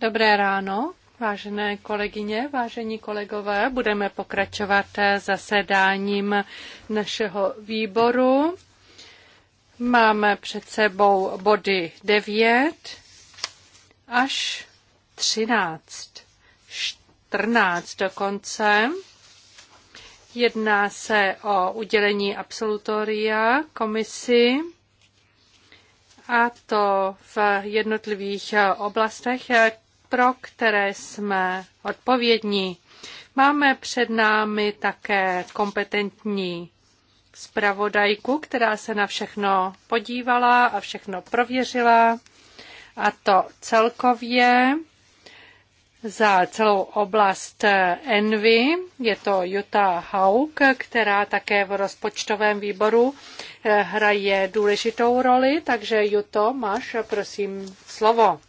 Dobré ráno, vážené kolegyně, vážení kolegové. Budeme pokračovat zasedáním našeho výboru. Máme před sebou body 9 až 13, 14 dokonce. Jedná se o udělení absolutoria komisi a to v jednotlivých eh, oblastech, eh, pro které jsme odpovědní. Máme před námi také kompetentní zpravodajku, která se na všechno podívala a všechno prověřila, a to celkově za celou oblast eh, Envy. Je to Jutta Haug, která také v rozpočtovém výboru hraje důležitou roli, takže Juto, máš prosím slovo.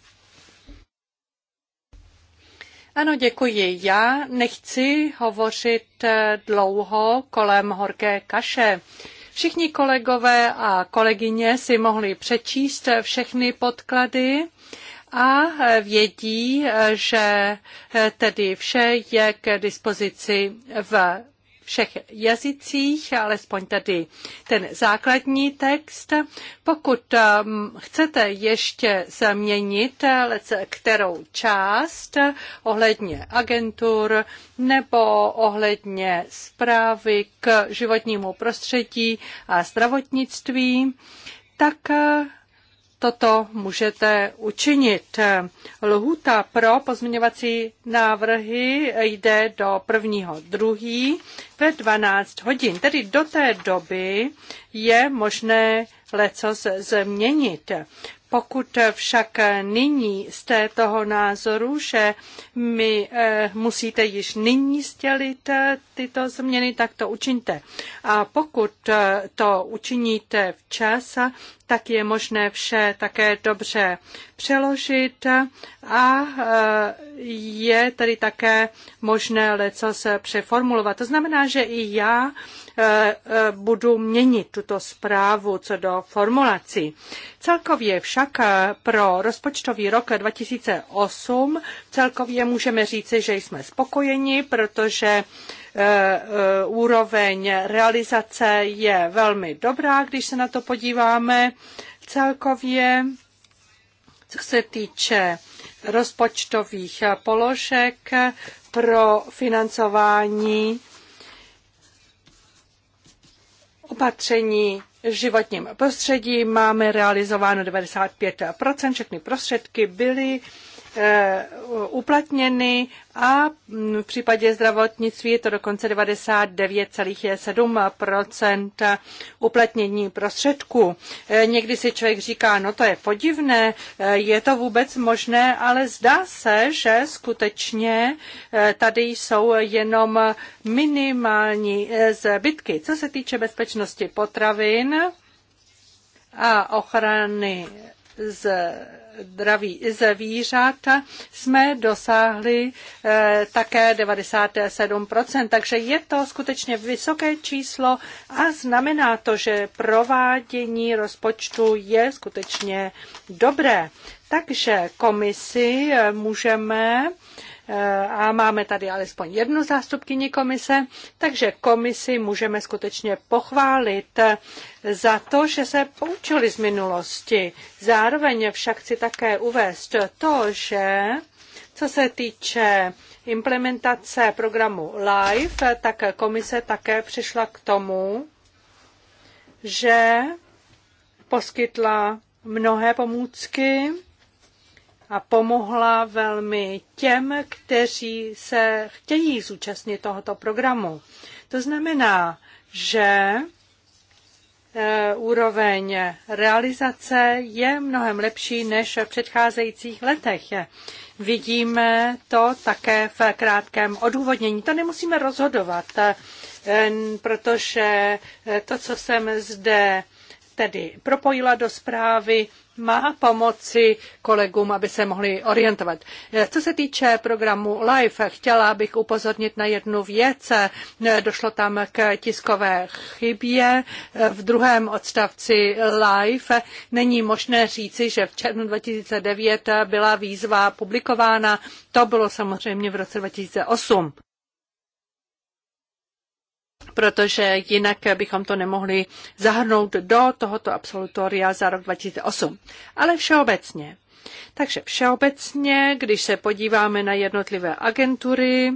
Ano, děkuji. Já nechci hovořit eh, dlouho kolem horké kaše. Všichni kolegové a kolegyně si mohli přečíst všechny podklady a vědí, eh, že eh, tedy vše je k dispozici v všech jazycích, alespoň tady ten základní text. Pokud um, chcete ještě změnit kterou část ohledně agentur nebo ohledně zprávy k životnímu prostředí a zdravotnictví, tak toto můžete učinit. Lhuta pro pozměňovací návrhy jde do prvního druhý ve 12 hodin, tedy do té doby je možné lecos změnit. Pokud však nyní jste toho názoru, že mi eh, musíte již nyní stělit eh, tyto změny, tak to učiňte. A pokud eh, to učiníte včas, tak je možné vše také dobře přeložit a je tady také možné leco se přeformulovat. To znamená, že i já Eh, eh, budu měnit tuto zprávu co do formulací. Celkově však eh, pro rozpočtový rok 2008 celkově můžeme říci, že jsme spokojeni, protože úroveň realizace je velmi dobrá, když se na to podíváme. Celkově, co se týče rozpočtových položek pro financování opatření v životním prostředí máme realizováno 95%, všechny prostředky byly Eh, uplatněny a mm, v případě zdravotnictví je to dokonce 99,7 uplatnění prostředků. Eh, někdy si člověk říká, no to je podivné, eh, je to vůbec možné, ale zdá se, že skutečně tady jsou jenom minimální zbytky. Co se týče bezpečnosti potravin a ochrany z zdraví zvířat jsme dosáhli eh, také 97%, takže je to skutečně vysoké číslo a znamená to, že provádění rozpočtu je skutečně dobré. Takže komisi eh, můžeme Eh, a máme tady alespoň jednu zástupkyni komise, takže komisi můžeme skutečně pochválit za to, že se poučili z minulosti. Zároveň však chci také uvést to, že co se týče implementace programu LIFE, tak komise také přišla k tomu, že poskytla mnohé pomůcky a pomohla velmi těm, kteří se chtějí zúčastnit tohoto programu. To znamená, že e, úroveň realizace je mnohem lepší než v předcházejících letech. Vidíme to také v krátkém odůvodnění. To nemusíme rozhodovat, e, protože e, to, co jsem zde tedy propojila do zprávy, má pomoci kolegům, aby se mohli orientovat. Co se týče programu LIFE, chtěla bych upozornit na jednu věc. Došlo tam k tiskové chybě. V druhém odstavci LIFE není možné říci, že v červnu 2009 byla výzva publikována. To bylo samozřejmě v roce 2008 protože jinak bychom to nemohli zahrnout do tohoto absolutoria za rok 2008. Ale všeobecně. Takže všeobecně, když se podíváme na jednotlivé agentury,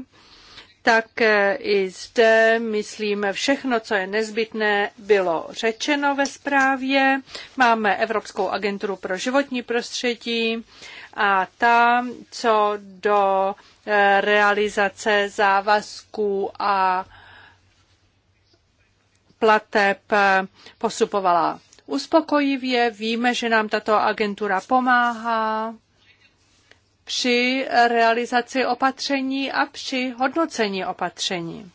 tak eh, i zde, myslím, všechno, co je nezbytné, bylo řečeno ve zprávě. Máme Evropskou agenturu pro životní prostředí a ta, co do eh, realizace závazků a plateb eh, postupovala uspokojivě. Víme, že nám tato agentura pomáhá při realizaci opatření a při hodnocení opatření.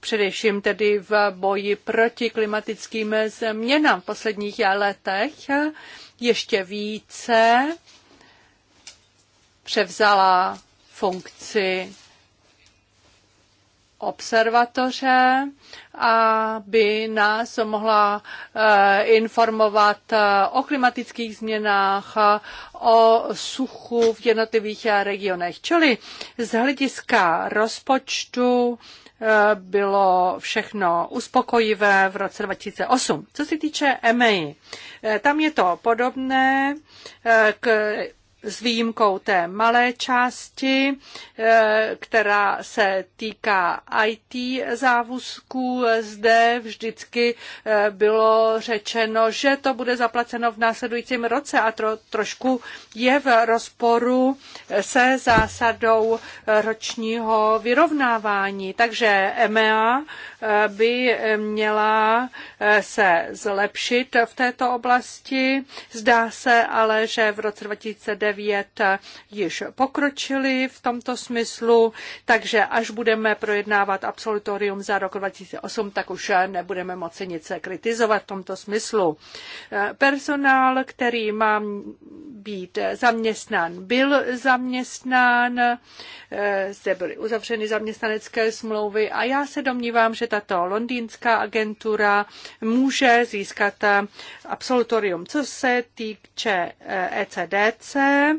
Především tedy v boji proti klimatickým změnám v posledních letech ještě více převzala funkci observatoře, aby nás mohla eh, informovat eh, o klimatických změnách, eh, o suchu v jednotlivých regionech. Čili z hlediska rozpočtu bylo všechno uspokojivé v roce 2008. Co se týče EMEI, tam je to podobné k s výjimkou té malé části, eh, která se týká IT závazků. Zde vždycky eh, bylo řečeno, že to bude zaplaceno v následujícím roce a tro, trošku je v rozporu eh, se zásadou ročního vyrovnávání. Takže EMEA by měla eh, se zlepšit v této oblasti. Zdá se ale, že v roce 2009 eh, již pokročili v tomto smyslu, takže až budeme projednávat absolutorium za rok 2008, tak už eh, nebudeme moci nic kritizovat v tomto smyslu. Personál, který má být zaměstnán, byl zaměstnán, zde byly uzavřeny zaměstnanecké smlouvy a já se domnívám, že tato londýnská agentura může získat eh, absolutorium. Co se týče ECDC, eh, e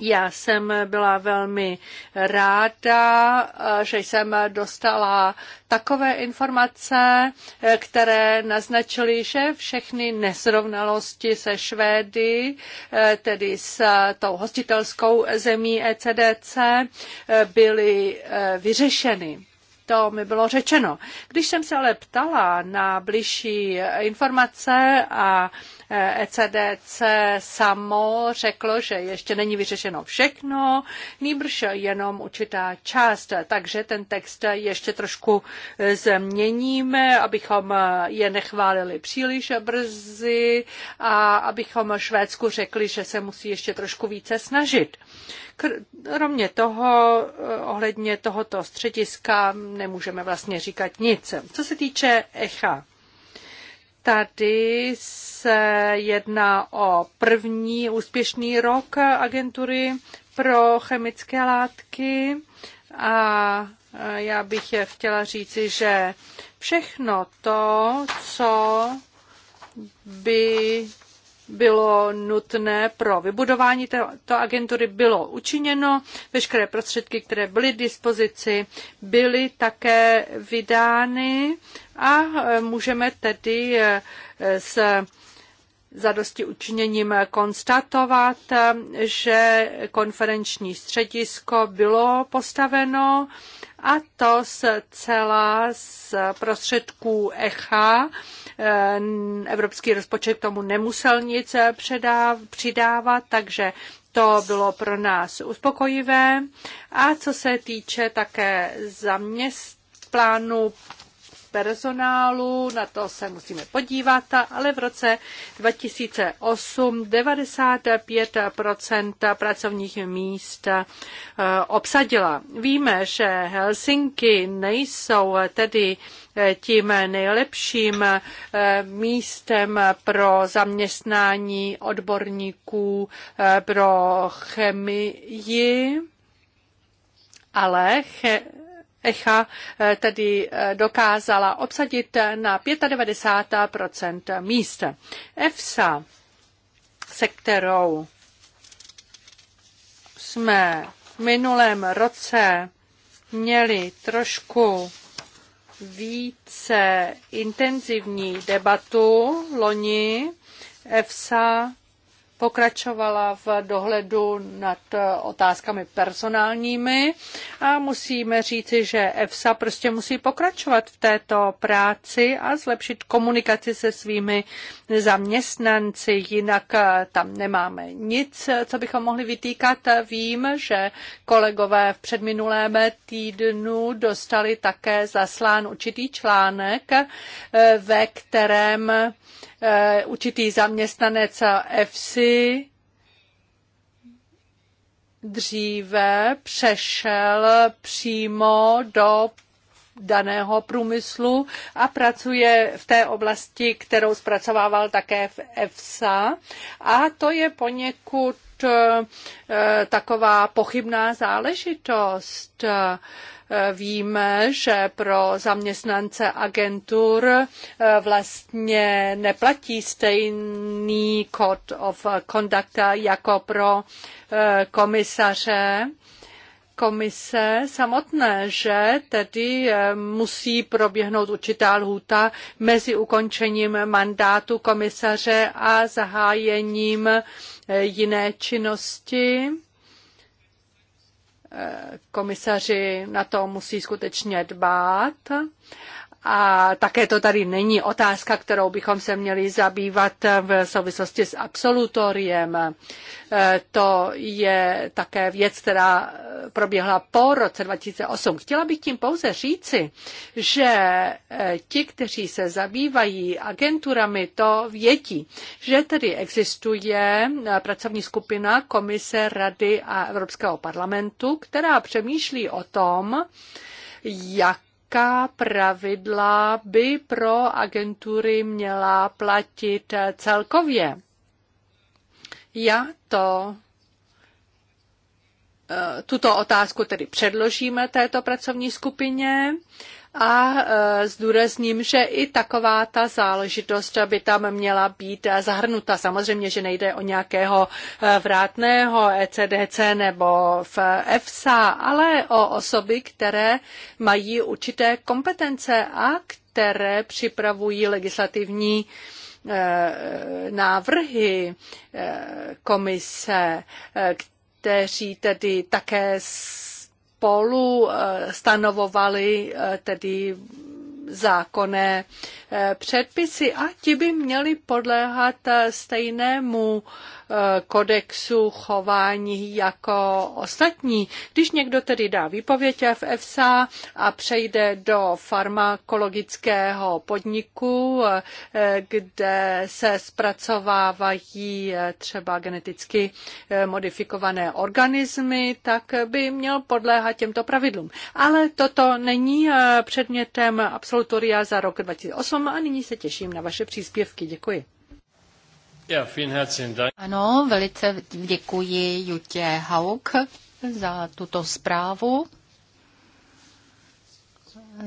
já jsem byla velmi ráda, eh, že jsem dostala takové informace, které naznačily, že všechny nesrovnalosti se Švédy, tedy s tou hostitelskou zemí ECDC, byly vyřešeny. To mi bylo řečeno. Když jsem se ale ptala na bližší informace a ECDC samo řeklo, že ještě není vyřešeno všechno, nýbrž jenom určitá část, takže ten text ještě trošku změníme, abychom je nechválili příliš brzy a abychom Švédsku řekli, že se musí ještě trošku více snažit. Kromě toho, eh, ohledně tohoto střediska nemůžeme vlastně říkat nic. Co se týče ECHA, tady se jedná o první úspěšný rok agentury pro chemické látky a e, já bych chtěla říci, že všechno to, co by bylo nutné pro vybudování této agentury, bylo učiněno. Veškeré prostředky, které byly k dispozici, byly také vydány a e, můžeme tedy e, s zadosti učiněním konstatovat, e, že konferenční středisko bylo postaveno a to zcela z prostředků ECHA, Eh, evropský rozpočet k tomu nemusel nic eh, přidávat, takže to bylo pro nás uspokojivé. A co se týče také zaměst plánu personálu, na to se musíme podívat, ale v roce 2008 95% pracovních míst eh, obsadila. Víme, že Helsinki nejsou tedy tím nejlepším eh, místem pro zaměstnání odborníků eh, pro chemii, ale che- ECHA eh, tedy dokázala obsadit na 95 míst. EFSA, se kterou jsme v minulém roce měli trošku více intenzivní debatu loni EFSA pokračovala v dohledu nad otázkami personálními a musíme říci, že EFSA prostě musí pokračovat v této práci a zlepšit komunikaci se svými zaměstnanci, jinak eh, tam nemáme nic, co bychom mohli vytýkat. Vím, že kolegové v předminulém týdnu dostali také zaslán určitý článek, eh, ve kterém Eh, určitý zaměstnanec EFSI dříve přešel přímo do daného průmyslu a pracuje v té oblasti, kterou zpracovával také v EFSA. A to je poněkud eh, taková pochybná záležitost. Víme, že pro zaměstnance agentur eh, vlastně neplatí stejný code of conduct jako pro eh, komisaře komise samotné, že tedy eh, musí proběhnout určitá lhůta mezi ukončením mandátu komisaře a zahájením jiné činnosti Eh, komisaři na to musí skutečně dbát a také to tady není otázka, kterou bychom se měli zabývat v souvislosti s absolutoriem. E, to je také věc, která proběhla po roce 2008. Chtěla bych tím pouze říci, že e, ti, kteří se zabývají agenturami, to vědí, že tedy existuje e, pracovní skupina Komise Rady a Evropského parlamentu, která přemýšlí o tom, jak jaká pravidla by pro agentury měla platit celkově. Já to eh, tuto otázku tedy předložíme této pracovní skupině a e, zdůrazním, že i taková ta záležitost by tam měla být zahrnuta. Samozřejmě, že nejde o nějakého e, vrátného ECDC nebo v EFSA, ale o osoby, které mají určité kompetence a které připravují legislativní e, návrhy komise, kteří tedy také spolu eh, stanovovali eh, tedy zákonné eh, předpisy a ti by měli podléhat stejnému kodexu chování jako ostatní. Když někdo tedy dá výpověď v EFSA a přejde do farmakologického podniku, eh, kde se zpracovávají eh, třeba geneticky eh, modifikované organismy, tak by měl podléhat těmto pravidlům. Ale toto není předmětem absolutoria za rok 2008 a nyní se těším na vaše příspěvky. Děkuji. Ano, velice děkuji Jutě Hauk za tuto zprávu,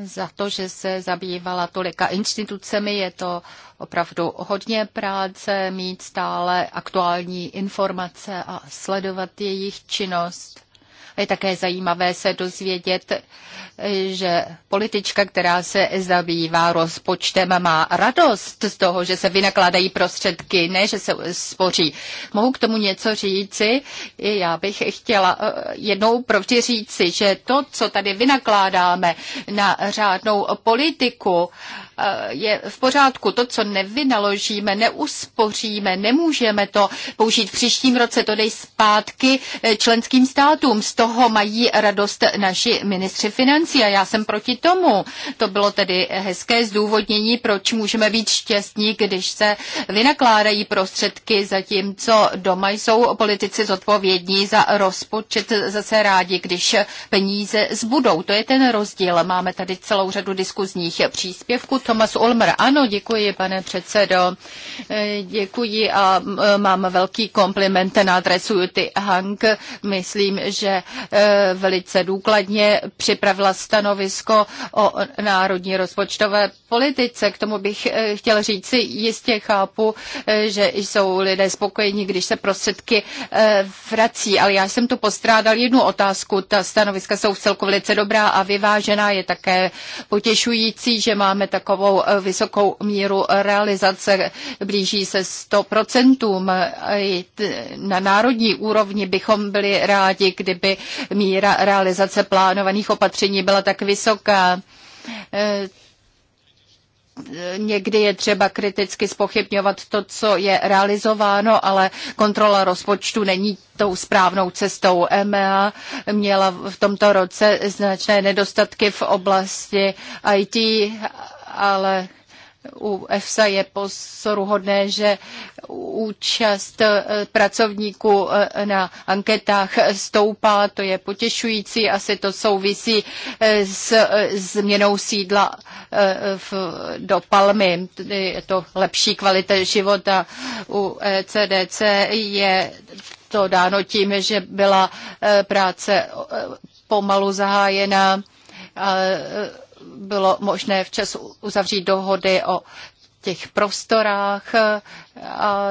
za to, že se zabývala tolika institucemi. Je to opravdu hodně práce mít stále aktuální informace a sledovat jejich činnost. Je také zajímavé se dozvědět, že politička, která se zabývá rozpočtem, má radost z toho, že se vynakládají prostředky, ne že se spoří. Mohu k tomu něco říci? Já bych chtěla eh, jednou provždy říci, že to, co tady vynakládáme na řádnou politiku, Eh, je v pořádku. To, co nevynaložíme, neuspoříme, nemůžeme to použít v příštím roce, to dej zpátky eh, členským státům. Z toho mají radost naši ministři financí a já jsem proti tomu. To bylo tedy hezké zdůvodnění, proč můžeme být šťastní, když se vynakládají prostředky, zatímco doma jsou politici zodpovědní za rozpočet zase rádi, když peníze zbudou. To je ten rozdíl. Máme tady celou řadu diskuzních příspěvků Thomas Ulmer. Ano, děkuji, pane předsedo. Eh, děkuji a mám velký kompliment na adresu Juty Hank. Myslím, že eh, velice důkladně připravila stanovisko o národní rozpočtové politice. K tomu bych eh, chtěl říci, jistě chápu, že jsou lidé spokojení, když se prostředky vrací, ale já jsem tu postrádal jednu otázku. Ta stanoviska jsou v celku velice dobrá a vyvážená. Je také potěšující, že máme takovou očekávavou eh, vysokou míru realizace. Blíží se 100%. Na národní úrovni bychom byli rádi, kdyby míra realizace plánovaných opatření byla tak vysoká eh, někdy je třeba kriticky spochybňovat to, co je realizováno, ale kontrola rozpočtu není tou správnou cestou. EMEA měla v tomto roce značné nedostatky v oblasti IT ale u EFSA je pozoruhodné, že účast eh, pracovníků eh, na anketách stoupá, to je potěšující, asi to souvisí eh, s změnou sídla v, do Palmy, je to lepší kvalita života u CDC, e je to dáno tím, že byla práce pomalu zahájena bylo možné včas uzavřít dohody o těch prostorách. A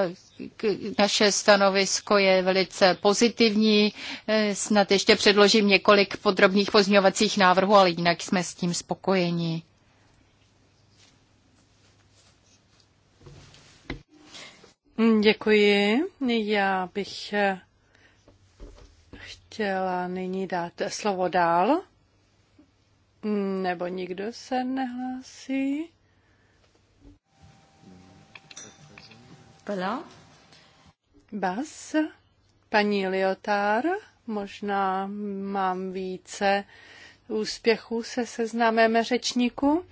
naše stanovisko je velice pozitivní. E, snad ještě předložím několik podrobných pozměňovacích návrhů, ale jinak jsme s tím spokojeni. Děkuji. Já bych chtěla nyní dát slovo dál nebo nikdo se nehlásí? Pala? Bas? Paní Liotár? Možná mám více úspěchů se seznámem řečníku?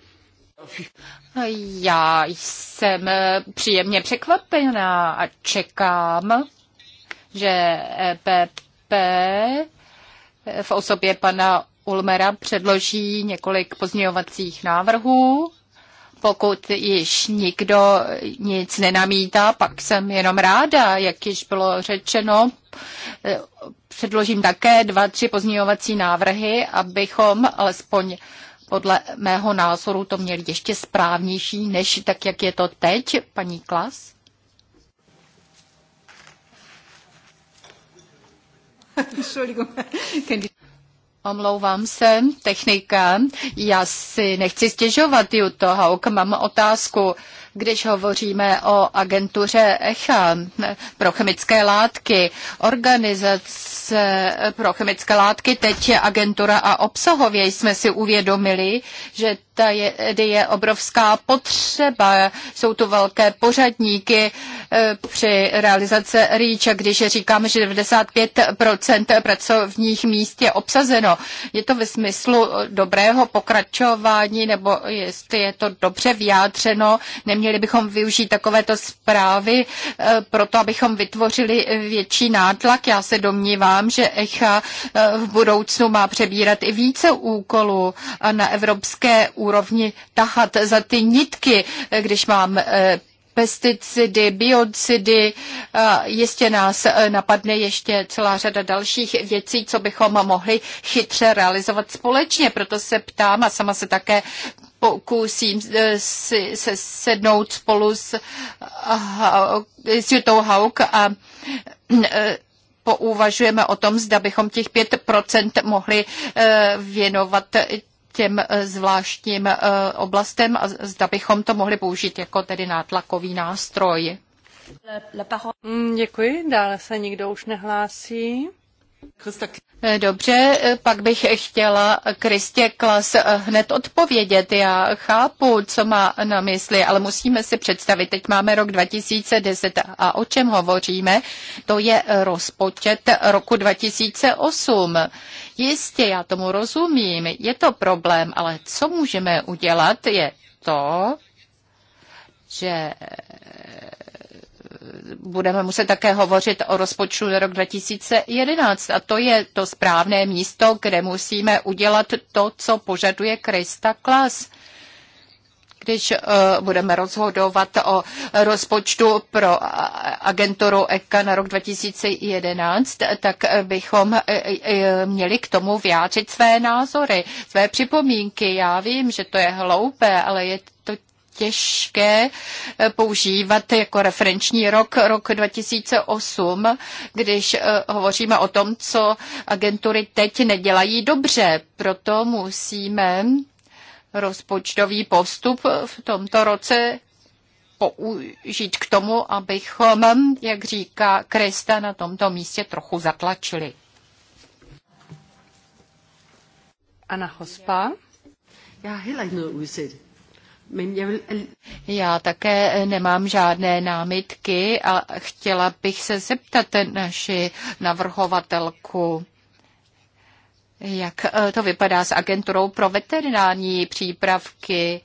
Já jsem příjemně překvapená a čekám, že EPP v osobě pana Ulmera předloží několik pozměňovacích návrhů. Pokud již nikdo nic nenamítá, pak jsem jenom ráda, jak již bylo řečeno. Předložím také dva, tři pozměňovací návrhy, abychom alespoň podle mého názoru to měli ještě správnější, než tak, jak je to teď, paní Klas. Entschuldigung. Omlouvám se, technika. Já si nechci stěžovat, Juto Hauk. Mám otázku když hovoříme o agentuře ECHA pro chemické látky, organizace pro chemické látky, teď je agentura a obsahově jsme si uvědomili, že tady je obrovská potřeba. Jsou tu velké pořadníky eh, při realizaci REACH, když říkám, že 95% pracovních míst je obsazeno. Je to ve smyslu dobrého pokračování, nebo jestli je to dobře vyjádřeno, neměl Měli bychom využít takovéto zprávy eh, proto, abychom vytvořili větší nátlak. Já se domnívám, že ECHA eh, v budoucnu má přebírat i více úkolů a na evropské úrovni tahat za ty nitky, eh, když mám pesticidy, biocidy, jistě nás napadne ještě celá řada dalších věcí, co bychom mohli chytře realizovat společně. Proto se ptám a sama se také pokusím eh, si se sednout spolu s, s Jutou Hauk a eh, pouvažujeme o tom, zda bychom těch 5% mohli eh, věnovat těm zvláštním oblastem a zda bychom to mohli použít jako tedy nátlakový nástroj. Mm, děkuji, dále se nikdo už nehlásí. Eh, dobře, eh, pak bych chtěla Kristě Klas eh, hned odpovědět. Já chápu, co má na mysli, ale musíme si představit, teď máme rok 2010 a o čem hovoříme, to je rozpočet roku 2008. Jistě, já tomu rozumím, je to problém, ale co můžeme udělat, je to, že budeme muset také hovořit o rozpočtu na rok 2011 a to je to správné místo, kde musíme udělat to, co požaduje Krista Klas když eh, budeme rozhodovat o rozpočtu pro agenturu ECA na rok 2011, tak bychom eh, eh, měli k tomu vyjádřit své názory, své připomínky. Já vím, že to je hloupé, ale je těžké eh, používat jako referenční rok, rok 2008, když eh, hovoříme o tom, co agentury teď nedělají dobře. Proto musíme rozpočtový postup v tomto roce použít k tomu, abychom, jak říká Krista, na tomto místě trochu zatlačili. Anna Hospa. já har heller ikke já také eh, nemám žádné námitky a chtěla bych se zeptat naši navrhovatelku, jak eh, to vypadá s agenturou pro veterinární přípravky.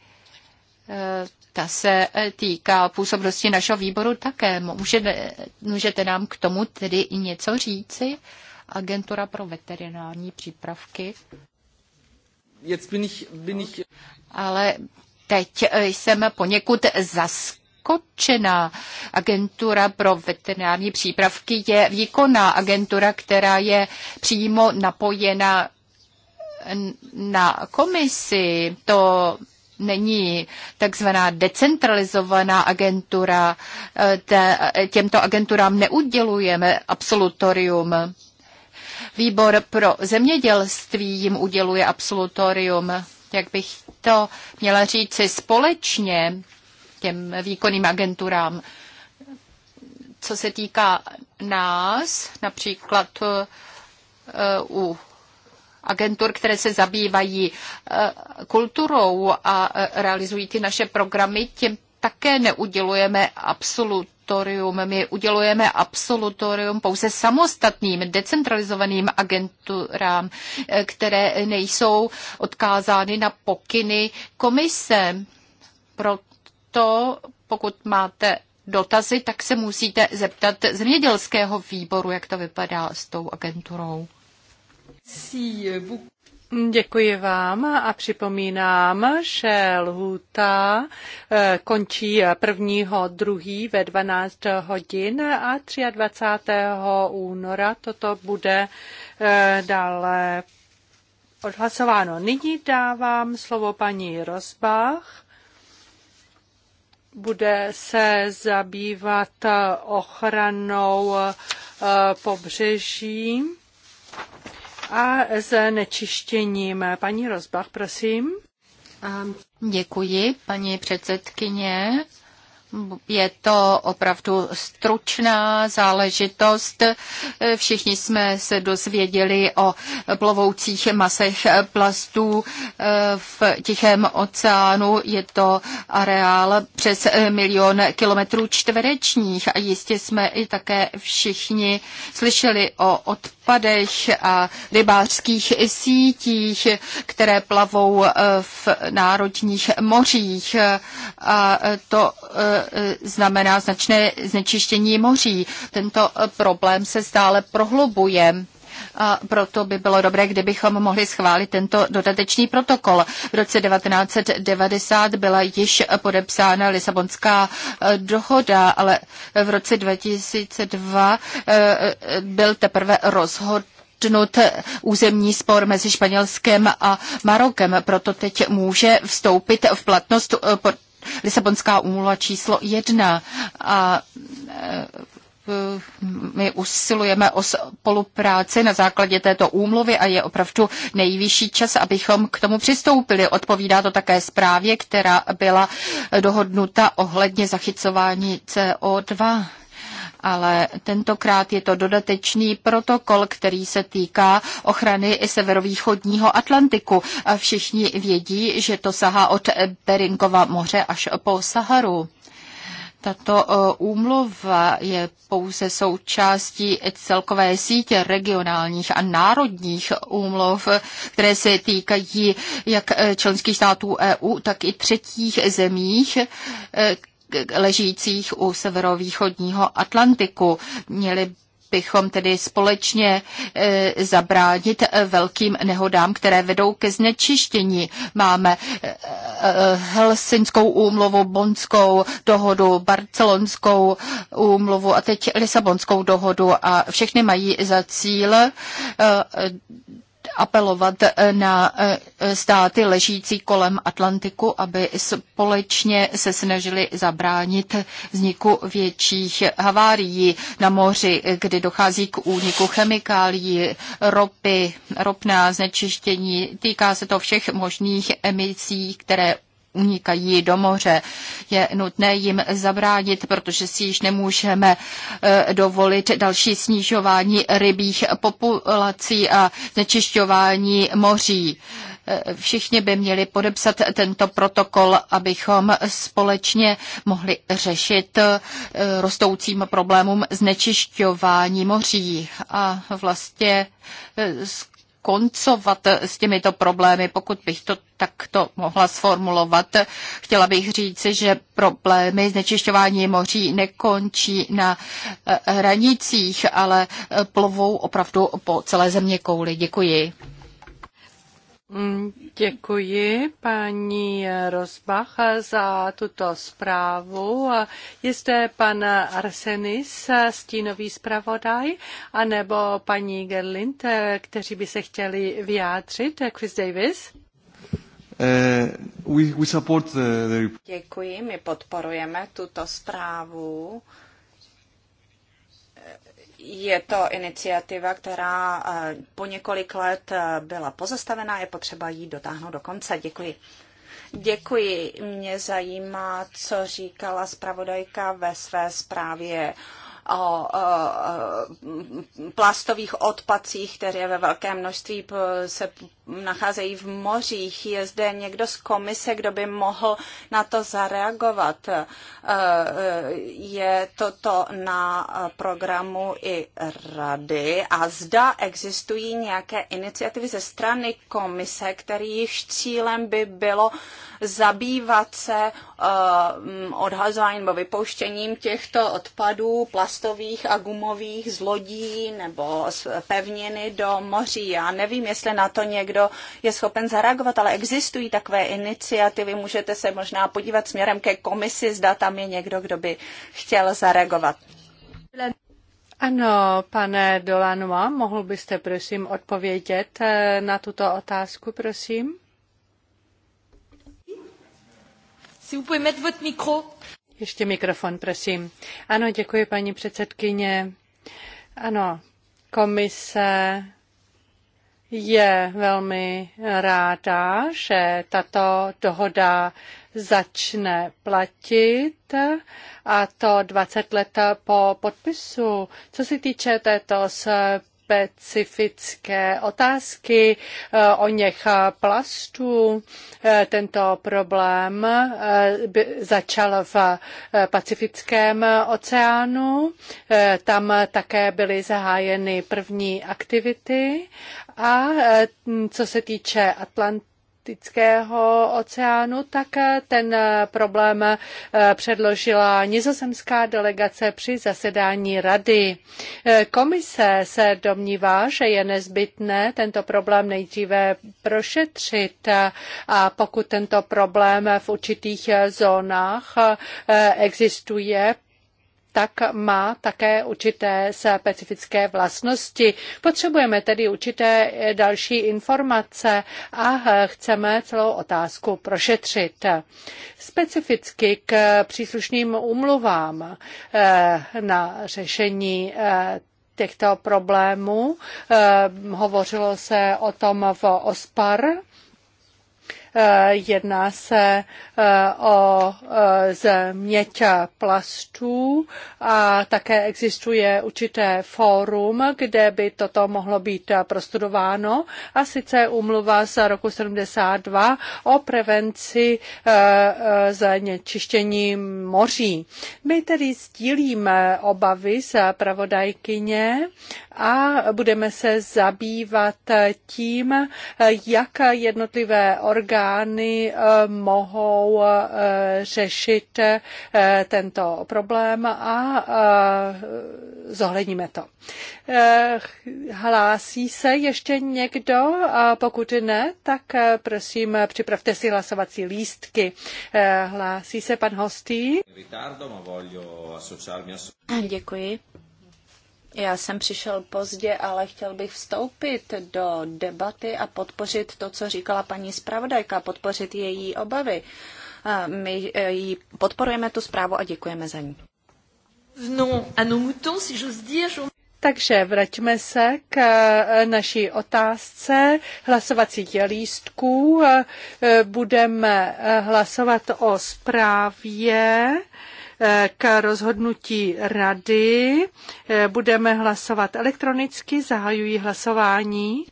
Eh, ta se týká působnosti našeho výboru také. Můžete, můžete nám k tomu tedy něco říci? Agentura pro veterinární přípravky. Ale Teď e, jsem poněkud zaskočená. zaskočena. Agentura pro veterinární přípravky je výkonná agentura, která je přímo napojena na komisi. To není takzvaná decentralizovaná agentura. E, e, těmto agenturám neudělujeme absolutorium. Výbor pro zemědělství jim uděluje absolutorium. Jak bych to měla říci společně těm výkonným agenturám. Co se týká nás, například eh, u agentur, které se zabývají eh, kulturou a eh, realizují ty naše programy, těm také neudělujeme absolut absolutorium. My udělujeme absolutorium pouze samostatným decentralizovaným agenturám, eh, které nejsou odkázány na pokyny komise. Proto, pokud máte dotazy, tak se musíte zeptat zemědělského výboru, jak to vypadá s tou agenturou. Děkuji vám a připomínám, že lhůta eh, končí 1. 2. ve 12 hodin a 23. února toto bude eh, dále odhlasováno. Nyní dávám slovo paní Rozbach bude se zabývat eh, ochranou pobřeží a nečištěním, Paní Rozbach, prosím. Ehm, děkuji, paní předsedkyně. Je to opravdu stručná záležitost. Všichni jsme se dozvěděli o plovoucích masech plastů eh, v Tichém oceánu. Je to areál přes milion kilometrů čtverečních a jistě jsme i také všichni slyšeli o odpadech odpadech a rybářských sítích, které plavou eh, v národních mořích. A eh, to eh, znamená značné znečištění moří. Tento problém se stále prohlubuje a proto by bylo dobré, kdybychom mohli schválit tento dodatečný protokol. V roce 1990 byla již podepsána Lisabonská e, dohoda, ale v roce 2002 e, e, byl teprve rozhod územní spor mezi Španělskem a Marokem. Proto teď může vstoupit v platnost Lisabonská úmluva číslo jedna a Eh, my usilujeme o spolupráci na základě této úmluvy a je opravdu nejvyšší čas, abychom k tomu přistoupili. Odpovídá to také zprávě, která byla dohodnuta ohledně zachycování CO2 ale tentokrát je to dodatečný protokol, který se týká ochrany severovýchodního Atlantiku. Všichni vědí, že to sahá od Beringova moře až po Saharu tato eh, úmluva je pouze součástí celkové sítě regionálních a národních úmluv, které se týkají jak eh, členských států EU, tak i třetích zemích, eh, ležících u severovýchodního Atlantiku. Měli bychom tedy společně e, zabránit e, velkým nehodám, které vedou ke znečištění. Máme e, Helsinskou úmluvu, Bonskou dohodu, Barcelonskou úmluvu a teď Lisabonskou dohodu a všechny mají za cíl apelovat eh, na eh, státy ležící kolem Atlantiku, aby společně se snažili zabránit vzniku větších havárií na moři, kdy dochází k úniku chemikálií, ropy, ropná znečištění. Týká se to všech možných emisí, které unikají do moře. Je nutné jim zabránit, protože si již nemůžeme eh, dovolit další snižování rybích populací a znečišťování moří. Eh, všichni by měli podepsat tento protokol, abychom společně mohli řešit eh, rostoucím problémům znečišťování moří. A vlastně koncovat s těmito problémy, pokud bych to takto mohla sformulovat. Chtěla bych říct, že problémy znečišťování moří nekončí na eh, hranicích, ale eh, plovou opravdu po celé země kouli. Děkuji. Mm, děkuji paní Rozbach za tuto zprávu. Je zde pan Arsenis, stínový zpravodaj, anebo paní Gerlind, kteří by se chtěli vyjádřit. Chris Davis. Uh, we, we support the... Děkuji, my podporujeme tuto zprávu je to iniciativa, která po několik let byla pozastavená, je potřeba ji dotáhnout do konce. Děkuji. Děkuji. Mě zajímá, co říkala zpravodajka ve své zprávě o plastových odpadcích, které ve velkém množství se nacházejí v mořích. Je zde někdo z komise, kdo by mohl na to zareagovat. Eh, eh, je toto na programu i rady a zda existují nějaké iniciativy ze strany komise, již cílem by bylo zabývat se eh, odhazováním nebo vypouštěním těchto odpadů plastových a gumových z lodí nebo z pevniny do moří. Já nevím, jestli na to někdo kdo je schopen zareagovat, ale existují takové iniciativy, můžete se možná podívat směrem ke komisi, zda tam je někdo, kdo by chtěl zareagovat. Ano, pane Dolanova, mohl byste prosím odpovědět eh, na tuto otázku, prosím? Ještě mikrofon, prosím. Ano, děkuji, paní předsedkyně. Ano, komise je velmi ráda, že tato dohoda začne platit a to 20 let po podpisu. Co se týče této specifické otázky eh, o něch eh, plastů. Eh, tento problém začal v Pacifickém oceánu. Tam také byly zahájeny první aktivity. A co se týče Atlantu, Tického oceánu, tak ten problém eh, předložila nizozemská delegace při zasedání rady. Eh, komise se domnívá, že je nezbytné tento problém nejdříve prošetřit eh, a pokud tento problém v určitých zónách existuje, tak má také určité specifické vlastnosti. Potřebujeme tedy určité další informace a chceme celou otázku prošetřit. Specificky k příslušným umluvám eh, na řešení eh, těchto problémů. Eh, hovořilo se o tom v OSPAR Eh, jedná se eh, o eh, změť plastů a také existuje určité fórum, kde by toto mohlo být prostudováno a sice umluva z roku 72 o prevenci znečištění moří. My tedy sdílíme obavy z pravodajkyně a budeme se zabývat tím, jak jednotlivé orgány orgány eh, mohou eh, řešit eh, tento problém a zohledníme to. Hlásí se ještě někdo? Pokud ne, tak prosím, připravte si hlasovací lístky. Hlásí se pan Hostý. Děkuji. Já jsem přišel pozdě, ale chtěl bych vstoupit do debaty a podpořit to, co říkala paní zpravodajka, podpořit její obavy. My e, jí podporujeme tu zprávu a děkujeme za ní. Takže vraťme se k e, naší otázce hlasovacích lístků. E, budeme hlasovat o zprávě k rozhodnutí rady. Eh, budeme hlasovat elektronicky, zahajuji hlasování.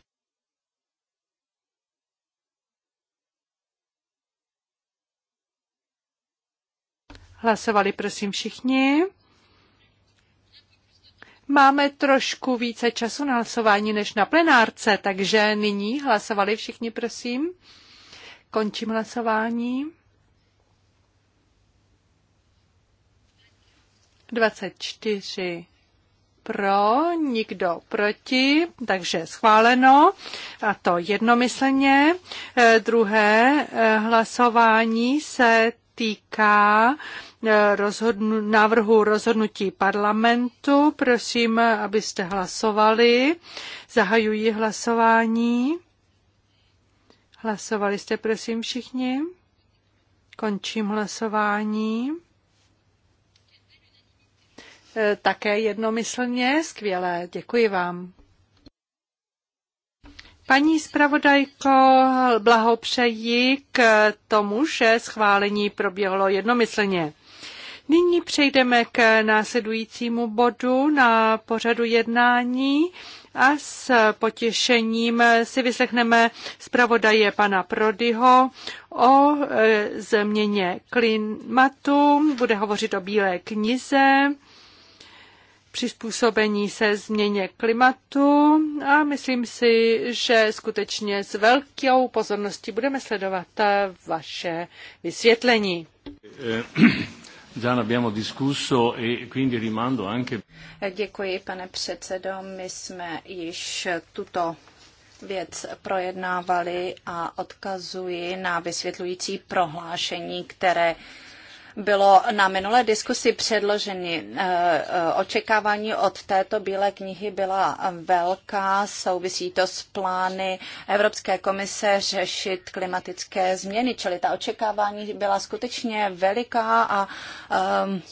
Hlasovali prosím všichni. Máme trošku více času na hlasování než na plenárce, takže nyní hlasovali všichni, prosím. Končím hlasování. 24 pro, nikdo proti, takže schváleno a to jednomyslně. Eh, druhé eh, hlasování se týká eh, rozhodnu, návrhu rozhodnutí parlamentu. Prosím, abyste hlasovali. Zahajuji hlasování. Hlasovali jste, prosím, všichni. Končím hlasování. E, také jednomyslně. Skvělé, děkuji vám. Paní zpravodajko, blahopřeji k tomu, že schválení proběhlo jednomyslně. Nyní přejdeme k následujícímu bodu na pořadu jednání a s potěšením si vyslechneme zpravodaje pana Prodyho o e, změně klimatu. Bude hovořit o Bílé knize přizpůsobení se změně klimatu a myslím si, že skutečně s velkou pozorností budeme sledovat vaše vysvětlení. Eh, e Děkuji, pane předsedo. My jsme již tuto věc projednávali a odkazuji na vysvětlující prohlášení, které bylo na minulé diskusi předloženi. Eh, eh, očekávání od této bílé knihy byla velká, souvisí to s plány Evropské komise řešit klimatické změny, čili ta očekávání byla skutečně veliká a um,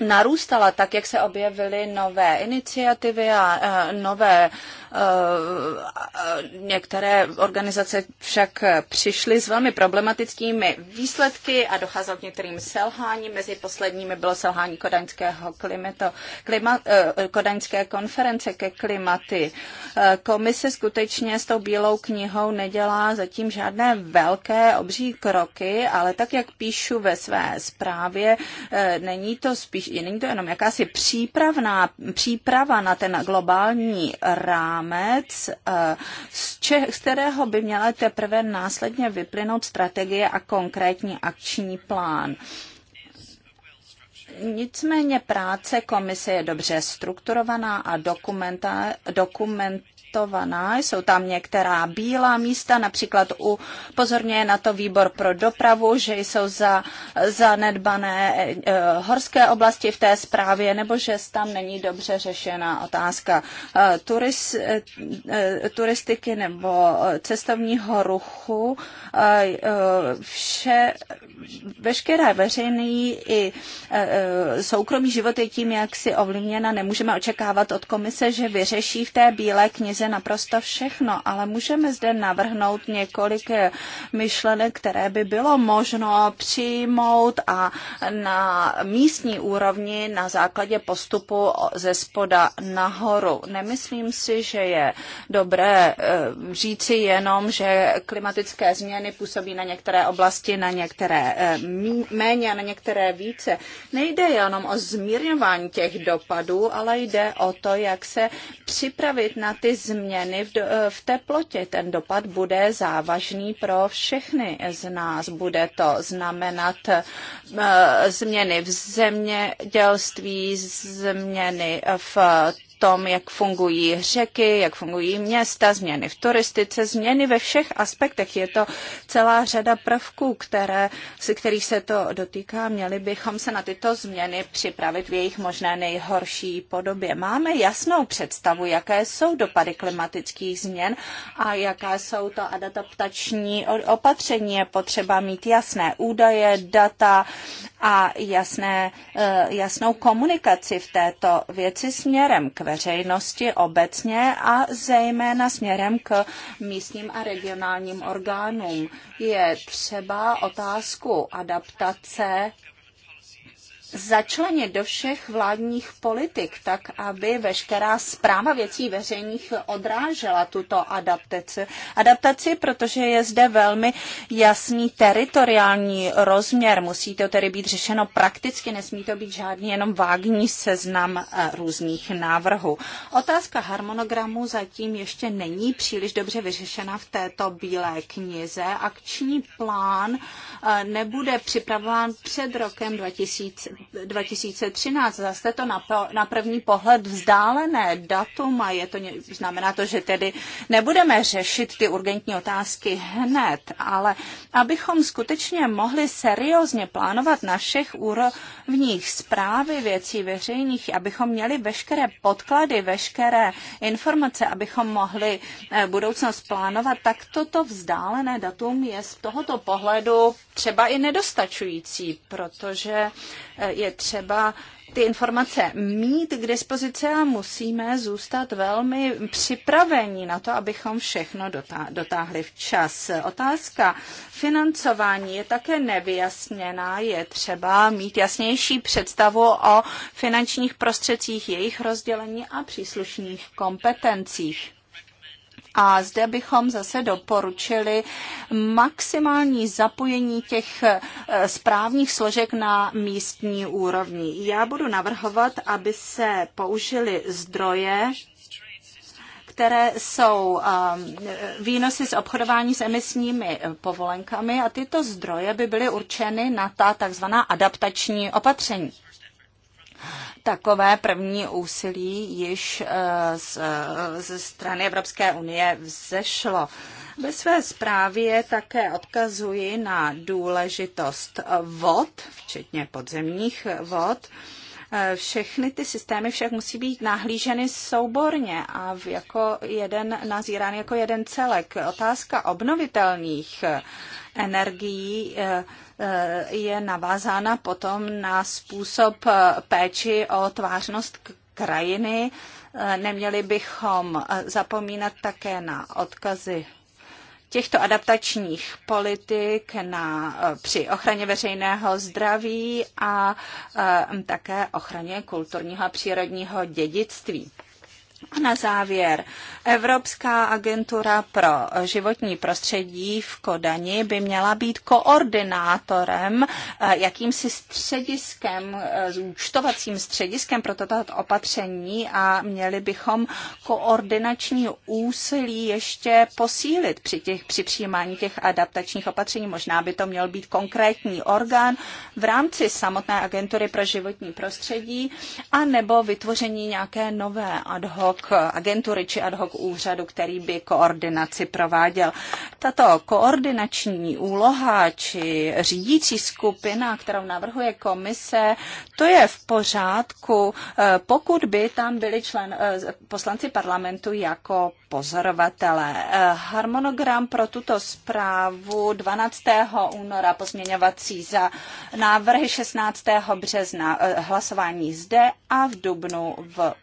narůstala, tak jak se objevily nové iniciativy a nové e, e, některé organizace však přišly s velmi problematickými výsledky a docházelo k některým selháním. Mezi posledními bylo selhání kodaňského klimato, klima, e, kodaňské konference ke klimaty. Komise skutečně s tou bílou knihou nedělá zatím žádné velké obří kroky, ale tak, jak píšu ve své zprávě, není to spíš je není to jenom jakási přípravná, příprava na ten globální rámec, eh, z, če, z kterého by měla teprve následně vyplynout strategie a konkrétní akční plán. Nicméně práce komise je dobře strukturovaná a dokumenta, dokument testovaná. Jsou tam některá bílá místa, například u, pozorňuje na to výbor pro dopravu, že jsou za, zanedbané e, horské oblasti v té zprávě, nebo že tam není dobře řešena otázka e, turis, e, turistiky nebo cestovního ruchu. E, e, vše veškerá veřejný i e, e, soukromý život je tím, jak si ovlivněna. Nemůžeme očekávat od komise, že vyřeší v té bílé knize naprosto všechno, ale můžeme zde navrhnout několik e, myšlenek, které by bylo možno přijmout a na místní úrovni na základě postupu ze spoda nahoru. Nemyslím si, že je dobré říci jenom, že klimatické změny působí na některé oblasti, na některé méně a na některé více. Nejde jenom o zmírňování těch dopadů, ale jde o to, jak se připravit na ty změny v, v teplotě. Ten dopad bude závažný pro všechny z nás. Bude to znamenat eh, změny v zemědělství, změny v tom, jak fungují řeky, jak fungují města, změny v turistice, změny ve všech aspektech. Je to celá řada prvků, které, kterých se to dotýká. Měli bychom se na tyto změny připravit v jejich možné nejhorší podobě. Máme jasnou představu, jaké jsou dopady klimatických změn a jaká jsou to adaptační opatření. Je potřeba mít jasné údaje, data a jasné, eh, jasnou komunikaci v této věci směrem k veřejnosti obecně a zejména směrem k místním a regionálním orgánům. Je třeba otázku adaptace začlenit do všech vládních politik, tak aby veškerá zpráva věcí veřejných odrážela tuto adaptaci. adaptaci, protože je zde velmi jasný teritoriální rozměr. Musí to tedy být řešeno prakticky, nesmí to být žádný jenom vágní seznam eh, různých návrhů. Otázka harmonogramu zatím ještě není příliš dobře vyřešena v této bílé knize. Akční plán eh, nebude připravován před rokem 2000 2013. Zase to na, na první pohled vzdálené datum a je to, znamená to, že tedy nebudeme řešit ty urgentní otázky hned, ale abychom skutečně mohli seriózně plánovat na všech úrovních zprávy věcí veřejných, abychom měli veškeré podklady, veškeré informace, abychom mohli eh, budoucnost plánovat, tak toto vzdálené datum je z tohoto pohledu třeba i nedostačující, protože eh, je třeba ty informace mít k dispozici a musíme zůstat velmi připraveni na to, abychom všechno dotáhli včas. Otázka financování je také nevyjasněná. Je třeba mít jasnější představu o finančních prostředcích, jejich rozdělení a příslušných kompetencích. A zde bychom zase doporučili maximální zapojení těch eh, správních složek na místní úrovni. Já budu navrhovat, aby se použili zdroje které jsou ehm, výnosy z obchodování s emisními eh, povolenkami a tyto zdroje by byly určeny na ta takzvaná adaptační opatření. Takové první úsilí již eh, eh, ze strany Evropské unie vzešlo. Ve své zprávě také odkazuji na důležitost vod, včetně podzemních vod, Eh, všechny ty systémy však musí být nahlíženy souborně a jako jeden, nazírán jako jeden celek. Otázka obnovitelných eh, energií eh, je navázána potom na způsob péči o tvářnost krajiny. Neměli bychom zapomínat také na odkazy těchto adaptačních politik na, eh, při ochraně veřejného zdraví a eh, také ochraně kulturního a přírodního dědictví. A na závěr, Evropská agentura pro životní prostředí v Kodani by měla být koordinátorem, eh, jakýmsi střediskem, eh, zúčtovacím střediskem pro toto opatření a měli bychom koordinační úsilí ještě posílit při, těch, při přijímání těch adaptačních opatření. Možná by to měl být konkrétní orgán v rámci samotné agentury pro životní prostředí a nebo vytvoření nějaké nové ad hoc hoc agentury či ad hoc úřadu, který by koordinaci prováděl. Tato koordinační úloha či řídící skupina, kterou navrhuje komise, to je v pořádku, eh, pokud by tam byli člen, eh, poslanci parlamentu jako pozorovatelé. Eh, harmonogram pro tuto zprávu 12. února pozměňovací za návrhy 16. března hlasování zde a v dubnu v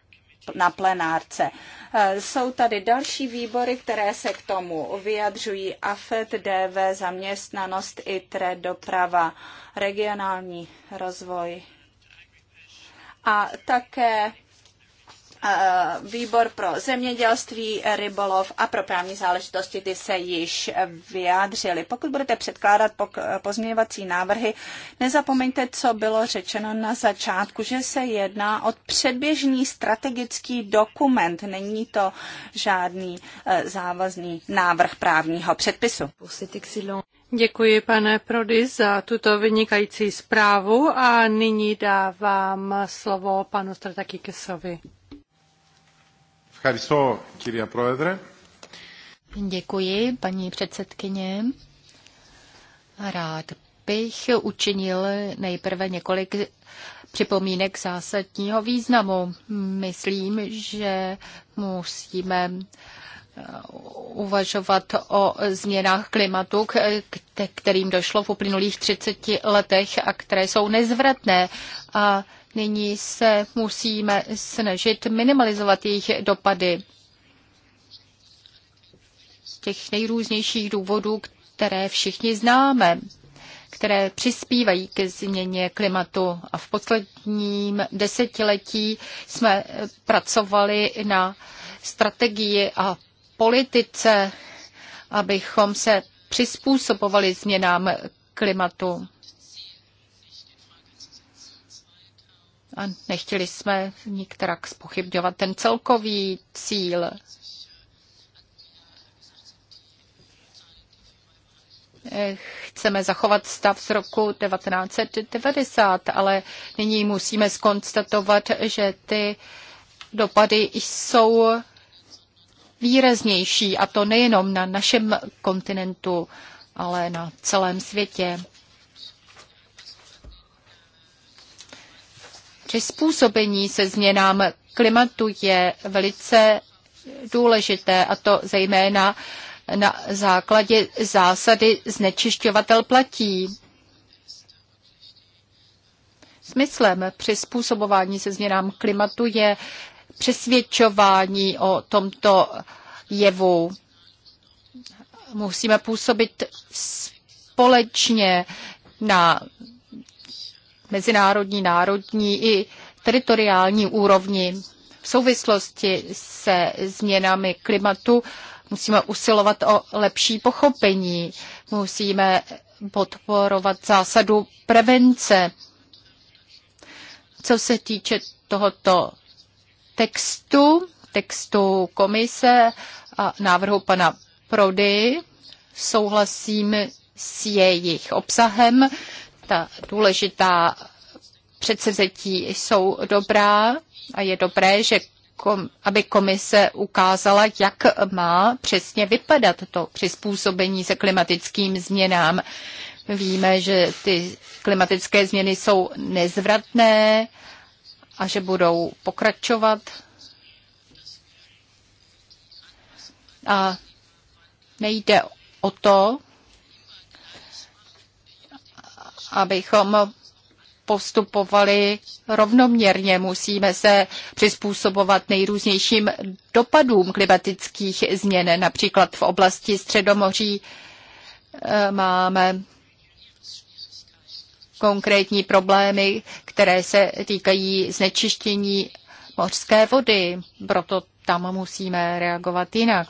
na plenárce. Eh, jsou tady další výbory, které se k tomu vyjadřují. AFET, DV, zaměstnanost, ITRE, doprava, regionální rozvoj a také E, výbor pro zemědělství, rybolov a pro právní záležitosti, ty se již vyjádřili. Pokud budete předkládat pozměňovací návrhy, nezapomeňte, co bylo řečeno na začátku, že se jedná o předběžný strategický dokument. Není to žádný e, závazný návrh právního předpisu. Děkuji, pane Prody, za tuto vynikající zprávu a nyní dávám slovo panu Stratakikesovi. Děkuji, paní předsedkyně. Rád bych učinil nejprve několik připomínek zásadního významu. Myslím, že musíme eh, uvažovat o změnách klimatu, kterým došlo v uplynulých 30 letech a které jsou nezvratné. A Nyní se musíme snažit minimalizovat jejich dopady těch nejrůznějších důvodů, které všichni známe, které přispívají ke změně klimatu. A v posledním desetiletí jsme pracovali na strategii a politice, abychom se přizpůsobovali změnám klimatu. A nechtěli jsme nikterak spochybňovat ten celkový cíl. Chceme zachovat stav z roku 1990, ale nyní musíme skonstatovat, že ty dopady jsou výraznější, a to nejenom na našem kontinentu, ale na celém světě. přizpůsobení se změnám klimatu je velice důležité, a to zejména na základě zásady znečišťovatel platí. Smyslem přizpůsobování se změnám klimatu je přesvědčování o tomto jevu. Musíme působit společně na mezinárodní, národní i teritoriální úrovni. V souvislosti se změnami klimatu musíme usilovat o lepší pochopení, musíme podporovat zásadu prevence. Co se týče tohoto textu, textu komise a návrhu pana Prody, souhlasím s jejich obsahem. Ta důležitá předsevzetí jsou dobrá a je dobré, že kom, aby komise ukázala, jak má přesně vypadat to přizpůsobení se klimatickým změnám. Víme, že ty klimatické změny jsou nezvratné a že budou pokračovat. A nejde o to, abychom postupovali rovnoměrně. Musíme se přizpůsobovat nejrůznějším dopadům klimatických změn. Například v oblasti Středomoří eh, máme konkrétní problémy, které se týkají znečištění mořské vody. Proto tam musíme reagovat jinak.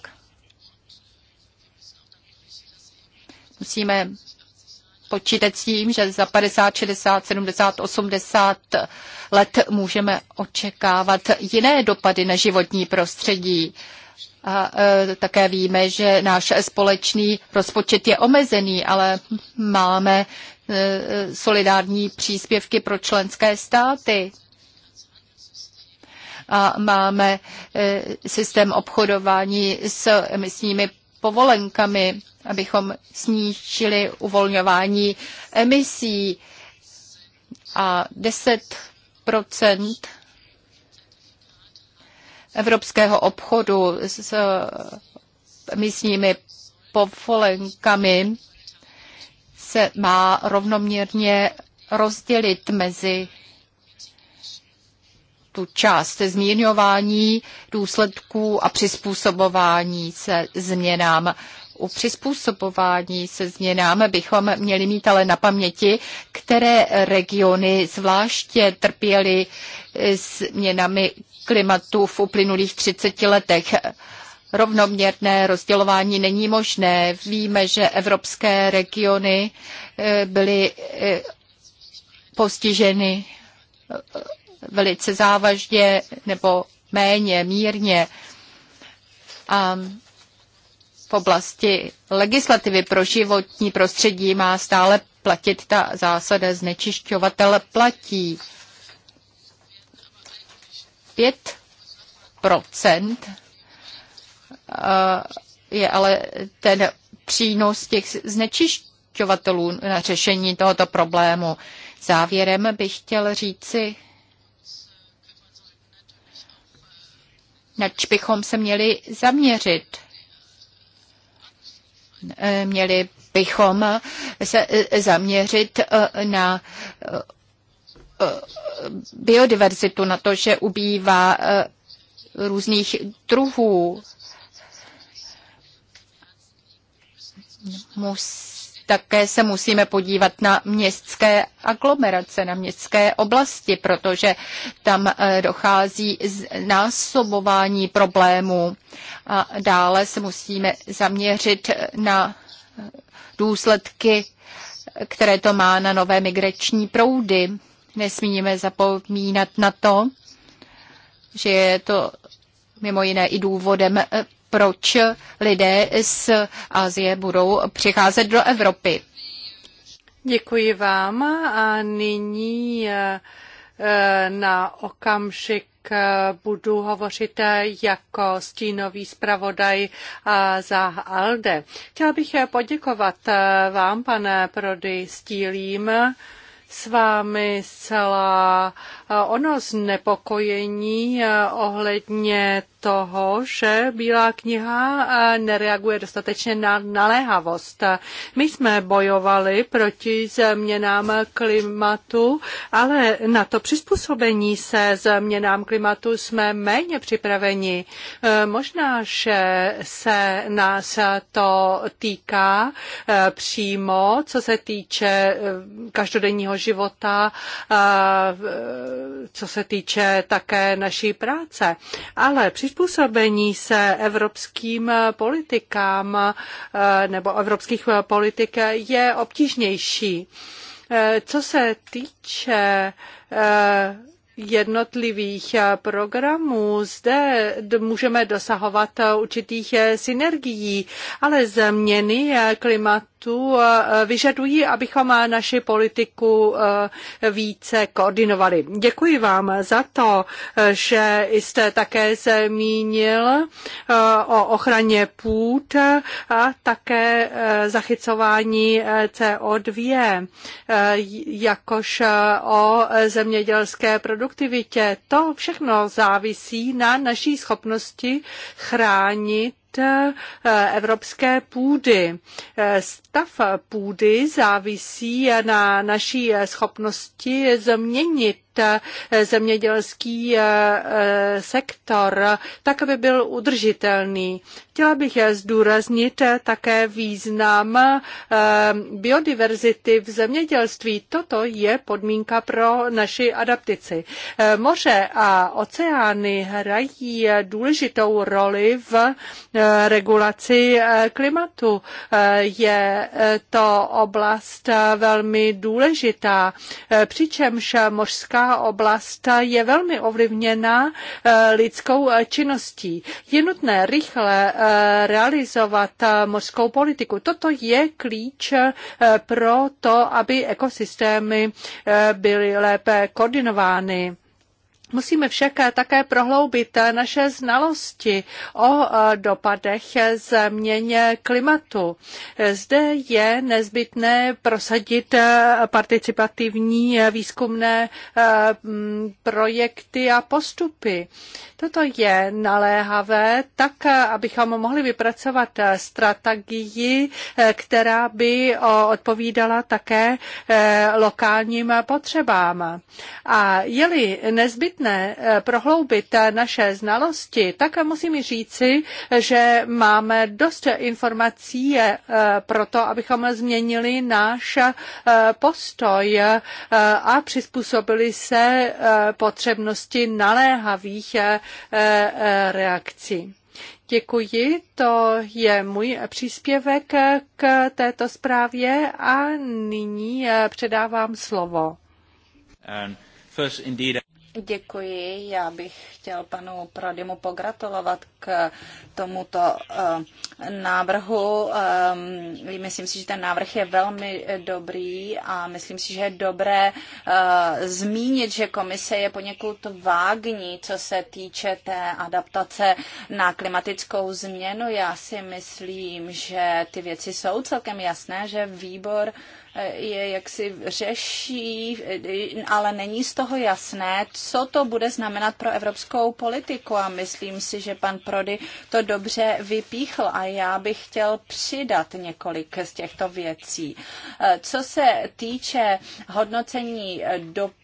Musíme počítat s tím, že za 50, 60, 70, 80 let můžeme očekávat jiné dopady na životní prostředí. A e, také víme, že náš společný rozpočet je omezený, ale máme e, solidární příspěvky pro členské státy. A máme e, systém obchodování s emisními povolenkami, abychom snížili uvolňování emisí a 10 evropského obchodu s emisními povolenkami se má rovnoměrně rozdělit mezi tu část zmírňování důsledků a přizpůsobování se změnám. U přizpůsobování se změnám bychom měli mít ale na paměti, které regiony zvláště trpěly změnami klimatu v uplynulých 30 letech. Rovnoměrné rozdělování není možné. Víme, že evropské regiony eh, byly eh, postiženy eh, velice závažně nebo méně mírně. A v oblasti legislativy pro životní prostředí má stále platit ta zásada znečišťovatel platí. 5 eh, je ale ten přínos těch znečišťovatelů na řešení tohoto problému. Závěrem bych chtěl říci, nač bychom se měli zaměřit. E, měli bychom se e, zaměřit e, na biodiverzitu, na to, že ubývá různých druhů. Musí také se musíme podívat na městské aglomerace, na městské oblasti, protože tam eh, dochází násobování problémů. A dále se musíme zaměřit eh, na eh, důsledky, které to má na nové migrační proudy. Nesmíme zapomínat na to, že je to mimo jiné i důvodem proč lidé z Asie budou přicházet do Evropy. Děkuji vám a nyní eh, eh, na okamžik eh, budu hovořit jako stínový zpravodaj za ALDE. Chtěla bych poděkovat vám, pane Prody, stílím s vámi zcela Eh, ono znepokojení eh, ohledně toho, že Bílá kniha eh, nereaguje dostatečně na naléhavost. My jsme bojovali proti změnám klimatu, ale na to přizpůsobení se změnám klimatu jsme méně připraveni. Možná, že se nás to týká přímo, co se týče každodenního života co se týče také naší práce. Ale přizpůsobení se evropským politikám eh, nebo evropských politik je obtížnější. Eh, co se týče eh, jednotlivých programů. Zde můžeme dosahovat určitých synergií, ale změny klimatu států eh, vyžadují, abychom naši politiku eh, více koordinovali. Děkuji vám za to, eh, že jste také zmínil o ochraně půd a také zachycování CO2, jakož o zemědělské produktivitě. To všechno závisí na naší schopnosti chránit Eh, evropské půdy. Eh, stav půdy závisí na naší schopnosti změnit Eh, zemědělský eh, eh, sektor, tak aby byl udržitelný. Chtěla bych zdůraznit také význam biodiverzity v zemědělství. Toto je podmínka pro naši adaptici. Moře a oceány hrají důležitou roli v regulaci klimatu. Je to oblast velmi důležitá, přičemž mořská oblast je velmi ovlivněna eh, lidskou eh, činností. Je nutné rychle eh, realizovat mořskou politiku. Toto je klíč pro to, aby ekosystémy byly lépe koordinovány. Musíme však také prohloubit naše znalosti o eh, dopadech změně klimatu. Zde je nezbytné prosadit eh, participativní eh, výzkumné mm, projekty a postupy. Toto je naléhavé tak, abychom mohli vypracovat strategii, která by odpovídala také lokálním potřebám. A je-li nezbytné, nutné eh, prohloubit eh, naše znalosti, tak musím říci, že máme dost informací eh, pro to, abychom změnili náš postoj a přizpůsobili se potřebnosti naléhavých reakcí. Děkuji, to je můj příspěvek k této zprávě a nyní předávám slovo. Děkuji. Já bych chtěl panu Prodimu pogratulovat k tomuto eh, návrhu. Eh, myslím si, že ten návrh je velmi dobrý a myslím si, že je dobré eh, zmínit, že komise je poněkud vágní, co se týče té adaptace na klimatickou změnu. Já si myslím, že ty věci jsou celkem jasné, že výbor je jaksi řeší, ale není z toho jasné, co to bude znamenat pro evropskou politiku a myslím si, že pan Prody to dobře vypíchl a já bych chtěl přidat několik z těchto věcí. Eh, co se týče hodnocení dopadu,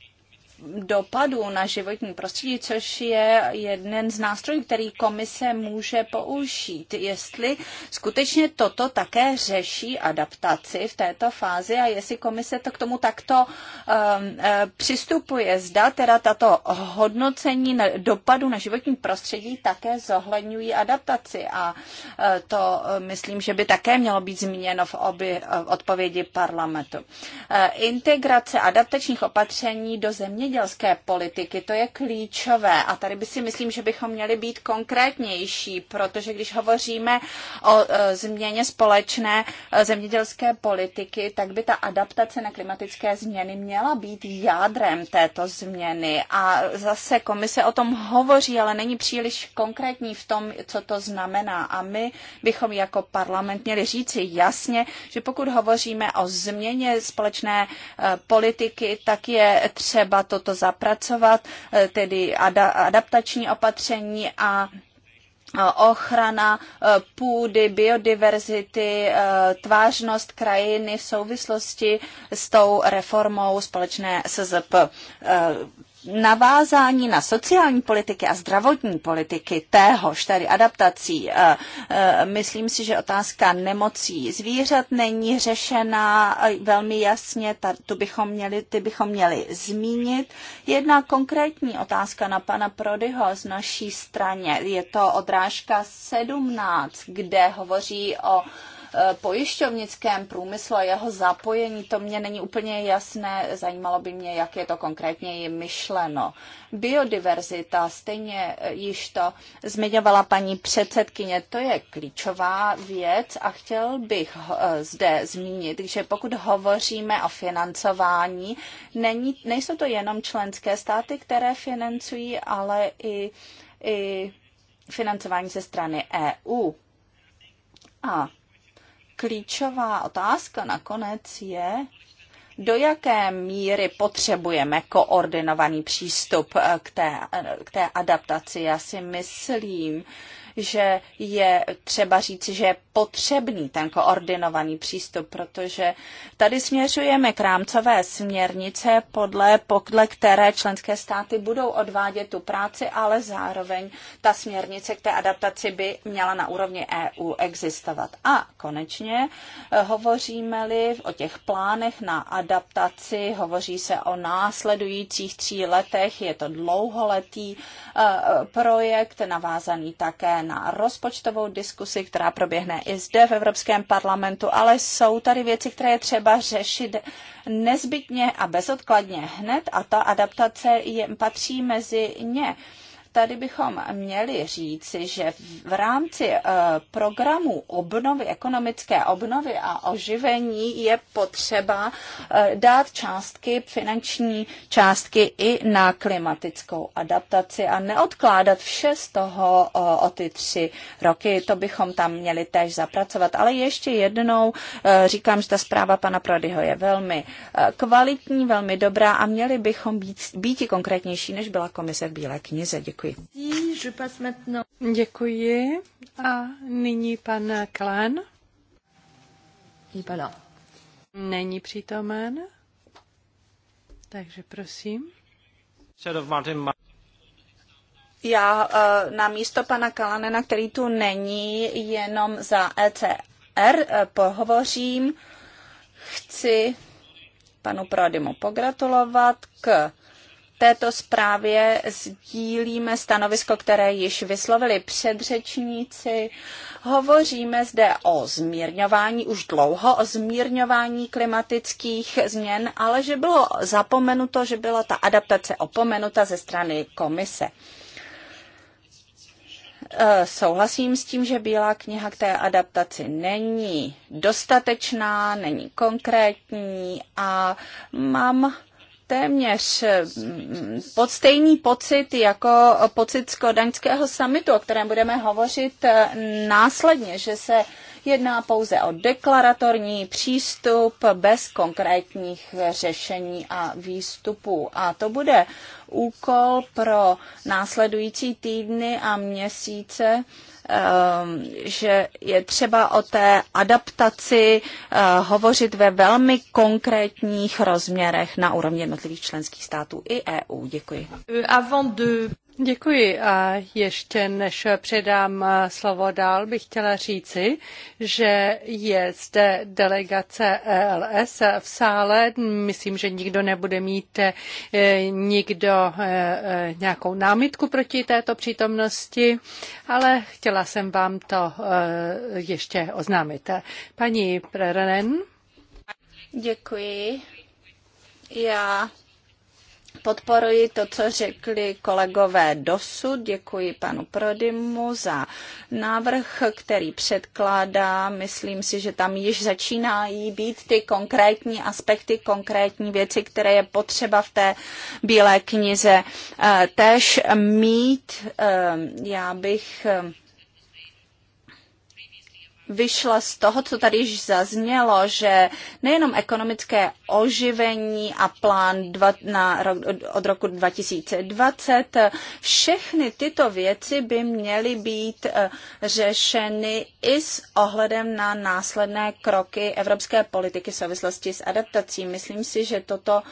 dopadů na životní prostředí, což je jeden z nástrojů, který komise může použít. Jestli skutečně toto také řeší adaptaci v této fázi a jestli komise to k tomu takto um, eh, přistupuje, zda teda tato hodnocení na dopadu na životní prostředí také zohledňují adaptaci a eh, to eh, myslím, že by také mělo být zmíněno v, obě, v odpovědi parlamentu. Integrace adaptačních opatření do země zemědělské politiky. To je klíčové a tady by si myslím, že bychom měli být konkrétnější, protože když hovoříme o e, změně společné e, zemědělské politiky, tak by ta adaptace na klimatické změny měla být jádrem této změny. A zase komise o tom hovoří, ale není příliš konkrétní v tom, co to znamená. A my bychom jako parlament měli říci jasně, že pokud hovoříme o změně společné e, politiky, tak je třeba to toto zapracovat, e, tedy adaptační opatření a e, ochrana e, půdy, biodiverzity, tvářnost krajiny v souvislosti s tou reformou společné SZP navázání na sociální politiky a zdravotní politiky téhož, tedy adaptací. Eh, eh, myslím si, že otázka nemocí zvířat není řešena eh, velmi jasně, tu bychom měli, ty bychom měli zmínit. Jedna konkrétní otázka na pana Prodyho z naší straně, je to odrážka 17, kde hovoří o Eh, pojišťovnickém průmyslu a jeho zapojení, to mě není úplně jasné. Zajímalo by mě, jak je to konkrétně myšleno. Biodiverzita, stejně eh, již to zmiňovala paní předsedkyně, to je klíčová věc a chtěl bych eh, zde zmínit, že pokud hovoříme o financování, není, nejsou to jenom členské státy, které financují, ale i, i financování ze strany EU. A klíčová otázka nakonec je, do jaké míry potřebujeme koordinovaný přístup k té, k té adaptaci. Já si myslím, že je třeba říci, že je potřebný ten koordinovaný přístup, protože tady směřujeme k rámcové směrnice, podle, podle které členské státy budou odvádět tu práci, ale zároveň ta směrnice k té adaptaci by měla na úrovni EU existovat. A konečně eh, hovoříme-li o těch plánech na adaptaci, hovoří se o následujících tří letech, je to dlouholetý eh, projekt navázaný také na rozpočtovou diskusi, která proběhne i zde v Evropském parlamentu, ale jsou tady věci, které je třeba řešit nezbytně a bezodkladně hned a ta adaptace je, patří mezi ně. Tady bychom měli říci, že v rámci eh, programu obnovy, ekonomické obnovy a oživení je potřeba eh, dát částky, finanční částky i na klimatickou adaptaci a neodkládat vše z toho eh, o ty tři roky. To bychom tam měli též zapracovat. Ale ještě jednou říkám, že ta zpráva pana Prodyho je velmi kvalitní, velmi dobrá a měli bychom být, být i konkrétnější, než byla komise v Bílé knize. Děkuji. Děkuji. Děkuji. A nyní pan Klán. Není přítomen. Takže prosím. Já eh, na místo pana Kalanena, který tu není, jenom za ECR eh, pohovořím. Chci panu Prodymu pogratulovat k této zprávě sdílíme stanovisko, které již vyslovili předřečníci. Hovoříme zde o zmírňování, už dlouho o zmírňování klimatických změn, ale že bylo zapomenuto, že byla ta adaptace opomenuta ze strany komise e, souhlasím s tím, že Bílá kniha k té adaptaci není dostatečná, není konkrétní a mám téměř mm, pod stejný pocit jako pocit z kodaňského samitu, o kterém budeme hovořit eh, následně, že se jedná pouze o deklaratorní přístup bez konkrétních řešení a výstupů. A to bude úkol pro následující týdny a měsíce Ehm, že je třeba o té adaptaci eh, hovořit ve velmi konkrétních rozměrech na úrovni jednotlivých členských států i EU. Děkuji. Euh, Děkuji a ještě než předám eh, slovo dál, bych chtěla říci, že je zde delegace ELS v sále. Myslím, že nikdo nebude mít eh, nikdo eh, nějakou námitku proti této přítomnosti, ale chtěla jsem vám to ještě oznámit. Paní Prerenen. Děkuji. Já Podporuji to, co řekli kolegové dosud. Děkuji panu Prodymu za návrh, který předkládá. Myslím si, že tam již začínají být ty konkrétní aspekty, konkrétní věci, které je potřeba v té bílé knize eh, též mít. Eh, já bych eh, vyšla z toho, co tady již zaznělo, že nejenom ekonomické oživení a plán dva, na, od roku 2020, všechny tyto věci by měly být eh, řešeny i s ohledem na následné kroky evropské politiky v souvislosti s adaptací. Myslím si, že toto uh,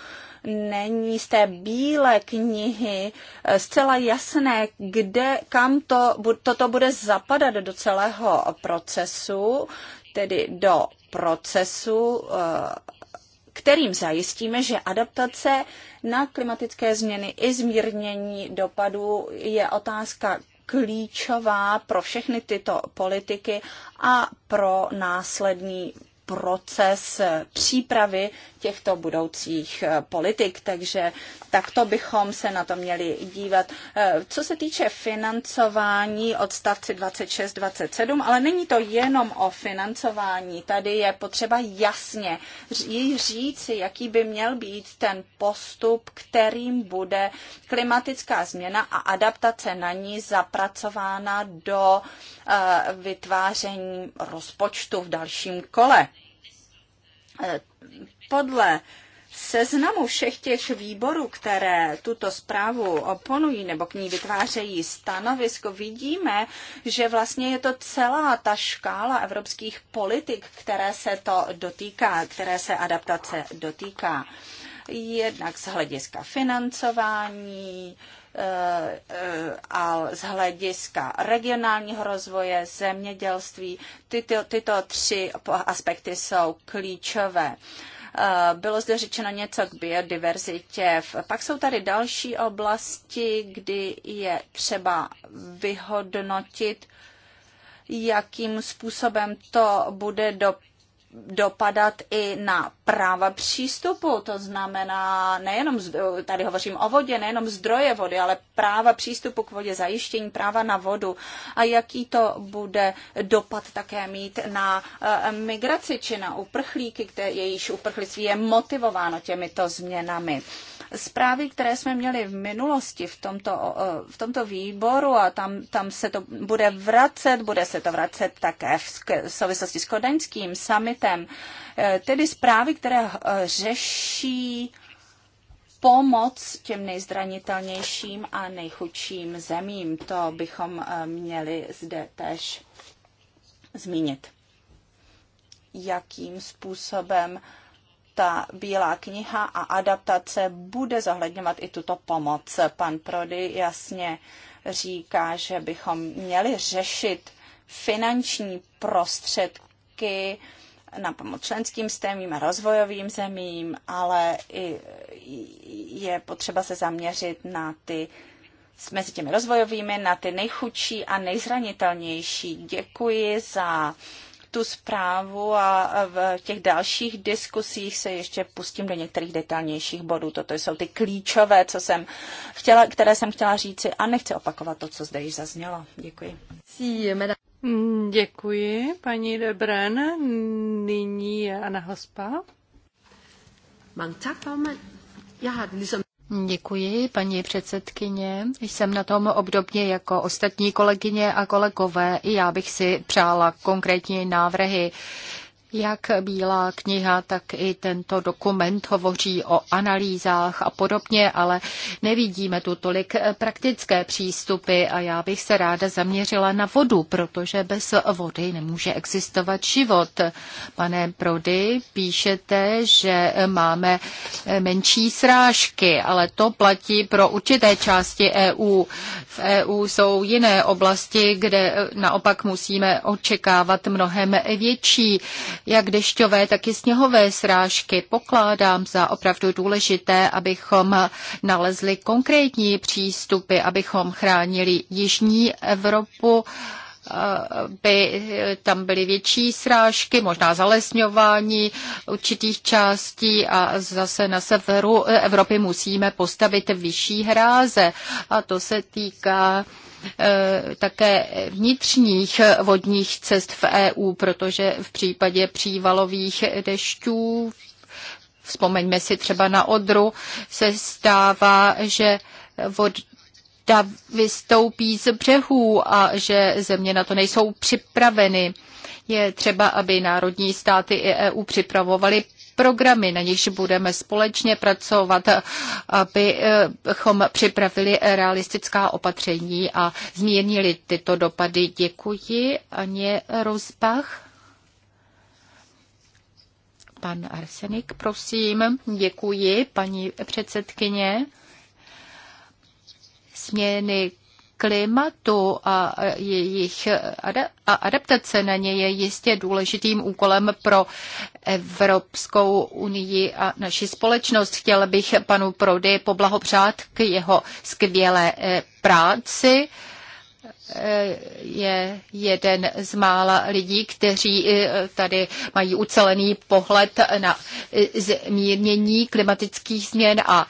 není z té bílé knihy eh, zcela jasné, kde, kam to, toto bude zapadat do celého procesu, tedy do procesu, eh, kterým zajistíme, že adaptace na klimatické změny i zmírnění dopadů je otázka klíčová pro všechny tyto politiky a pro následný proces přípravy těchto budoucích eh, politik. Takže takto bychom se na to měli dívat. Eh, co se týče financování odstavci 26-27, ale není to jenom o financování. Tady je potřeba jasně říci, jaký by měl být ten postup, kterým bude klimatická změna a adaptace na ní zapracována do eh, vytváření rozpočtu v dalším kole podle seznamu všech těch výborů, které tuto zprávu oponují nebo k ní vytvářejí stanovisko, vidíme, že vlastně je to celá ta škála evropských politik, které se to dotýká, které se adaptace dotýká. Jednak z hlediska financování, eh, eh, a z hlediska regionálního rozvoje, zemědělství. Tyto, tyto tři aspekty jsou klíčové. Eh, bylo zde řečeno něco k biodiverzitě. Pak jsou tady další oblasti, kdy je třeba vyhodnotit, jakým způsobem to bude dopadat dopadat i na práva přístupu, to znamená nejenom, tady hovořím o vodě, nejenom zdroje vody, ale práva přístupu k vodě, zajištění práva na vodu a jaký to bude dopad také mít na eh, migraci či na uprchlíky, které jejíž uprchlictví je motivováno těmito změnami. Zprávy, které jsme měli v minulosti v tomto, eh, v tomto výboru a tam, tam se to bude vracet, bude se to vracet také v, souvislosti s kodeňským summitem, summitem, eh, tedy zprávy, které eh, řeší pomoc těm nejzranitelnějším a nejchudším zemím. To bychom eh, měli zde tež zmínit. Jakým způsobem ta bílá kniha a adaptace bude zohledňovat i tuto pomoc. Pan Prody jasně říká, že bychom měli řešit finanční prostředky, na pomoc členským zemím a rozvojovým zemím, ale i je potřeba se zaměřit na ty mezi těmi rozvojovými, na ty nejchudší a nejzranitelnější. Děkuji za tu zprávu a v těch dalších diskusích se ještě pustím do některých detailnějších bodů. Toto jsou ty klíčové, co jsem chtěla, které jsem chtěla říci a nechci opakovat to, co zde již zaznělo. Děkuji. Mm, děkuji, paní Debren. Nyní je Anna Hospa. Děkuji, paní předsedkyně. Jsem na tom obdobně jako ostatní kolegyně a kolegové. I já bych si přála konkrétní návrhy. Jak Bílá kniha, tak i tento dokument hovoří o analýzách a podobně, ale nevidíme tu tolik praktické přístupy a já bych se ráda zaměřila na vodu, protože bez vody nemůže existovat život. Pane Prody, píšete, že máme menší srážky, ale to platí pro určité části EU. V EU jsou jiné oblasti, kde naopak musíme očekávat mnohem větší jak dešťové, tak i sněhové srážky. Pokládám za opravdu důležité, abychom nalezli konkrétní přístupy, abychom chránili Jižní Evropu, eh, by tam byly větší srážky, možná zalesňování určitých částí a zase na severu Evropy musíme postavit vyšší hráze. A to se týká Eh, také vnitřních vodních cest v EU, protože v případě přívalových dešťů, vzpomeňme si třeba na Odru, se stává, že voda vystoupí z břehů a že země na to nejsou připraveny. Je třeba, aby národní státy i EU připravovaly programy, na nichž budeme společně pracovat, abychom připravili realistická opatření a zmírnili tyto dopady. Děkuji, Aně Rozbach. Pan Arsenik, prosím. Děkuji, paní předsedkyně. Směny klimatu a jejich adaptace na ně je jistě důležitým úkolem pro Evropskou unii a naši společnost. Chtěl bych panu Prody poblahopřát k jeho skvělé eh, práci eh, je jeden z mála lidí, kteří eh, tady mají ucelený pohled na zmírnění klimatických změn a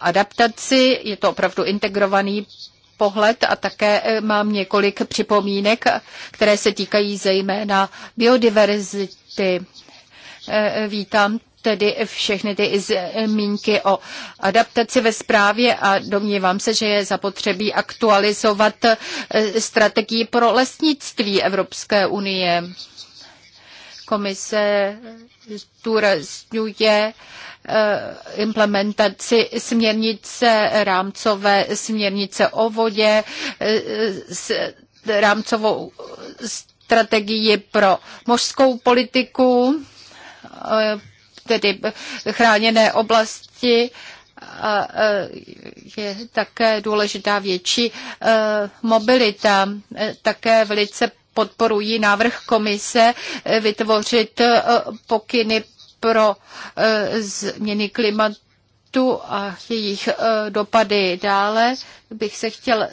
adaptaci. Je to opravdu integrovaný pohled a také eh, mám několik připomínek, které se týkají zejména biodiverzity. Eh, vítám tedy všechny ty zmínky o adaptaci ve zprávě a domnívám se, že je zapotřebí aktualizovat eh, strategii pro lesnictví Evropské unie. Komise zdůrazňuje eh, implementaci směrnice, rámcové směrnice o vodě, eh, rámcovou strategii pro mořskou politiku, eh, tedy chráněné oblasti, a je také důležitá větší mobilita. Také velice podporují návrh komise eh, vytvořit eh, pokyny pro eh, změny klimatu a jejich dopady. Dále bych se chtěl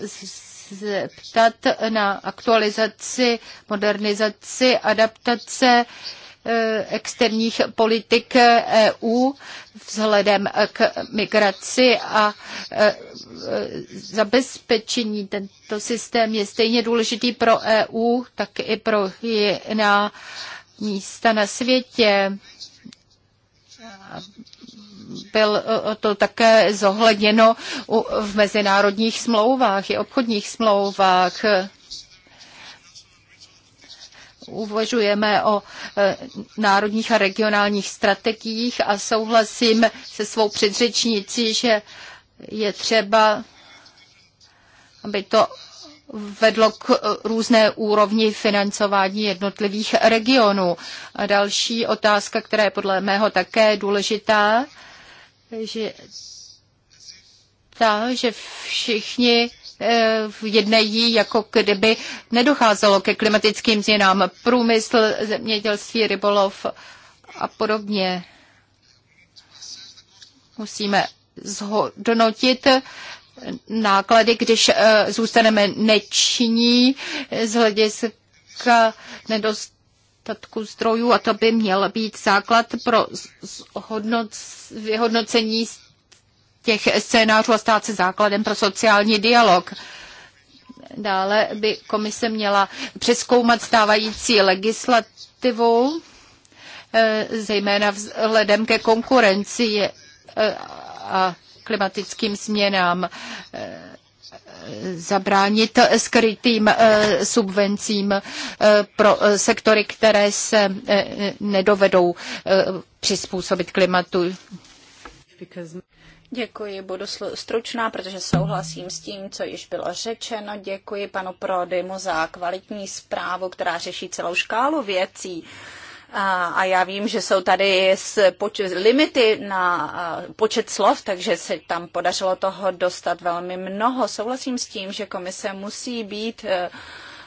zeptat na aktualizaci, modernizaci, adaptace Eh, externích politik EU eh, e vzhledem k migraci a eh, zabezpečení. Tento systém je stejně důležitý pro EU, tak i pro jiná místa na světě. Byl to také zohledněno v mezinárodních smlouvách i obchodních smlouvách uvažujeme o e, národních a regionálních strategiích a souhlasím se svou předřečnicí, že je třeba, aby to vedlo k různé úrovni financování jednotlivých regionů. A další otázka, která je podle mého také důležitá, že ta, že všichni Eh, jednají, jako kdyby nedocházelo ke klimatickým změnám. Průmysl, zemědělství, rybolov a podobně. Musíme zhodnotit náklady, když eh, zůstaneme nečinní z hlediska nedostatku dostatku zdrojů a to by měl být základ pro vyhodnocení těch scénářů a stát se základem pro sociální dialog. Dále by komise měla přeskoumat stávající legislativu, eh, zejména vzhledem ke konkurenci eh, a klimatickým změnám eh, zabránit skrytým subvencím pro sektory, které se nedovedou přizpůsobit klimatu. Děkuji, budu stručná, protože souhlasím s tím, co již bylo řečeno. Děkuji panu Prodymu za kvalitní zprávu, která řeší celou škálu věcí. A já vím, že jsou tady poč- limity na počet slov, takže se tam podařilo toho dostat velmi mnoho. Souhlasím s tím, že komise musí být uh,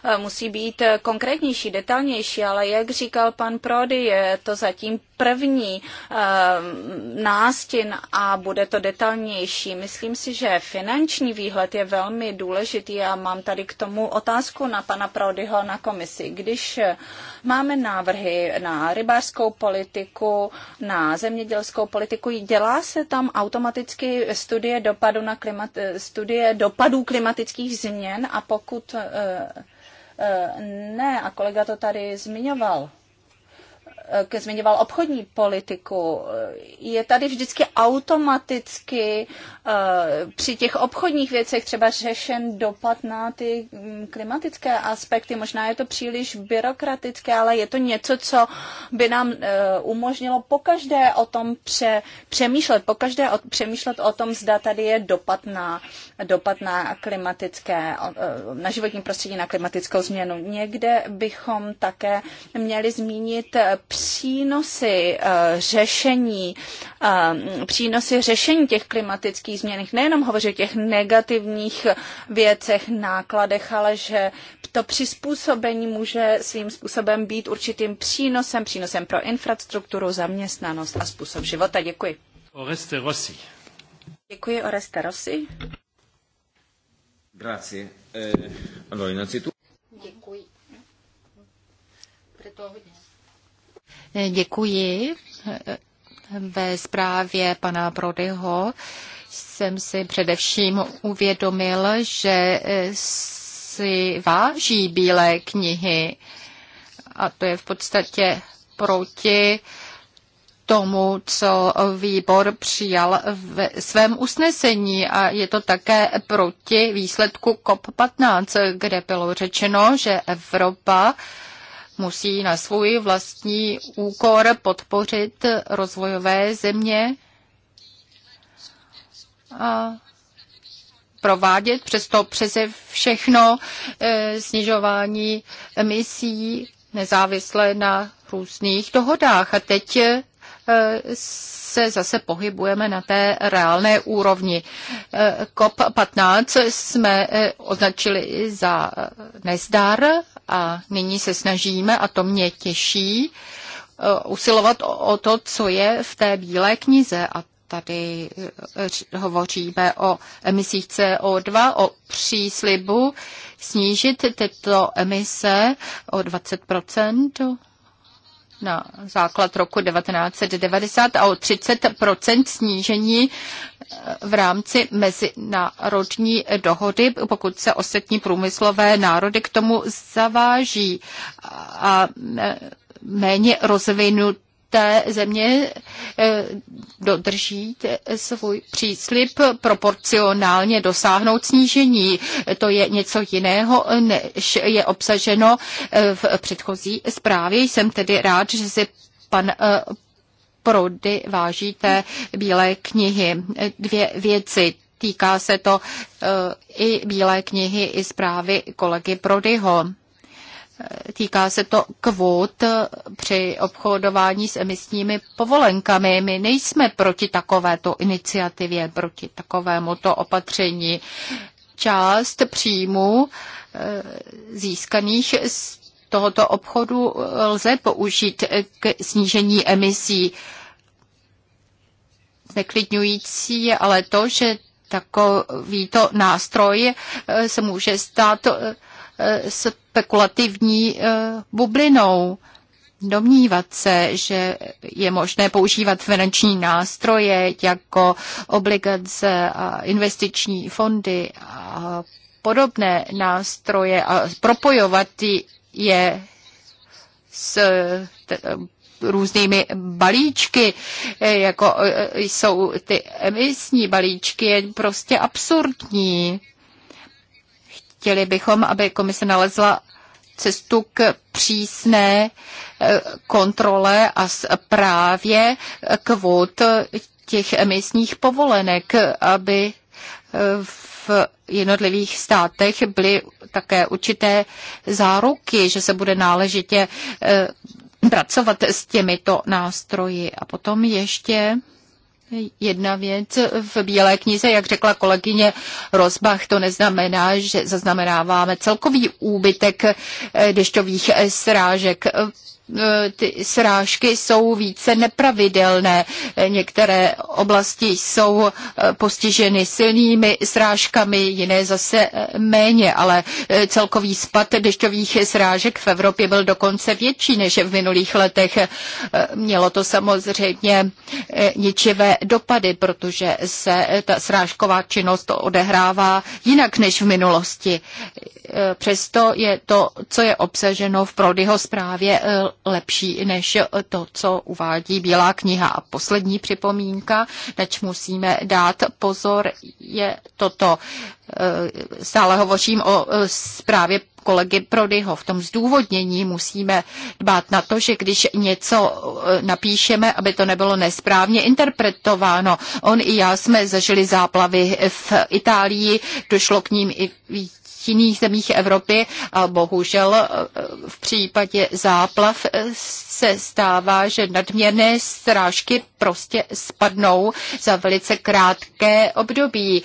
Eh, musí být konkrétnější, detailnější, ale jak říkal pan Prody, je to zatím první eh, nástin a bude to detailnější. Myslím si, že finanční výhled je velmi důležitý a mám tady k tomu otázku na pana Prodyho na komisi. Když eh, máme návrhy na rybářskou politiku, na zemědělskou politiku, dělá se tam automaticky studie dopadu na klimat, studie dopadů klimatických změn a pokud Eh, ne, a kolega to tady zmiňoval. Eh, zmiňoval obchodní politiku, eh, je tady vždycky automaticky eh, při těch obchodních věcech třeba řešen dopad na ty mm, klimatické aspekty. Možná je to příliš byrokratické, ale je to něco, co by nám umožnilo pokaždé o tom pře, přemýšlet, pokaždé o, přemýšlet o tom, zda tady je dopad na, dopad na klimatické, na životní prostředí, na klimatickou změnu. Někde bychom také měli zmínit přínosy eh, řešení, eh, přínosy řešení těch klimatických změn, nejenom hovoří o těch negativních věcech, nákladech, ale že to přizpůsobení může svým způsobem být určitým přínosem, přínosem pro infrastrukturu, zaměstnanost a způsob života. Děkuji. Oreste Rossi. Děkuji, Oreste Rossi. Grazie. Eh, allora, innanzitutto... Děkuji. Proto hodně. Děkuji. Ve zprávě pana Brodyho jsem si především uvědomil, že si váží bílé knihy a to je v podstatě proti tomu, co výbor přijal ve svém usnesení a je to také proti výsledku COP15, kde bylo řečeno, že Evropa musí na svůj vlastní úkor podpořit rozvojové země a provádět přesto přeze všechno eh, snižování emisí nezávisle na různých dohodách. A teď eh, se zase pohybujeme na té reálné úrovni. Eh, COP15 jsme označili za nezdar a nyní se snažíme, a to mě těší, eh, usilovat o to, co je v té bílé knize. A tady eh, hovoříme o emisích CO2, o příslibu snížit tyto emise o 20 na základ roku 1990 a o 30 snížení eh, v rámci mezinárodní dohody, pokud se ostatní průmyslové národy k tomu zaváží. A e, méně rozvinut té země eh, dodrží svůj příslip proporcionálně dosáhnout snížení. To je něco jiného, než je obsaženo eh, v předchozí zprávě. Jsem tedy rád, že si pan eh, Prody váží té bílé knihy. Dvě věci. Týká se to i bílé knihy, i zprávy kolegy Prodyho. Týká se to kvót při obchodování s emisními povolenkami. My nejsme proti takovéto iniciativě, proti takovému to opatření. Část příjmů eh, získaných z tohoto obchodu lze použít k snížení emisí. Neklidňující je ale to, že takovýto nástroj eh, se může stát eh, Eh, spekulativní eh, bublinou. Domnívat se, že je možné používat finanční nástroje jako obligace a investiční fondy a podobné nástroje a propojovat je s různými balíčky, eh, jako jsou ty emisní balíčky, je prostě absurdní. Chtěli bychom, aby komise nalezla cestu k přísné eh, kontrole a právě kvot těch emisních povolenek, aby eh, v jednotlivých státech byly také určité záruky, že se bude náležitě eh, pracovat s těmito nástroji. A potom ještě Jedna věc v Bílé knize, jak řekla kolegyně Rozbach, to neznamená, že zaznamenáváme celkový úbytek eh, dešťových eh, srážek. E, ty srážky jsou více nepravidelné. E, některé oblasti jsou e, postiženy silnými srážkami, jiné zase méně, ale celkový spad dešťových srážek v Evropě byl dokonce větší než v minulých letech. Mělo to samozřejmě ničivé dopady, protože se ta srážková činnost odehrává jinak než v minulosti. Přesto je to, co je obsaženo v Prodyho zprávě, lepší než to, co uvádí Bílá kniha. A poslední připomínka, nač musíme dát pozor, je toto. Eh, stále hovořím o eh, zprávě kolegy Prodyho. V tom zdůvodnění musíme dbát na to, že když něco eh, napíšeme, aby to nebylo nesprávně interpretováno. On i já jsme zažili záplavy v Itálii, došlo k ním i jiných zemích Evropy a bohužel e, v případě záplav e, se stává, že nadměrné strážky prostě spadnou za velice krátké období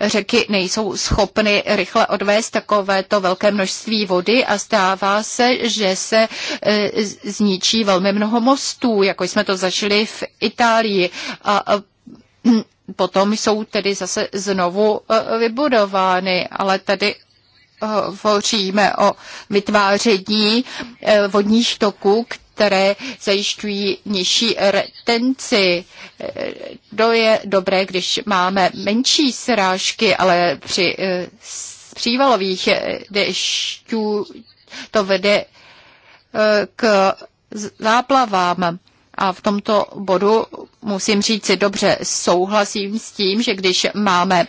řeky nejsou schopny rychle odvést takovéto velké množství vody a stává se, že se e, zničí velmi mnoho mostů, jako jsme to zažili v Itálii. A potom jsou tedy zase znovu e, vybudovány, ale tady e, hovoříme o vytváření e, vodních toků, které zajišťují nižší retenci. To je dobré, když máme menší srážky, ale při přívalových dešťů to vede k záplavám. A v tomto bodu musím říct si dobře, souhlasím s tím, že když máme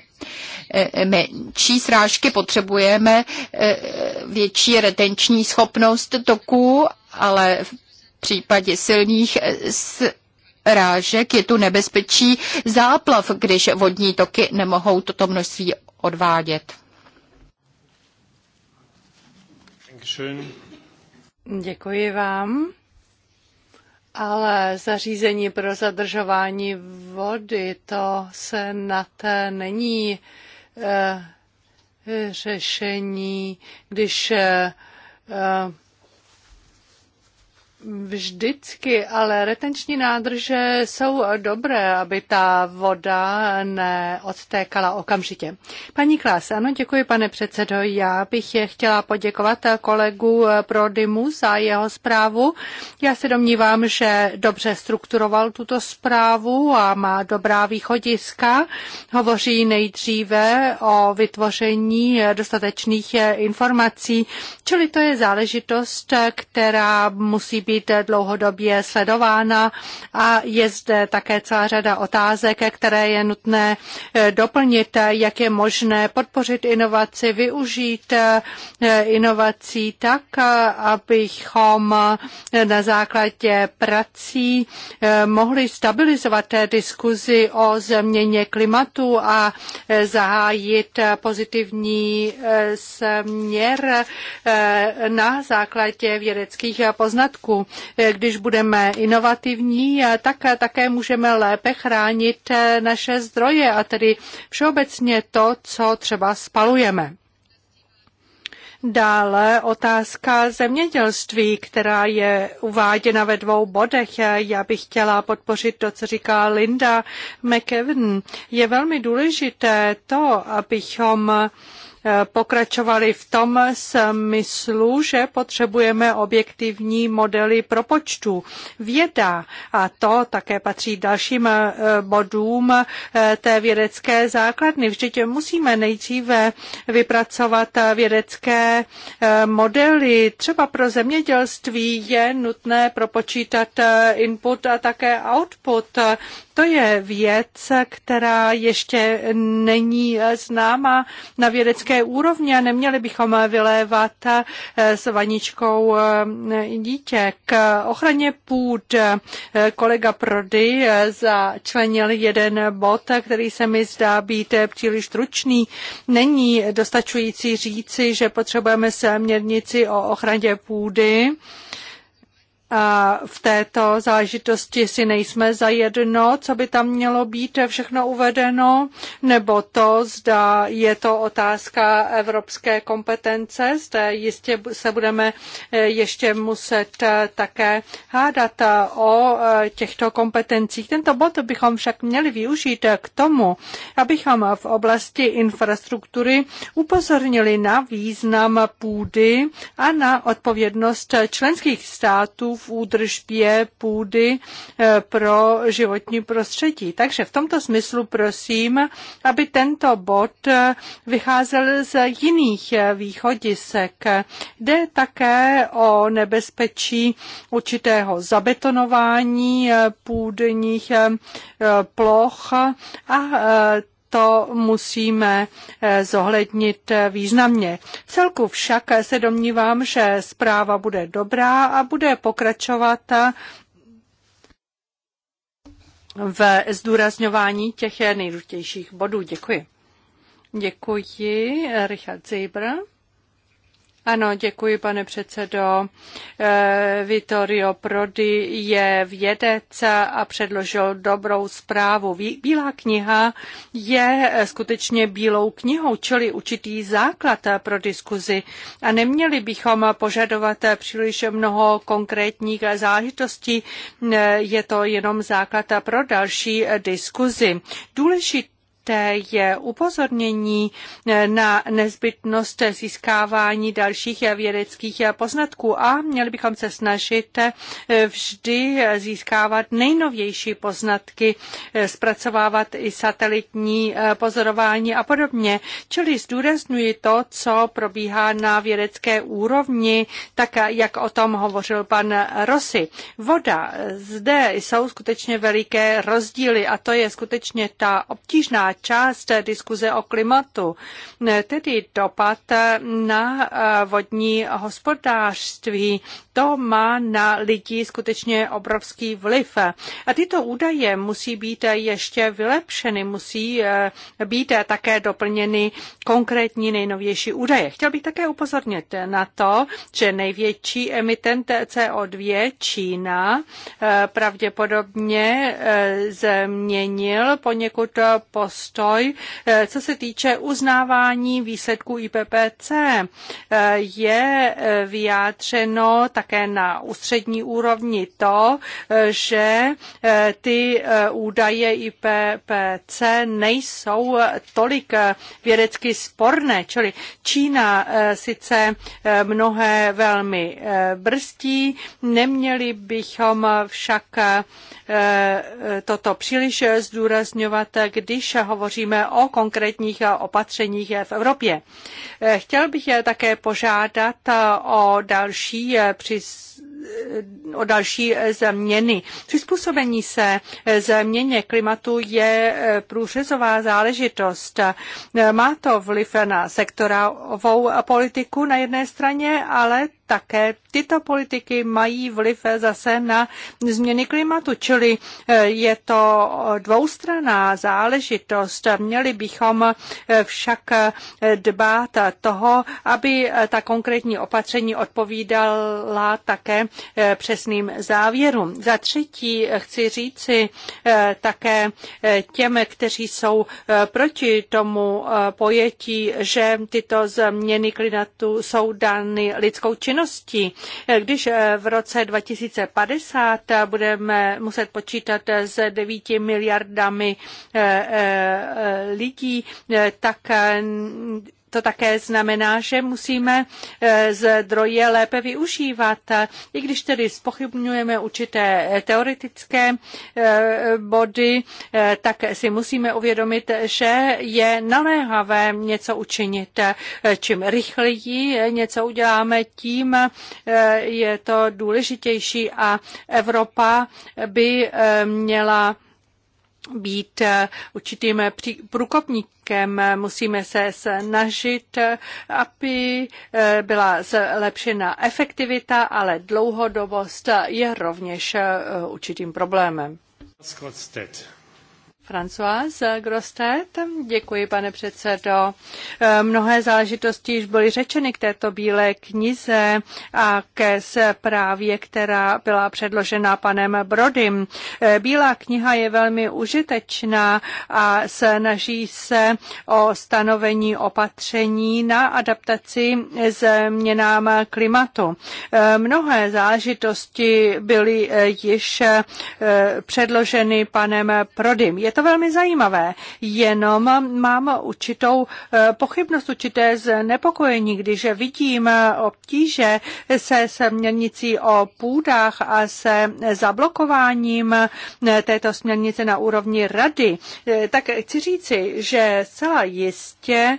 e, e, menší srážky, potřebujeme e, větší retenční schopnost toků, ale v případě silných srážek je tu nebezpečí záplav, když vodní toky nemohou toto množství odvádět. Děkuji vám. Ale zařízení pro zadržování vody, to se na té není eh, řešení, když eh, vždycky, ale retenční nádrže jsou dobré, aby ta voda neodtékala okamžitě. Paní Klás, ano, děkuji, pane předsedo. Já bych chtěla poděkovat kolegu Prodymu za jeho zprávu. Já se domnívám, že dobře strukturoval tuto zprávu a má dobrá východiska. Hovoří nejdříve o vytvoření dostatečných informací, čili to je záležitost, která musí být být dlouhodobě sledována a je zde také celá řada otázek, které je nutné eh, doplnit, jak je možné podpořit inovaci, využít eh, inovací tak, eh, abychom na základě prací mohli stabilizovat diskuzi o změně klimatu a zahájit pozitivní směr na základě vědeckých poznatků. Eh, když budeme inovativní, eh, tak eh, také můžeme lépe chránit naše zdroje a tedy všeobecně to, co třeba spalujeme. Dále otázka zemědělství, která je uváděna ve dvou bodech. Já bych chtěla podpořit to, co říká Linda McEwen. Je velmi důležité to, abychom pokračovali v tom smyslu, že potřebujeme objektivní modely propočtu. Věda, a to také patří dalším eh, bodům eh, té vědecké základny. Vždyť musíme nejdříve vypracovat vědecké eh, modely. Třeba pro zemědělství je nutné propočítat input a také output. To je věc, která ještě není známa na vědecké úrovni a neměli bychom vylévat eh, s vaničkou eh, dítě. K ochraně půd eh, kolega Prody začlenil jeden bod, který se mi zdá být příliš stručný. Není dostačující říci, že potřebujeme směrnici o ochraně půdy a v této záležitosti si nejsme za jedno, co by tam mělo být všechno uvedeno, nebo to, zda je to otázka evropské kompetence, zde jistě se budeme eh, ještě muset eh, také hádat eh, o těchto kompetencích. Tento bod bychom však měli využít k tomu, abychom v oblasti infrastruktury upozornili na význam půdy a na odpovědnost členských států v údržbě půdy eh, pro životní prostředí. Takže v tomto smyslu prosím, aby tento bod eh, vycházel z jiných eh, východisek. Jde také o nebezpečí určitého zabetonování půdních ploch a to musíme eh, zohlednit eh, významně. V celku však se domnívám, že zpráva bude dobrá a bude pokračovat eh, v zdůrazňování těch nejdůležitějších bodů. Děkuji. Děkuji, Richard Zebra. Ano, děkuji, pane předsedo. Eh, Vittorio Prodi je vědec a předložil dobrou zprávu. Bílá kniha je skutečně bílou knihou, čili určitý základ pro diskuzi. A neměli bychom požadovat příliš mnoho konkrétních zážitostí, eh, Je to jenom základ pro další diskuzi. Důležité je upozornění na nezbytnost získávání dalších vědeckých poznatků a měli bychom se snažit vždy získávat nejnovější poznatky, zpracovávat i satelitní pozorování a podobně. Čili zdůraznuji to, co probíhá na vědecké úrovni, tak jak o tom hovořil pan Rossi. Voda. Zde jsou skutečně veliké rozdíly a to je skutečně ta obtížná část diskuze o klimatu, tedy dopad na eh, vodní hospodářství. To má na lidi skutečně obrovský vliv. A tyto údaje musí být ještě vylepšeny, musí eh, být také doplněny konkrétní nejnovější údaje. Chtěl bych také upozornit na to, že největší emitent CO2 Čína eh, pravděpodobně změnil poněkud pos postoj, eh, co se týče uznávání výsledků IPPC. Eh, je eh, vyjádřeno také na ústřední úrovni to, že ty údaje IPPC nejsou tolik vědecky sporné, čili Čína sice mnohé velmi brzdí, neměli bychom však toto příliš zdůrazňovat, když ho hovoříme o konkrétních eh, opatřeních eh, v Evropě. Eh, chtěl bych také požádat o další o další změny. Přizpůsobení se změně klimatu je průřezová záležitost. Má to vliv na sektorovou politiku na jedné straně, ale také tyto politiky mají vliv zase na změny klimatu, čili eh, je to dvoustraná záležitost. Měli bychom eh, však eh, dbát toho, aby ta konkrétní opatření odpovídala také přesným závěrům. Za třetí chci říci také těm, kteří jsou proti tomu pojetí, že tyto změny klimatu jsou dány lidskou činností, činnosti. Eh, Když eh, v roce 2050 eh, budeme muset počítat s 9 miliardami lidí, tak to také znamená, že musíme eh, zdroje lépe využívat. I když tedy spochybnujeme určité eh, teoretické eh, body, tak si musíme uvědomit, že je naléhavé něco učinit. Čím rychleji něco uděláme, tím je to důležitější a Evropa by měla být eh, určitým eh, průkopníkem. Musíme se snažit, eh, aby byla zlepšena efektivita, ale dlouhodobost je rovněž určitým problémem. Scott Françoise Grostet. Děkuji, pane předsedo. Eh, mnohé záležitosti již byly řečeny k této bílé knize a ke zprávě, která byla předložena panem Brodym. Eh, bílá kniha je velmi užitečná a snaží se o stanovení opatření na adaptaci změnám klimatu. Eh, mnohé záležitosti byly již předloženy panem Brodym. Je to velmi zajímavé, jenom mám určitou eh, pochybnost, určité znepokojení, když vidím eh, obtíže se směrnicí o půdách a se zablokováním eh, této směrnice na úrovni rady, tak chci říci, že zcela jistě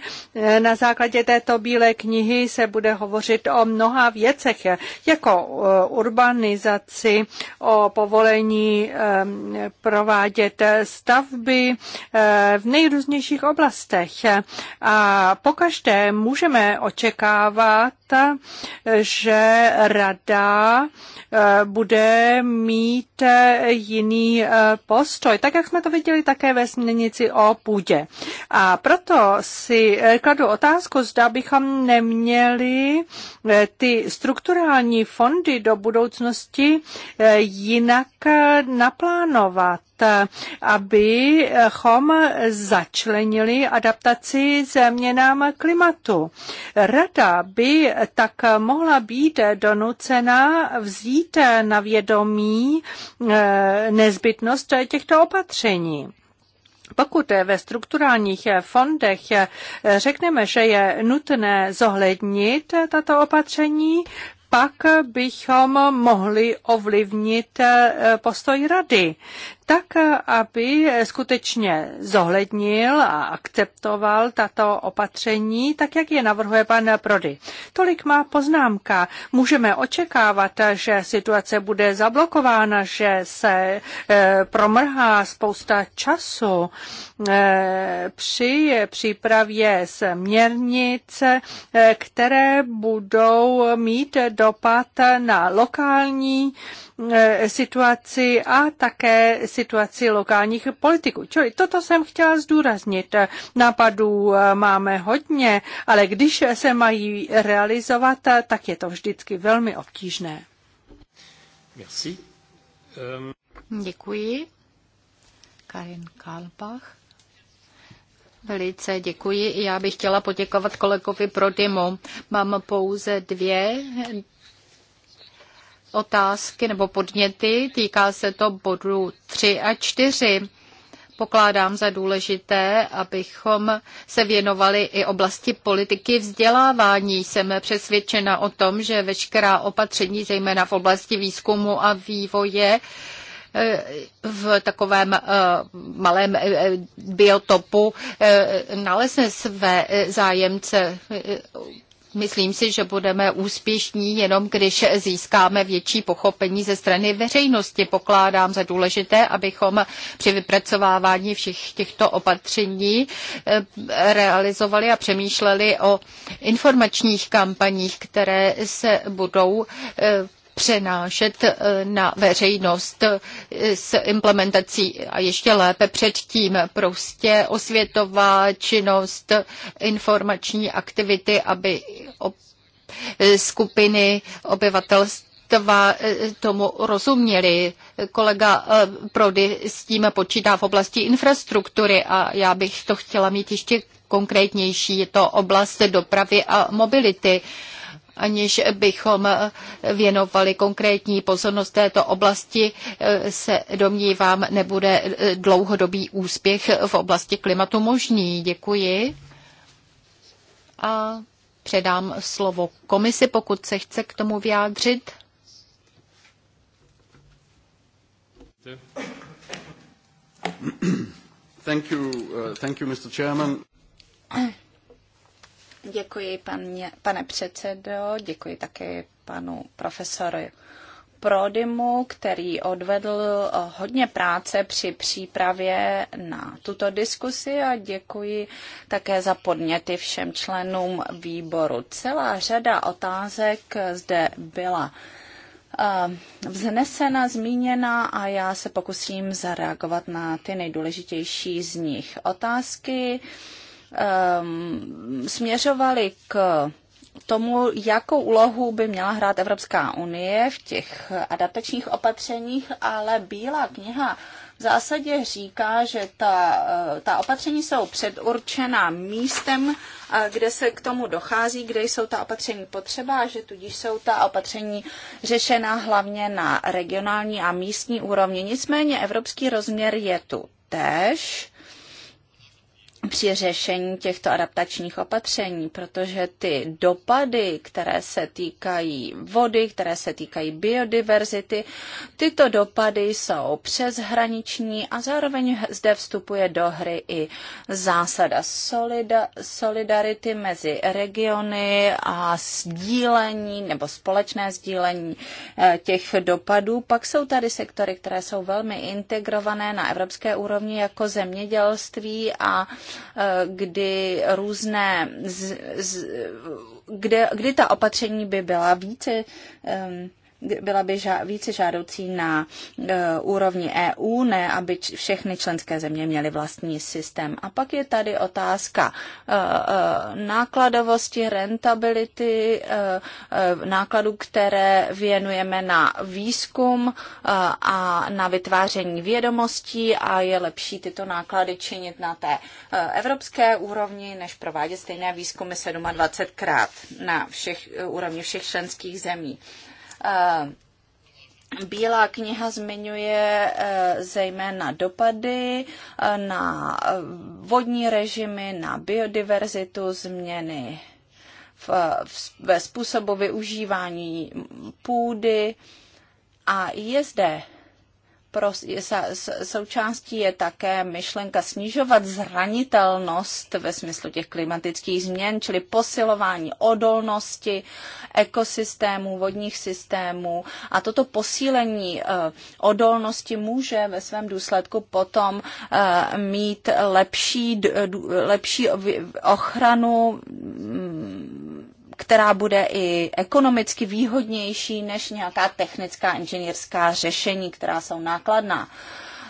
na základě této bílé knihy se bude hovořit o mnoha věcech, jako urbanizaci, o povolení provádět stav stavby eh, v nejrůznějších oblastech. A pokaždé můžeme očekávat, že rada eh, bude mít eh, jiný postoj, tak jak jsme to viděli také ve směnici o půdě. A proto si kladu otázku, zda bychom neměli ty strukturální fondy do budoucnosti jinak naplánovat abychom začlenili adaptaci změnám klimatu. Rada by tak mohla být donucena vzít na vědomí eh, nezbytnost těchto opatření. Pokud ve strukturálních fondech eh, řekneme, že je nutné zohlednit tato opatření, pak bychom mohli ovlivnit eh, postoj rady tak aby skutečně zohlednil a akceptoval tato opatření, tak jak je navrhuje pan Prody. Tolik má poznámka. Můžeme očekávat, že situace bude zablokována, že se eh, promrhá spousta času eh, při přípravě směrnic, eh, které budou mít dopad na lokální situaci a také situaci lokálních politiků. Čili toto jsem chtěla zdůraznit. Nápadů eh, máme hodně, ale když se mají realizovat, eh, tak je to vždycky velmi obtížné. Merci. Um... Děkuji. Karin Kalbach. Velice děkuji. Já bych chtěla poděkovat kolegovi Prodymu. Mám pouze dvě otázky nebo podněty. Týká se to bodu 3 a 4. Pokládám za důležité, abychom se věnovali i oblasti politiky vzdělávání. Jsem přesvědčena o tom, že veškerá opatření, zejména v oblasti výzkumu a vývoje, eh, v takovém eh, malém eh, biotopu nalezne své zájemce. Myslím si, že budeme úspěšní jenom, když získáme větší pochopení ze strany veřejnosti. Pokládám za důležité, abychom při vypracovávání všech těchto opatření eh, realizovali a přemýšleli o informačních kampaních, které se budou eh, přenášet eh, na veřejnost eh, s implementací a ještě lépe předtím prostě osvětová činnost, informační aktivity, aby skupiny obyvatelstva eh, tomu rozuměli. Kolega Prody s tím počítá v oblasti infrastruktury a já bych to chtěla mít ještě konkrétnější. Je to oblast dopravy a mobility aniž bychom věnovali konkrétní pozornost této oblasti, se domnívám, nebude dlouhodobý úspěch v oblasti klimatu možný. Děkuji. A předám slovo komisi, pokud se chce k tomu vyjádřit. Thank you, uh, thank you, Mr. Chairman. Děkuji, paní, pane předsedo, děkuji také panu profesoru Prodymu, který odvedl eh, hodně práce při přípravě na tuto diskusi a děkuji také za podněty všem členům výboru. Celá řada otázek zde byla eh, vznesena, zmíněna a já se pokusím zareagovat na ty nejdůležitější z nich. Otázky um, směřovaly k tomu, jakou úlohu by měla hrát Evropská unie v těch adaptačních opatřeních, ale Bílá kniha v zásadě říká, že ta, eh, ta opatření jsou předurčena místem, kde se k tomu dochází, kde jsou ta opatření potřeba a že tudíž jsou ta opatření řešena hlavně na regionální a místní úrovni. Nicméně evropský rozměr je tu tež při řešení těchto adaptačních opatření, protože ty dopady, které se týkají vody, které se týkají biodiverzity, tyto dopady jsou přeshraniční a zároveň zde vstupuje do hry i zásada solida, solidarity mezi regiony a sdílení nebo společné sdílení eh, těch dopadů. Pak jsou tady sektory, které jsou velmi integrované na evropské úrovni jako zemědělství a Eh, kdy různé, z, z, kde, kdy ta opatření by byla více um, byla by ža- více žádoucí na e, úrovni EU, ne aby č- všechny členské země měly vlastní systém. A pak je tady otázka e, e, nákladovosti, rentability, e, e, nákladů, které věnujeme na výzkum e, a na vytváření vědomostí a je lepší tyto náklady činit na té e, evropské úrovni, než provádět stejné výzkumy 27krát na všech e, úrovni všech členských zemí. Eh, Bílá kniha zmiňuje eh, zejména dopady eh, na vodní režimy, na biodiverzitu, změny v, v, ve způsobu využívání půdy. A je zde pro, součástí je také myšlenka snižovat zranitelnost ve smyslu těch klimatických změn, čili posilování odolnosti ekosystémů, vodních systémů. A toto posílení eh, odolnosti může ve svém důsledku potom eh, mít lepší, lepší ochranu mm, která bude i ekonomicky výhodnější než nějaká technická inženýrská řešení, která jsou nákladná.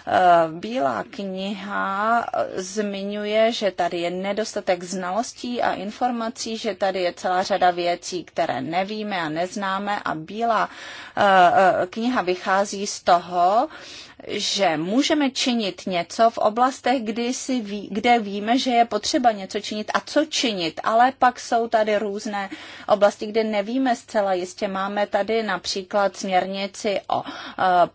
E, bílá kniha zmiňuje, že tady je nedostatek znalostí a informací, že tady je celá řada věcí, které nevíme a neznáme a Bílá e, e, kniha vychází z toho, že můžeme činit něco v oblastech, kdy si ví, kde víme, že je potřeba něco činit a co činit, ale pak jsou tady různé oblasti, kde nevíme zcela jistě. Máme tady například směrnici o eh,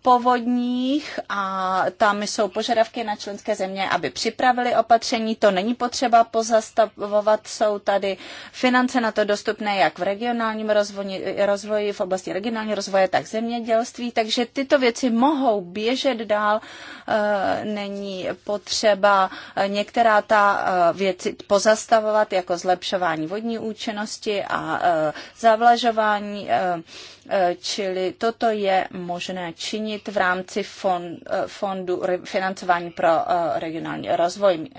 povodních a tam jsou požadavky na členské země, aby připravili opatření. To není potřeba pozastavovat, jsou tady finance na to dostupné jak v regionálním rozvoji, rozvoji v oblasti regionálního rozvoje, tak zemědělství, takže tyto věci mohou běžet slyšet dál. Eh, není potřeba některá ta eh, věci pozastavovat, jako zlepšování vodní účinnosti a eh, zavlažování čili toto je možné činit v rámci fondu financování pro regionální rozvoj.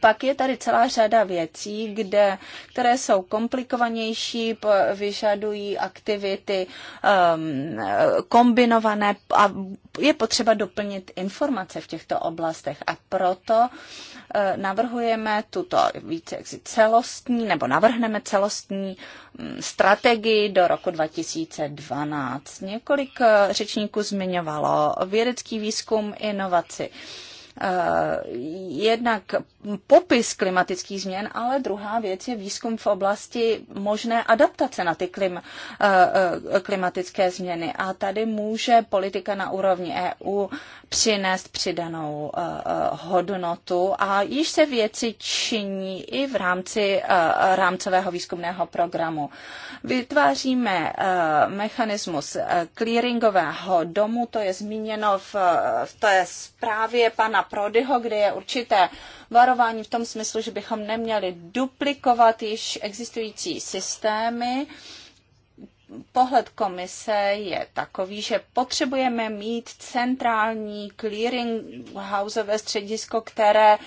Pak je tady celá řada věcí, kde, které jsou komplikovanější, vyžadují aktivity um, kombinované a je potřeba doplnit informace v těchto oblastech. A proto uh, navrhujeme tuto více jaksi celostní, nebo navrhneme celostní um, strategii do roku 2012. Několik uh, řečníků zmiňovalo vědecký výzkum, inovaci eh, jednak popis klimatických změn, ale druhá věc je výzkum v oblasti možné adaptace na ty klim, eh, eh, klimatické změny. A tady může politika na úrovni EU přinést přidanou eh, hodnotu a již se věci činí i v rámci rámcového výzkumného programu. Vytváříme mechanismus clearingového domu, to je zmíněno v, té zprávě pana Prodyho, kde je určité varování v tom smyslu, že bychom neměli duplikovat již existující systémy. Pohled komise je takový, že potřebujeme mít centrální clearinghouseové středisko, které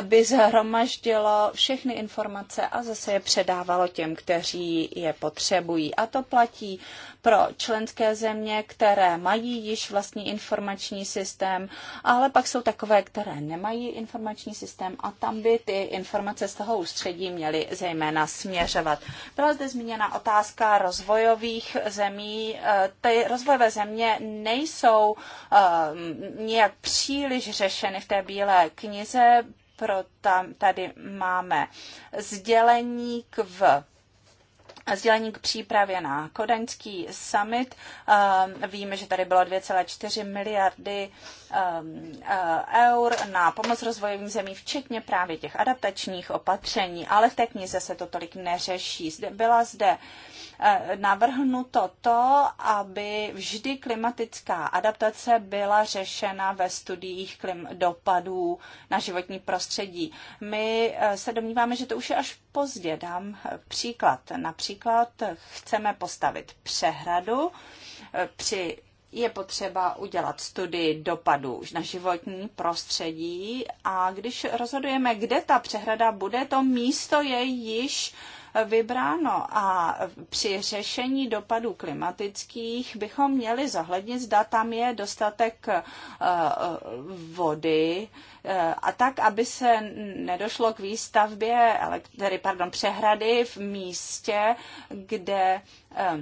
by zhromaždilo všechny informace a zase je předávalo těm, kteří je potřebují. A to platí pro členské země, které mají již vlastní informační systém, ale pak jsou takové, které nemají informační systém a tam by ty informace z toho ústředí měly zejména směřovat. Byla zde zmíněna otázka rozvojových zemí. Eh, ty rozvojové země nejsou eh, nijak příliš řešeny v té bílé knize, pro tam, tady máme sdělení v sdělení k přípravě na kodaňský summit. Eh, víme, že tady bylo 2,4 miliardy eh, eh, eur na pomoc rozvojovým zemím, včetně právě těch adaptačních opatření, ale v té knize se to tolik neřeší. Byla zde Eh, navrhnuto to, aby vždy klimatická adaptace byla řešena ve studiích klim- dopadů na životní prostředí. My eh, se domníváme, že to už je až pozdě. Dám eh, příklad. Například chceme postavit přehradu při je potřeba udělat studii dopadů na životní prostředí a když rozhodujeme, kde ta přehrada bude, to místo je již vybráno. A při řešení dopadů klimatických bychom měli zohlednit, zda tam je dostatek eh, vody eh, a tak, aby se nedošlo k výstavbě, tedy pardon, přehrady v místě, kde eh,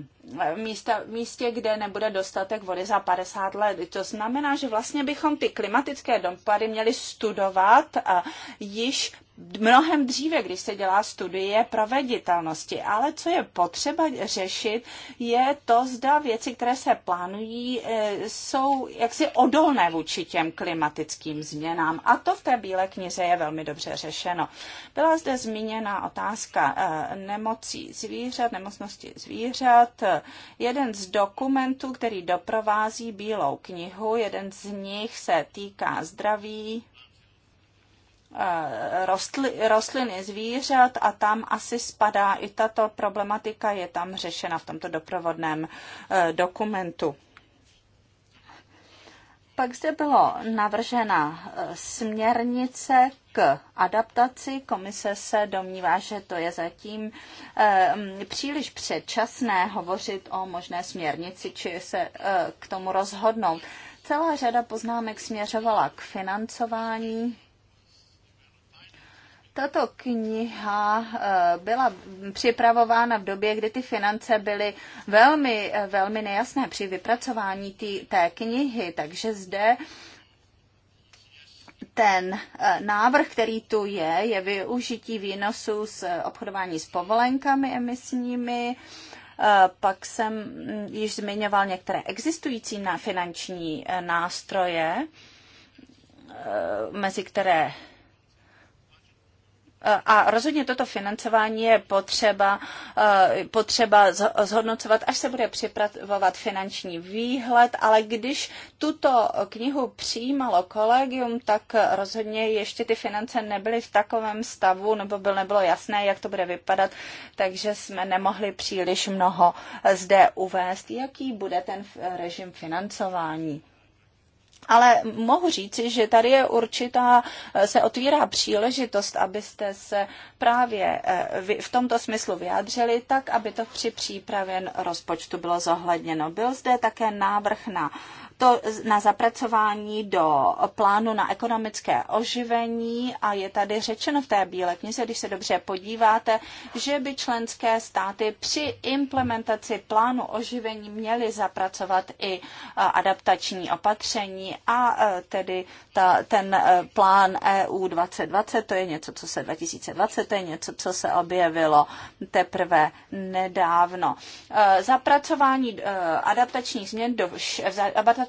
místa, místě, kde nebude dostatek vody za 50 let. To znamená, že vlastně bychom ty klimatické dopady měli studovat a již mnohem dříve, když se dělá studie proveditelnosti. Ale co je potřeba řešit, je to, zda věci, které se plánují, eh, jsou jaksi odolné vůči těm klimatickým změnám. A to v té Bílé knize je velmi dobře řešeno. Byla zde zmíněna otázka eh, nemocí zvířat, nemocnosti zvířat. Jeden z dokumentů, který doprovází Bílou knihu, jeden z nich se týká zdraví Eh, rostli, rostliny zvířat a tam asi spadá i tato problematika, je tam řešena v tomto doprovodném eh, dokumentu. Pak zde bylo navržena eh, směrnice k adaptaci. Komise se domnívá, že to je zatím příliš předčasné hovořit o možné směrnici, či se k tomu rozhodnout. Celá řada poznámek směřovala k financování tato kniha eh, byla připravována v době, kdy ty finance byly velmi, eh, velmi nejasné při vypracování tý, té knihy, takže zde ten eh, návrh, který tu je, je využití výnosů z obchodování s povolenkami emisními, pak jsem hm, již zmiňoval některé existující na finanční nástroje, mezi které a rozhodně toto financování je potřeba, eh, potřeba zhodnocovat, až se bude připravovat finanční výhled, ale když tuto knihu přijímalo kolegium, tak rozhodně ještě ty finance nebyly v takovém stavu, nebo byl, nebylo jasné, jak to bude vypadat, takže jsme nemohli příliš mnoho zde uvést, jaký bude ten režim financování ale mohu říci, že tady je určitá, eh, se otvírá příležitost, abyste se právě eh, v tomto smyslu vyjádřili tak, aby to při přípravě rozpočtu bylo zohledněno. Byl zde také návrh na to na zapracování do plánu na ekonomické oživení a je tady řečeno v té Bílé knize, když se dobře podíváte, že by členské státy při implementaci plánu oživení měly zapracovat i e, adaptační opatření a e, tedy ta, ten e, plán EU 2020, to je něco, co se 2020, to je něco, co se objevilo teprve nedávno. Zapracování adaptačních změn do,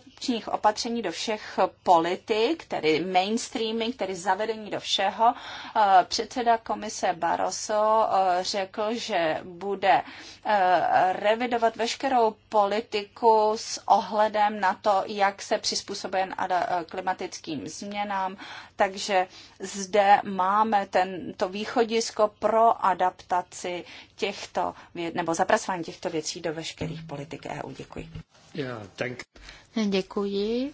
adaptačních opatření do všech politik, tedy mainstreaming, tedy zavedení do všeho. Eh, předseda komise Barroso eh, řekl, že bude eh, revidovat veškerou politiku s ohledem na to, jak se přizpůsobuje klimatickým změnám. Takže zde máme tento východisko pro adaptaci těchto, nebo zapracování těchto věcí do veškerých politik EU. Děkuji. Děkuji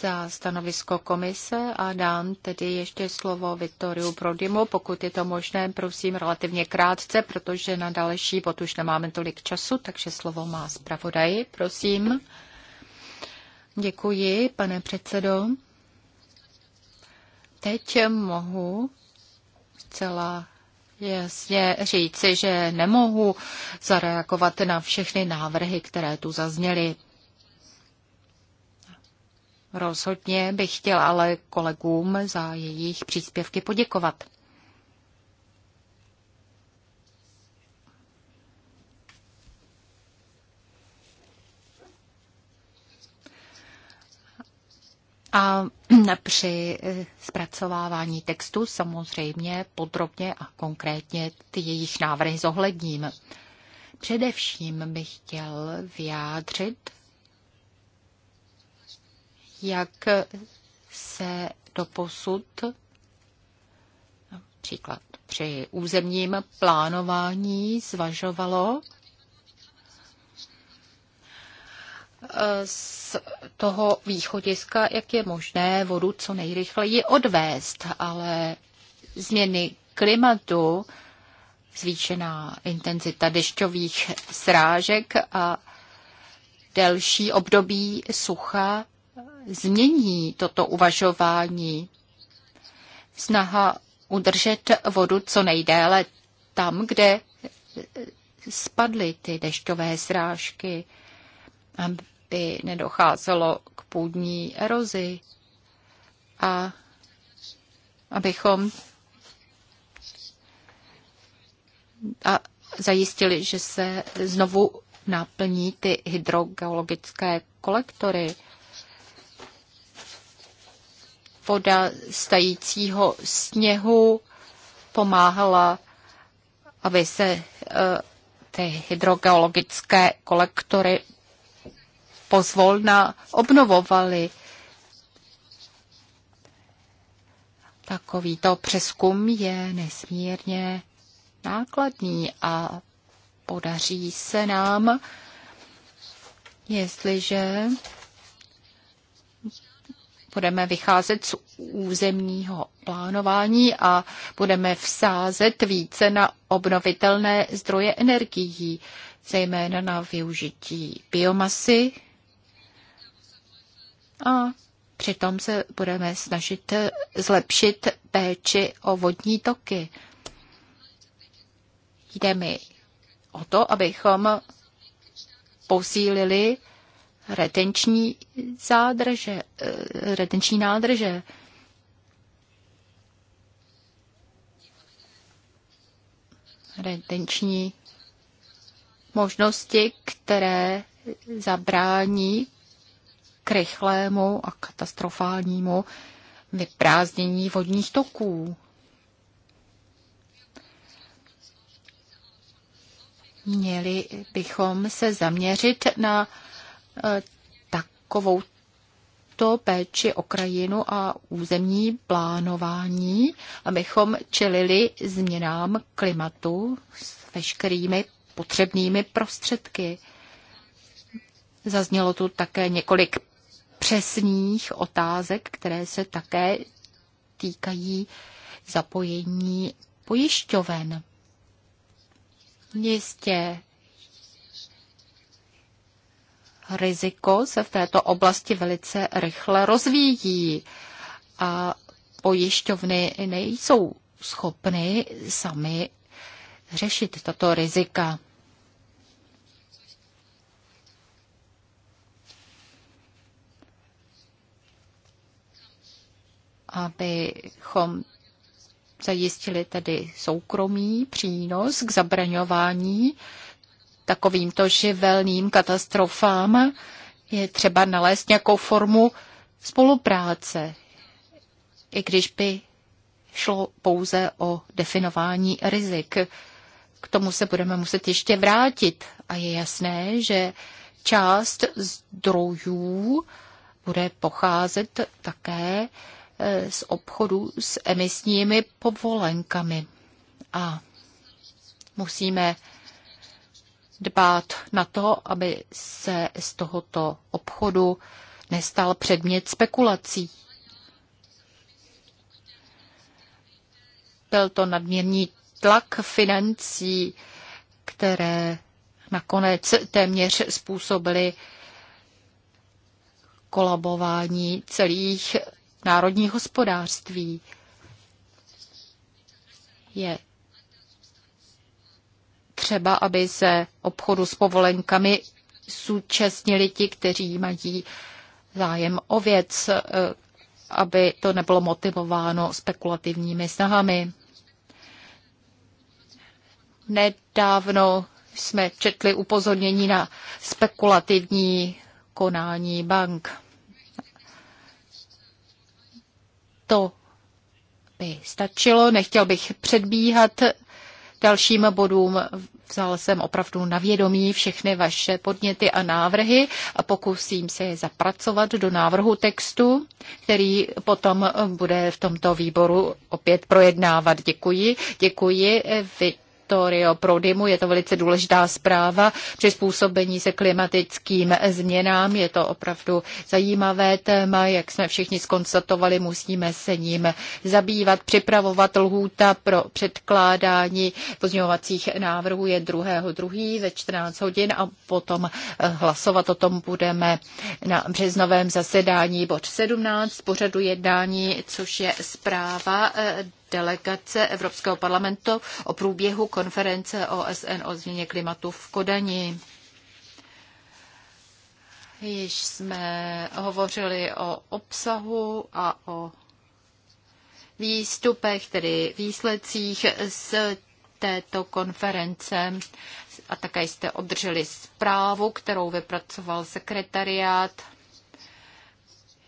za stanovisko komise a dám tedy ještě slovo Viktoriu Prodimu, pokud je to možné, prosím relativně krátce, protože na další bod už nemáme tolik času, takže slovo má zpravodaj, prosím. Děkuji, pane předsedo. Teď mohu zcela jasně říci, že nemohu zareagovat na všechny návrhy, které tu zazněly. Rozhodně bych chtěl ale kolegům za jejich příspěvky poděkovat. A při eh, zpracovávání textu samozřejmě podrobně a konkrétně ty jejich návrhy zohledním. Především bych chtěl vyjádřit, jak se do posud, například při územním plánování zvažovalo, z toho východiska, jak je možné vodu co nejrychleji odvést, ale změny klimatu, zvýšená intenzita dešťových srážek a delší období sucha změní toto uvažování. Snaha udržet vodu co nejdéle tam, kde spadly ty dešťové srážky, by nedocházelo k půdní erozi a abychom a zajistili, že se znovu naplní ty hydrogeologické kolektory. Voda stajícího sněhu pomáhala, aby se eh, ty hydrogeologické kolektory pozvolna obnovovali Takovýto přeskum je nesmírně nákladný a podaří se nám, jestliže budeme vycházet z územního plánování a budeme vsázet více na obnovitelné zdroje energií, zejména na využití biomasy, a přitom se budeme snažit zlepšit péči o vodní toky. Jde mi o to, abychom posílili retenční zádrže, eh, retenční nádrže. Retenční možnosti, které zabrání k rychlému a katastrofálnímu vyprázdnění vodních toků. Měli bychom se zaměřit na e, takovou to péči o krajinu a územní plánování, abychom čelili změnám klimatu s veškerými potřebnými prostředky. Zaznělo tu také několik přesných otázek, které se také týkají zapojení pojišťoven. Jistě riziko se v této oblasti velice rychle rozvíjí a pojišťovny nejsou schopny sami řešit tato rizika. abychom zajistili tedy soukromý přínos k zabraňování takovýmto živelným katastrofám, je třeba nalézt nějakou formu spolupráce, i když by šlo pouze o definování rizik. K tomu se budeme muset ještě vrátit a je jasné, že část zdrojů bude pocházet také Eh, z obchodu s emisními povolenkami. A musíme dbát na to, aby se z tohoto obchodu nestal předmět spekulací. Byl to nadměrný tlak financí, které nakonec téměř způsobily kolabování celých národní hospodářství. Je třeba, aby se obchodu s povolenkami zúčastnili ti, kteří mají zájem o věc, eh, aby to nebylo motivováno spekulativními snahami. Nedávno jsme četli upozornění na spekulativní konání bank. To by stačilo, nechtěl bych předbíhat dalším bodům. Vzal jsem opravdu na vědomí všechny vaše podněty a návrhy a pokusím se je zapracovat do návrhu textu, který potom bude v tomto výboru opět projednávat. Děkuji. Děkuji. Eh, vy Vittorio Prodimu. Je to velice důležitá zpráva Přizpůsobení způsobení se klimatickým změnám. Je to opravdu zajímavé téma, jak jsme všichni skonstatovali, musíme se ním zabývat. Připravovat lhůta pro předkládání pozměňovacích návrhů je 2.2. ve 14 hodin a potom hlasovat o tom budeme na březnovém zasedání bod 17 pořadu jednání, což je zpráva eh, delegace Evropského parlamentu o průběhu konference OSN o změně klimatu v Kodani. Již jsme hovořili o obsahu a o výstupech, tedy výsledcích z této konference a také jste obdrželi zprávu, kterou vypracoval sekretariát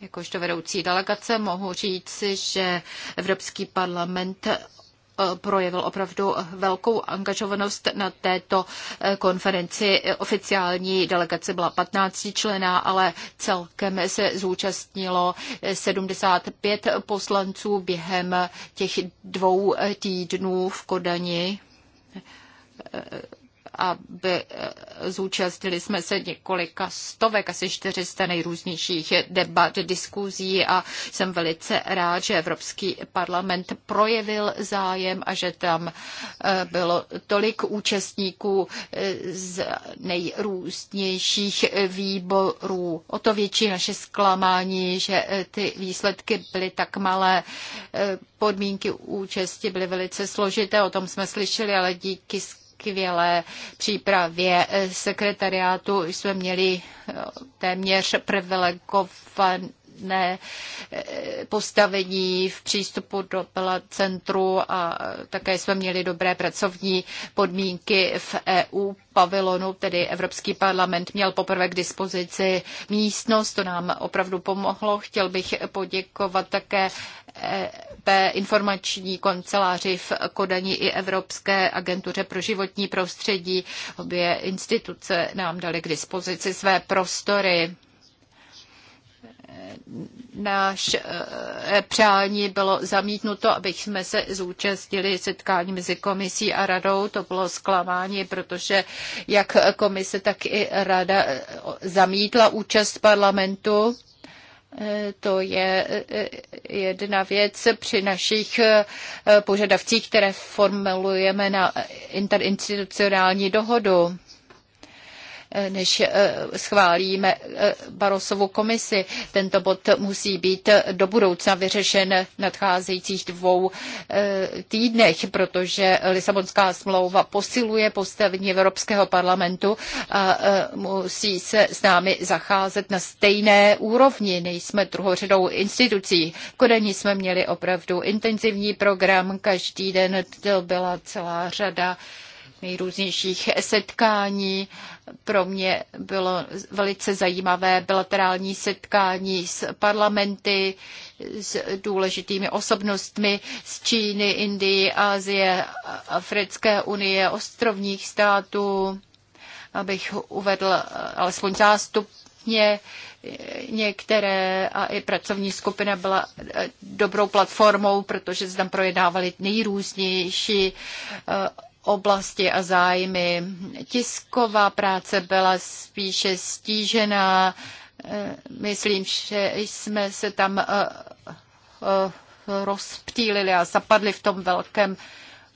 Jakožto vedoucí delegace mohu říci, že Evropský parlament eh, projevil opravdu velkou angažovanost na této eh, konferenci. Oficiální delegace byla 15 člená, ale celkem se zúčastnilo 75 eh, poslanců během těch dvou týdnů v Kodani aby eh, zúčastnili jsme se několika stovek, asi 400 nejrůznějších debat, diskuzí a jsem velice rád, že Evropský parlament projevil zájem a že tam eh, bylo tolik účastníků eh, z nejrůznějších výborů. O to větší naše zklamání, že ty výsledky byly tak malé. Podmínky účasti byly velice složité, o tom jsme slyšeli, ale díky skvělé přípravě sekretariátu jsme měli eh, téměř privilegovaný rovné eh, postavení v přístupu do centru a také jsme měli dobré pracovní podmínky v EU pavilonu, tedy Evropský parlament měl poprvé k dispozici místnost, to nám opravdu pomohlo. Chtěl bych poděkovat také EP eh, informační kanceláři v Kodani i Evropské agentuře pro životní prostředí. Obě instituce nám daly k dispozici své prostory náš eh, eh, přání bylo zamítnuto, abychom se zúčastnili setkání mezi komisí a radou. To bylo zklamání, protože jak komise, tak i rada eh, zamítla účast parlamentu. To je jedna věc při našich požadavcích, které formulujeme na interinstitucionální dohodu. Eh, než eh, schválíme eh, Barosovu komisi. Tento bod musí být do budoucna vyřešen v nadcházejících dvou týdnech, protože Lisabonská smlouva posiluje postavení Evropského parlamentu a musí se s námi zacházet na stejné úrovni. Nejsme druhořadou institucí. V Kodani jsme měli opravdu intenzivní program, každý den to byla celá řada nejrůznějších setkání. Pro mě bylo velice zajímavé bilaterální setkání s parlamenty, s důležitými osobnostmi z Číny, Indie, Asie, Africké unie, ostrovních států, abych uvedl alespoň zástupně některé a i pracovní skupina byla dobrou platformou, protože se tam projednávali nejrůznější oblasti a zájmy. Tisková práce byla spíše stížená. Eh, myslím, že jsme se tam eh, eh, rozptýlili a zapadli v tom velkém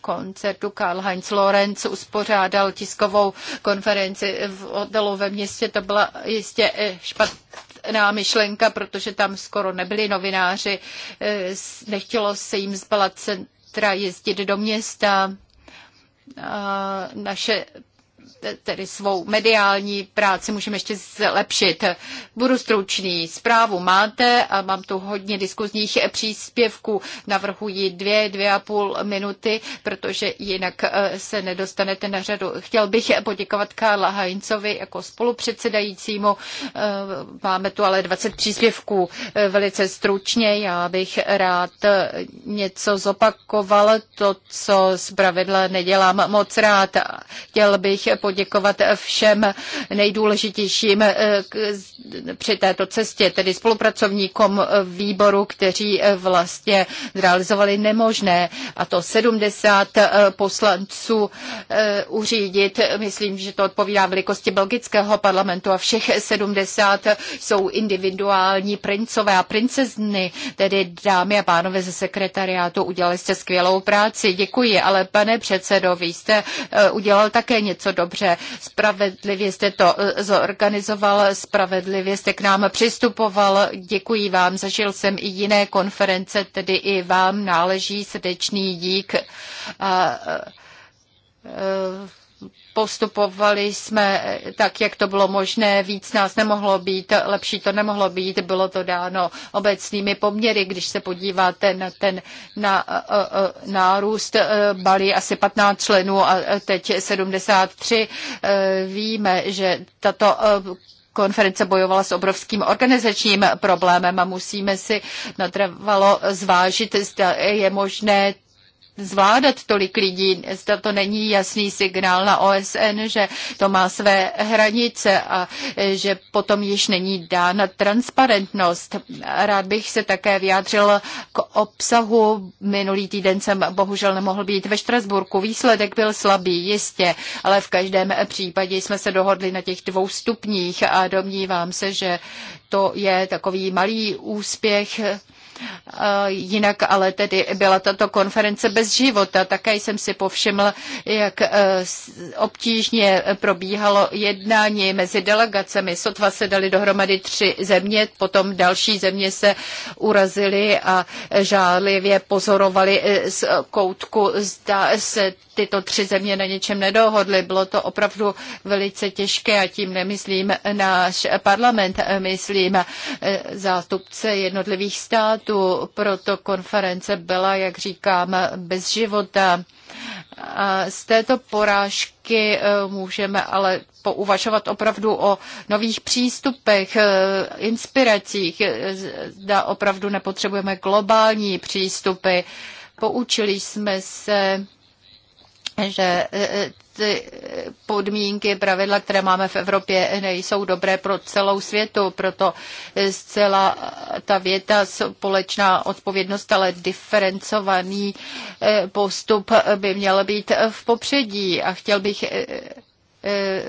koncertu. Karl Heinz Lorenz uspořádal tiskovou konferenci v hotelu ve městě. To byla jistě špatná myšlenka, protože tam skoro nebyli novináři. Nechtělo se jim zbalat centra jezdit do města naše tedy svou mediální práci můžeme ještě zlepšit. Budu stručný. Zprávu máte a mám tu hodně diskuzních příspěvků. Navrhuji dvě, dvě a půl minuty, protože jinak e, se nedostanete na řadu. Chtěl bych poděkovat Karla Heinzovi jako spolupředsedajícímu. E, máme tu ale 20 příspěvků e, velice stručně. Já bych rád něco zopakoval, to, co zpravidla nedělám moc rád. Chtěl bych poděkovat poděkovat všem nejdůležitějším eh, při této cestě, tedy spolupracovníkům výboru, kteří eh, vlastně realizovali nemožné, a to 70 eh, poslanců uřídit. Myslím, že to odpovídá velikosti belgického parlamentu a všech 70 jsou individuální princové a princezny, tedy dámy a pánové ze sekretariátu, udělali jste skvělou práci, děkuji, ale pane předsedo, vy jste udělal také něco dobře že spravedlivě jste to eh, zorganizoval, spravedlivě jste k nám přistupoval. Děkuji vám, zažil jsem i jiné konference, tedy i vám náleží srdečný dík. Uh, uh, Postupovali jsme tak, jak to bylo možné, víc nás nemohlo být, lepší to nemohlo být, bylo to dáno obecnými poměry. Když se podíváte na ten na, e, e, e, nárůst, balí asi 15 členů a teď 73, víme, že tato konference bojovala s obrovským organizačním problémem a musíme si natrvalo zvážit, zda je možné zvládat tolik lidí. Zda to není jasný signál na OSN, že to má své hranice a e, že potom již není dána transparentnost. Rád bych se také vyjádřil k obsahu. Minulý týden jsem bohužel nemohl být ve Štrasburku. Výsledek byl slabý, jistě, ale v každém případě jsme se dohodli na těch dvou stupních a domnívám se, že to je takový malý úspěch Eh, jinak ale tedy byla tato konference bez života. Také jsem si povšiml, jak eh, obtížně probíhalo jednání mezi delegacemi. Sotva se dali dohromady tři země, potom další země se urazily a žádlivě pozorovali eh, z koutku, zda se tyto tři země na něčem nedohodly. Bylo to opravdu velice těžké a tím nemyslím náš parlament, myslím zástupce jednotlivých států životu. Proto konference byla, jak říkám, bez života. A z této porážky eh, můžeme ale pouvažovat opravdu o nových přístupech, eh, inspiracích. Eh, zda opravdu nepotřebujeme globální přístupy. Poučili jsme se že e, e, ty podmínky, pravidla, které máme v Evropě, nejsou dobré pro celou světu, proto zcela ta věta společná odpovědnost, ale diferencovaný e, postup by měl být v popředí a chtěl bych Eh,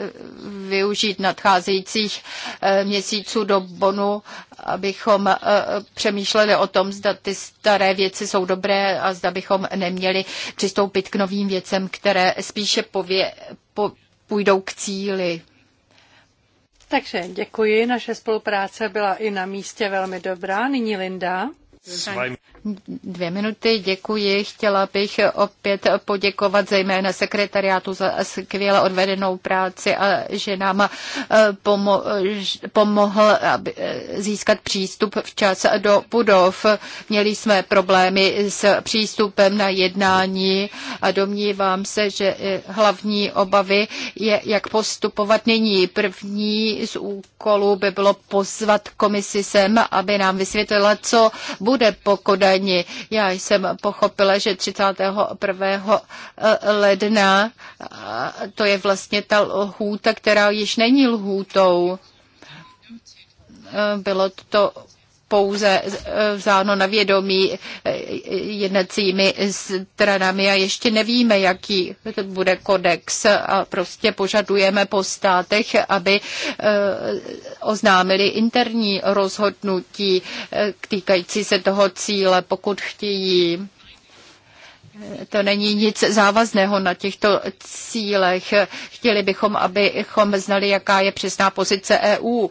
využít nadcházejících eh, měsíců do bonu, abychom eh, přemýšleli o tom, zda ty staré věci jsou dobré a zda bychom neměli přistoupit k novým věcem, které spíše pově, po, půjdou k cíli. Takže děkuji, naše spolupráce byla i na místě velmi dobrá. Nyní Linda. Dvě minuty, děkuji. Chtěla bych opět poděkovat zejména sekretariátu za skvěle odvedenou práci a že nám eh, pomohl eh, získat přístup včas do budov. Měli jsme problémy s přístupem na jednání a domnívám se, že eh, hlavní obavy je, jak postupovat nyní. První z úkolů by bylo pozvat komisi sem, aby nám vysvětlila, co bude bude po Kodani. Já jsem pochopila, že 31. Eh, ledna to je vlastně ta lhůta, která již není lhůtou. Eh, bylo to pouze eh, vzáno na vědomí eh, jednacími stranami a ještě nevíme, jaký bude kodex a prostě požadujeme po státech, aby eh, oznámili interní rozhodnutí týkající se toho cíle, pokud chtějí to není nic závazného na těchto cílech. Chtěli bychom, abychom znali, jaká je přesná pozice EU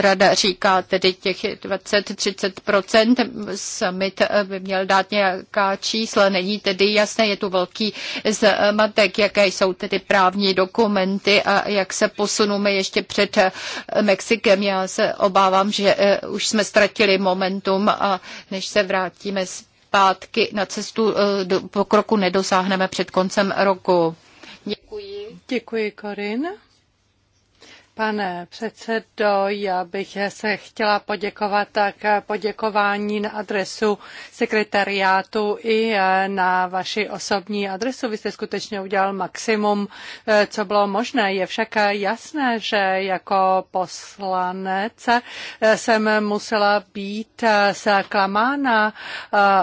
rada říká, tedy těch 20-30%, summit by měl dát nějaká čísla, není tedy jasné, je tu velký zmatek, jaké jsou tedy právní dokumenty a jak se posunume ještě před Mexikem. Já se obávám, že eh, už jsme ztratili momentum a než se vrátíme zpátky na cestu eh, do pokroku nedosáhneme před koncem roku. Děkuji. Děkuji, Corinne. Pane předsedo, já bych se chtěla poděkovat tak poděkování na adresu sekretariátu i na vaši osobní adresu. Vy jste skutečně udělal maximum, co bylo možné. Je však jasné, že jako poslanec jsem musela být zklamána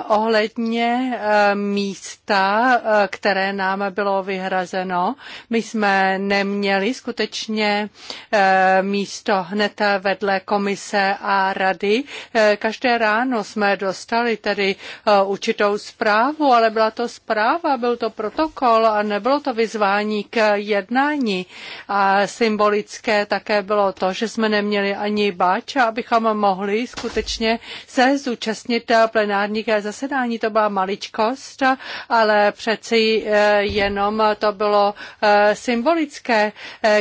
ohledně místa, které nám bylo vyhrazeno. My jsme neměli skutečně Eh, místo hned vedle komise a rady. Eh, každé ráno jsme dostali tedy eh, určitou zprávu, ale byla to zpráva, byl to protokol a nebylo to vyzvání k jednání. A symbolické také bylo to, že jsme neměli ani báča, abychom mohli skutečně se zúčastnit plenárních zasedání. To byla maličkost, ale přeci jenom to bylo symbolické,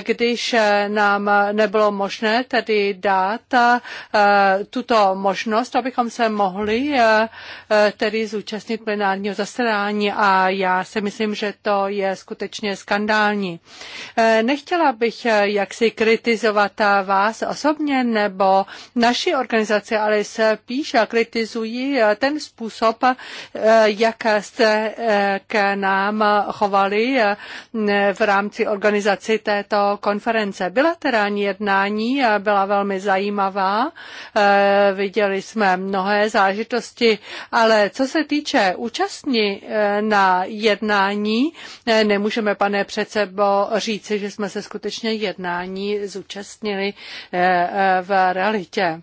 když na nám nebylo možné tedy dát eh, tuto možnost, abychom se mohli eh, eh, tedy zúčastnit plenárního zasedání a já si myslím, že to je skutečně skandální. Nechtěla bych jaksi kritizovat vás osobně nebo naši organizaci, ale spíš kritizuji ten způsob, jak jste k nám chovali v rámci organizaci této konference. Byla bilaterální jednání eh, byla velmi zajímavá. Eh, viděli jsme mnohé zážitosti, ale co se týče účastní eh, na jednání, nemůžeme, pane předsebo, říci, že jsme se skutečně jednání zúčastnili v realitě.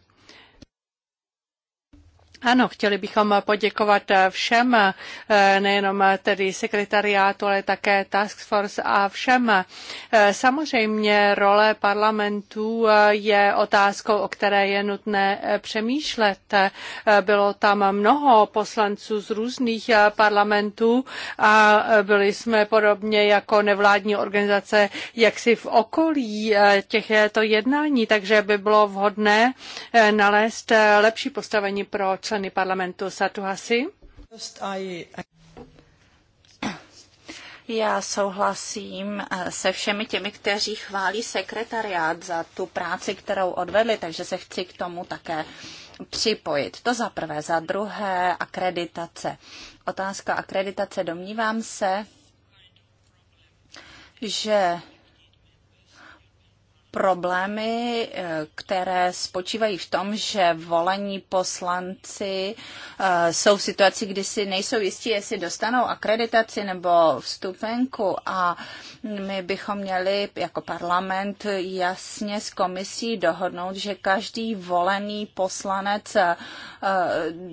Ano, chtěli bychom poděkovat všem, eh, nejenom tedy sekretariátu, ale také Task Force a všem. Eh, samozřejmě role parlamentů eh, je otázkou, o které je nutné přemýšlet. Bylo tam mnoho poslanců z různých parlamentů a byli jsme podobně jako nevládní organizace jaksi v okolí těchto jednání, takže by bylo vhodné nalézt lepší postavení pro členy členy parlamentu Satuhasi. Já souhlasím eh, se všemi těmi, kteří chválí sekretariát za tu práci, kterou odvedli, takže se chci k tomu také připojit. To za prvé. Za druhé, akreditace. Otázka akreditace. Domnívám se, že problémy, eh, které spočívají v tom, že volení poslanci eh, jsou v situaci, kdy si nejsou jistí, jestli dostanou akreditaci nebo vstupenku a my bychom měli jako parlament jasně s komisí dohodnout, že každý volený poslanec eh,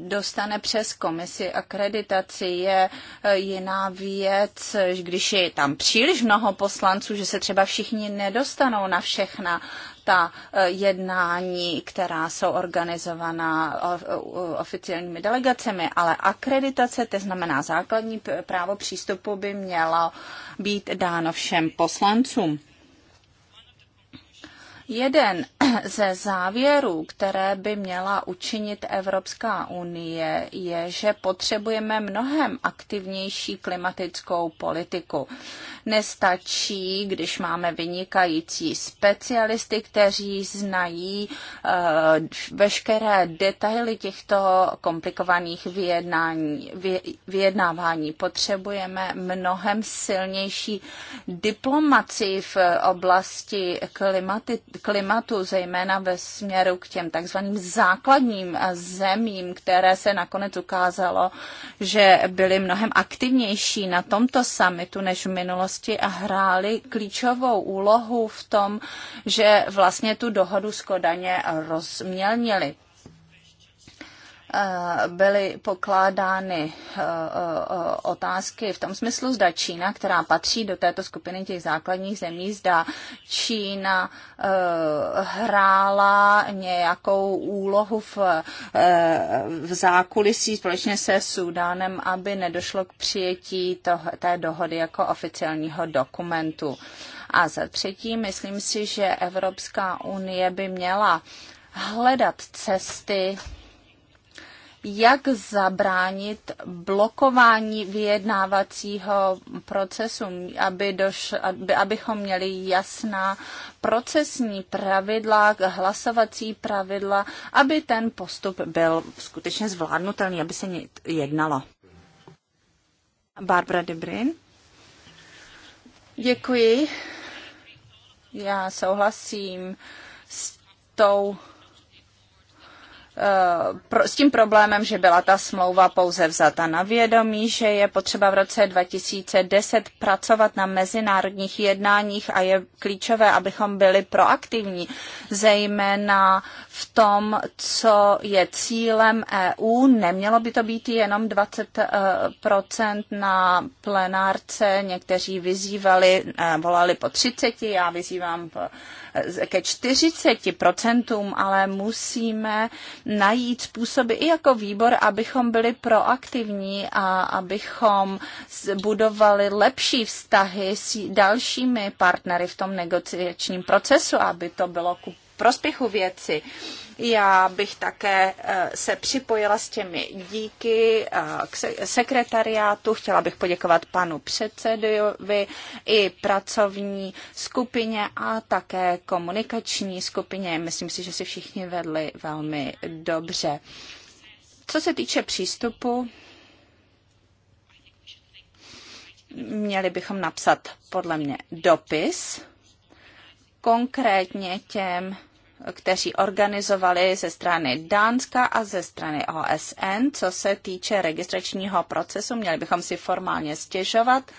dostane přes komisi akreditaci. Je jiná věc, když je tam příliš mnoho poslanců, že se třeba všichni nedostanou na všech všechna ta eh, jednání, která jsou organizovaná eh, oficiálními delegacemi, ale akreditace, to znamená základní právo přístupu, by mělo být dáno všem poslancům. Jeden ze závěrů, které by měla učinit Evropská unie, je, že potřebujeme mnohem aktivnější klimatickou politiku. Nestačí, když máme vynikající specialisty, kteří znají eh, veškeré detaily těchto komplikovaných vyjednání, vy, vyjednávání. Potřebujeme mnohem silnější diplomaci v oblasti klimaty, klimatu, zejména ve směru k těm takzvaným základním eh, zemím, které se nakonec ukázalo, že byly mnohem aktivnější na tomto summitu než v minulosti oblasti a hráli klíčovou úlohu v tom, že vlastně tu dohodu z Kodaně rozmělnili. Eh, byly pokládány eh, eh, otázky v tom smyslu, zda Čína, která patří do této skupiny těch základních zemí, zda Čína hrála nějakou úlohu v, v zákulisí společně se Súdánem, aby nedošlo k přijetí to, té dohody jako oficiálního dokumentu. A za třetí, myslím si, že Evropská unie by měla hledat cesty, jak zabránit blokování vyjednávacího procesu, aby doš, aby, abychom měli jasná procesní pravidla, hlasovací pravidla, aby ten postup byl skutečně zvládnutelný, aby se jednalo. Barbara Debrin. Děkuji. Já souhlasím s tou Eh, s tím problémem, že byla ta smlouva pouze vzata na vědomí, že je potřeba v roce 2010 pracovat na mezinárodních jednáních a je klíčové, abychom byli proaktivní, zejména v tom, co je cílem EU. Nemělo by to být jenom 20% eh, na plenárce, někteří vyzývali, eh, volali po 30, já vyzývám po ke 40%, ale musíme najít způsoby i jako výbor, abychom byli proaktivní a abychom budovali lepší vztahy s dalšími partnery v tom negociačním procesu, aby to bylo ku prospěchu věci. Já bych také eh, se připojila s těmi díky eh, k sekretariátu. Chtěla bych poděkovat panu předsedovi i pracovní skupině a také komunikační skupině. Myslím si, že si všichni vedli velmi dobře. Co se týče přístupu, měli bychom napsat podle mě dopis konkrétně těm kteří organizovali ze strany Dánska a ze strany OSN. Co se týče registračního procesu, měli bychom si formálně stěžovat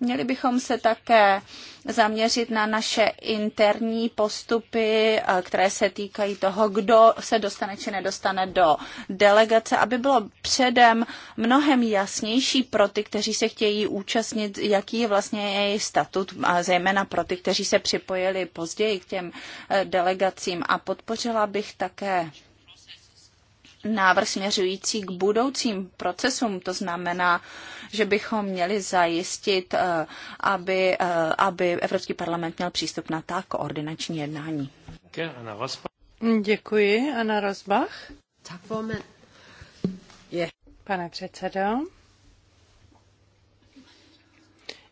Měli bychom se také zaměřit na naše interní postupy, eh, které se týkají toho, kdo se dostane či nedostane do delegace, aby bylo předem mnohem jasnější pro ty, kteří se chtějí účastnit, jaký je vlastně její statut, a zejména pro ty, kteří se připojili později k těm eh, delegacím. A podpořila bych také návrh směřující k budoucím procesům. To znamená, že bychom měli zajistit, eh, aby, eh, aby Evropský parlament měl přístup na ta koordinační jednání. Děkuji, Anna Rozbach. Tak, je. Pane předsedo.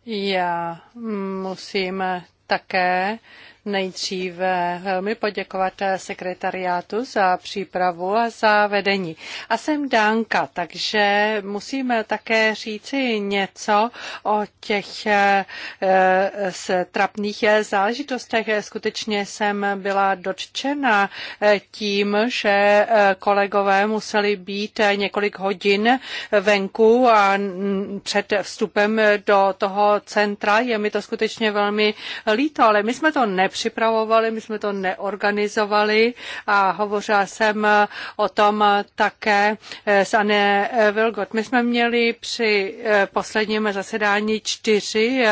Já musím také nejdříve velmi poděkovat sekretariátu za přípravu a za vedení. A jsem Dánka, takže musíme také říci něco o těch eh, trapných záležitostech. Skutečně jsem byla dotčena eh, tím, že eh, kolegové museli být několik hodin venku a před vstupem do toho centra. Je mi to skutečně velmi líto, ale my jsme to nepřijali nepřipravovali, my jsme to neorganizovali a hovořila jsem eh, o tom eh, také eh, s Anne Vilgot. My jsme měli při posledním zasedání čtyři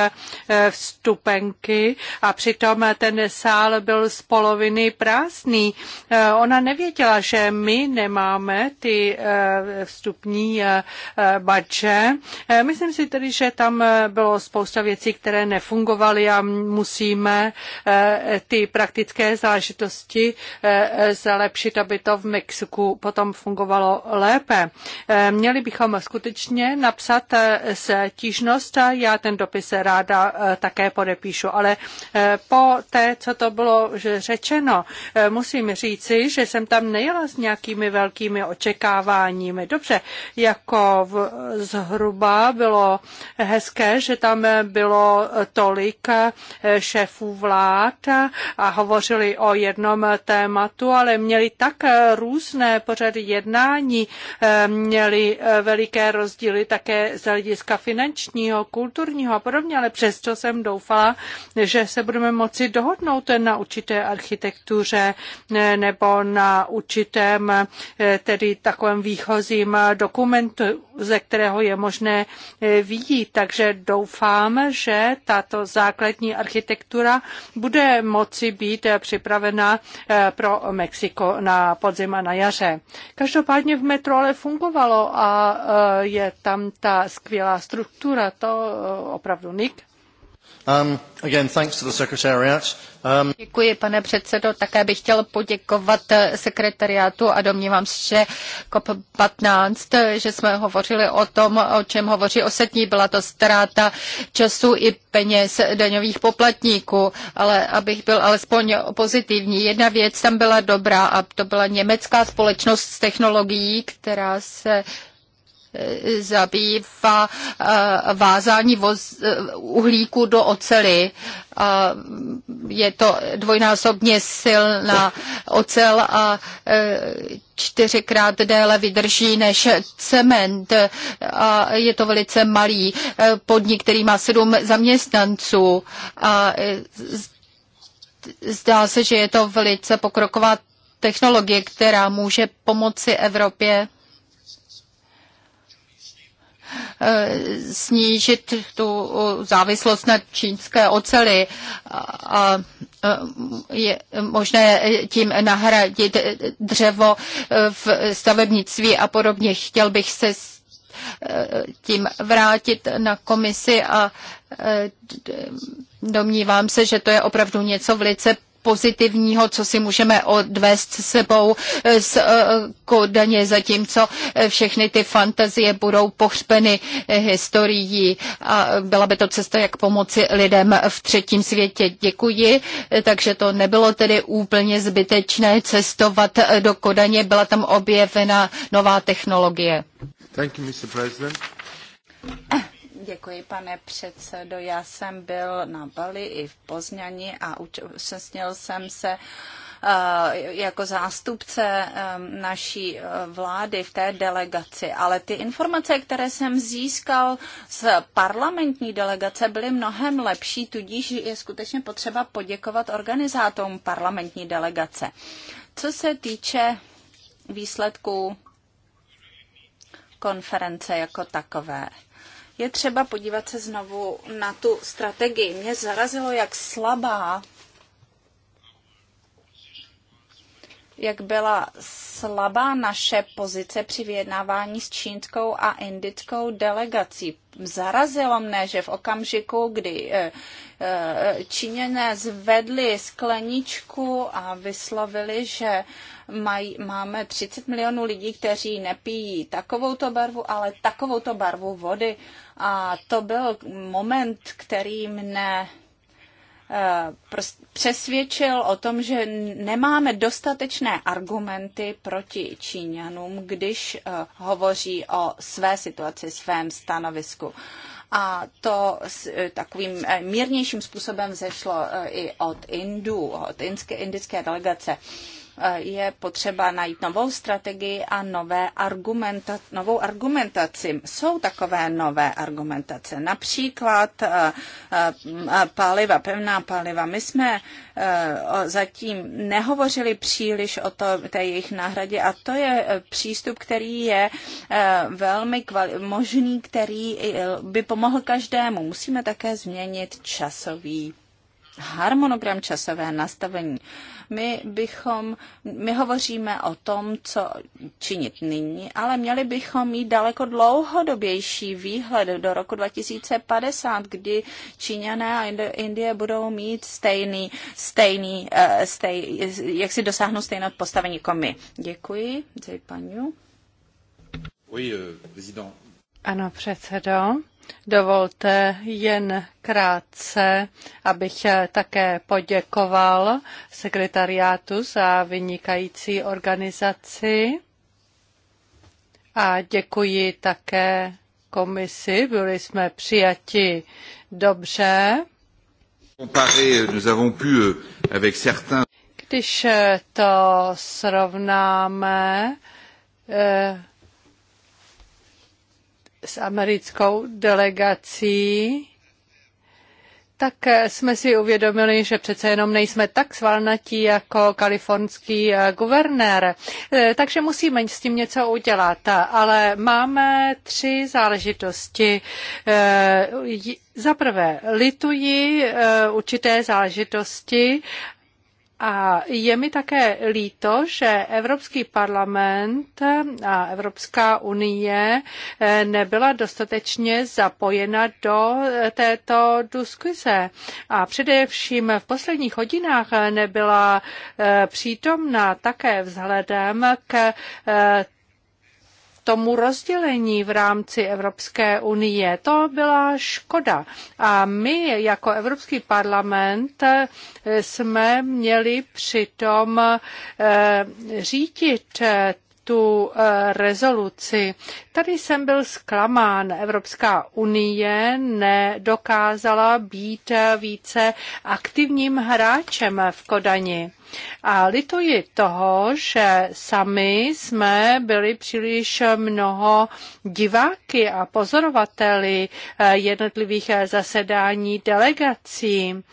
vstupenky a přitom ten sál byl z poloviny prázdný. Ona nevěděla, že my nemáme ty vstupní badže. Myslím si tedy, že tam bylo spousta věcí, které nefungovaly a musíme ty praktické záležitosti eh, zlepšit, aby to v Mexiku potom fungovalo lépe. Eh, měli bychom skutečně napsat eh, se a já ten dopis ráda také podepíšu, ale po té, co to bylo řečeno, musím říci, že jsem tam nejela s nějakými velkými očekáváními. Dobře, jako v, zhruba bylo hezké, že tam bylo tolik šéfů vlád a hovořili o jednom tématu, ale měli tak různé pořady jednání, eh, měli eh, veliké rozdíly také z hlediska finančního, kulturního a podobně, ale přesto jsem doufala, že se budeme moci dohodnout na určité architektuře eh, nebo na určitém tedy takovém výchozím dokumentu, ze kterého je možné výjít. Takže doufám, že tato základní architektura bude moci být připravena eh, pro Mexiko na podzim a na jaře. Každopádně v metro ale fungovalo a eh, je tam ta skvělá struktura, to eh, opravdu Nik Um, um, Děkuji, pane předsedo. Také bych chtěl poděkovat eh, sekretariátu a domnívám se, že cop fifteen eh, že jsme hovořili o tom, o čem hovoří ostatní, byla to ztráta času i peněz daňových poplatníků, ale abych byl alespoň pozitivní. Jedna věc tam byla dobrá a to byla německá společnost s technologií, která se zabývá eh, vázání voz, eh, uhlíku do ocely. Eh, je to dvojnásobně silná ocel a čtyřikrát déle vydrží než cement. A je to velice malý podnik, který má sedm zaměstnanců. A zdá se, že je to velice pokroková technologie, která může pomoci Evropě Eh, snížit tu eh, závislost na čínské oceli a eh, je možné tím nahradit dřevo v stavebnictví a podobně. Chtěl bych se tím vrátit na komisi a domnívám se, že to je opravdu něco velice pozitivního, co si můžeme odvést s sebou z eh, eh, Kodaně, zatímco eh, všechny ty fantazie budou pohřbeny historií a byla by to cesta, jak pomoci lidem v třetím světě. Děkuji, takže to nebylo tedy úplně zbytečné cestovat do Kodaně, byla tam objevena nová technologie. Thank you, Mr. President. Děkuji, pane předsedo. Já jsem byl na Bali i v Poznani a účastnil jsem se eh, jako zástupce eh, naší eh, vlády v té delegaci, ale ty informace, které jsem získal z parlamentní delegace, byly mnohem lepší, tudíž je skutečně potřeba poděkovat organizátorům parlamentní delegace. Co se týče výsledků konference jako takové je třeba podívat se znovu na tu strategii. Mě zarazilo, jak slabá, jak byla slabá naše pozice při vyjednávání s čínskou a indickou delegací. Zarazilo mne, že v okamžiku, kdy eh, eh, Číněné zvedli skleničku a vyslovili, že mají, máme 30 milionů lidí, kteří nepijí takovouto barvu, ale takovouto barvu vody. A to byl moment, který mne eh, přesvědčil o tom, že nemáme dostatečné argumenty proti Číňanům, když eh, hovoří o své situaci, svém stanovisku. A to s eh, takovým mírnějším způsobem zešlo i od Indů, od indické delegace. E, je potřeba najít novou strategii a nové argumenta, novou argumentaci. Jsou takové nové argumentace, například e, e, paliva, pevná paliva. My jsme zatím nehovořili příliš o to, té jejich náhradě a to je přístup, který je velmi kvali- možný, který by pomohl každému. Musíme také změnit časový harmonogram časové nastavení. Uh, my bychom, my hovoříme o tom, co činit nyní, ale měli bychom mít daleko dlouhodobější výhled do roku 2050, kdy Číňané a Indie budou mít stejný, stejný, eh, stej, jak si dosáhnou stejné postavení jako my. Děkuji, děkuji euh, président. Ano, předsedo. Dovolte jen krátce, abych také poděkoval sekretariátu za vynikající organizaci a děkuji také komisi. Byli jsme přijati dobře. Euh, Když to srovnáme, eh, s americkou delegací, tak jsme si uvědomili, že přece jenom nejsme tak svalnatí jako kalifornský eh, guvernér. Eh, takže musíme s tím něco udělat. Ale máme tři záležitosti. Eh, za prvé, lituji určité záležitosti a je mi také líto, že Evropský parlament a Evropská unie eh, nebyla dostatečně zapojena do eh, této diskuze. A především v posledních hodinách nebyla eh, přítomna také vzhledem k tomu rozdělení v rámci Evropské unie. To byla škoda. A my jako Evropský parlament eh, jsme měli přitom eh, řídit eh, tu rezoluci. Tady jsem byl zklamán. Evropská unie nedokázala být více aktivním hráčem v Kodani. A lituji toho, že sami jsme byli příliš mnoho diváky a pozorovateli eh, jednotlivých eh, zasedání delegací.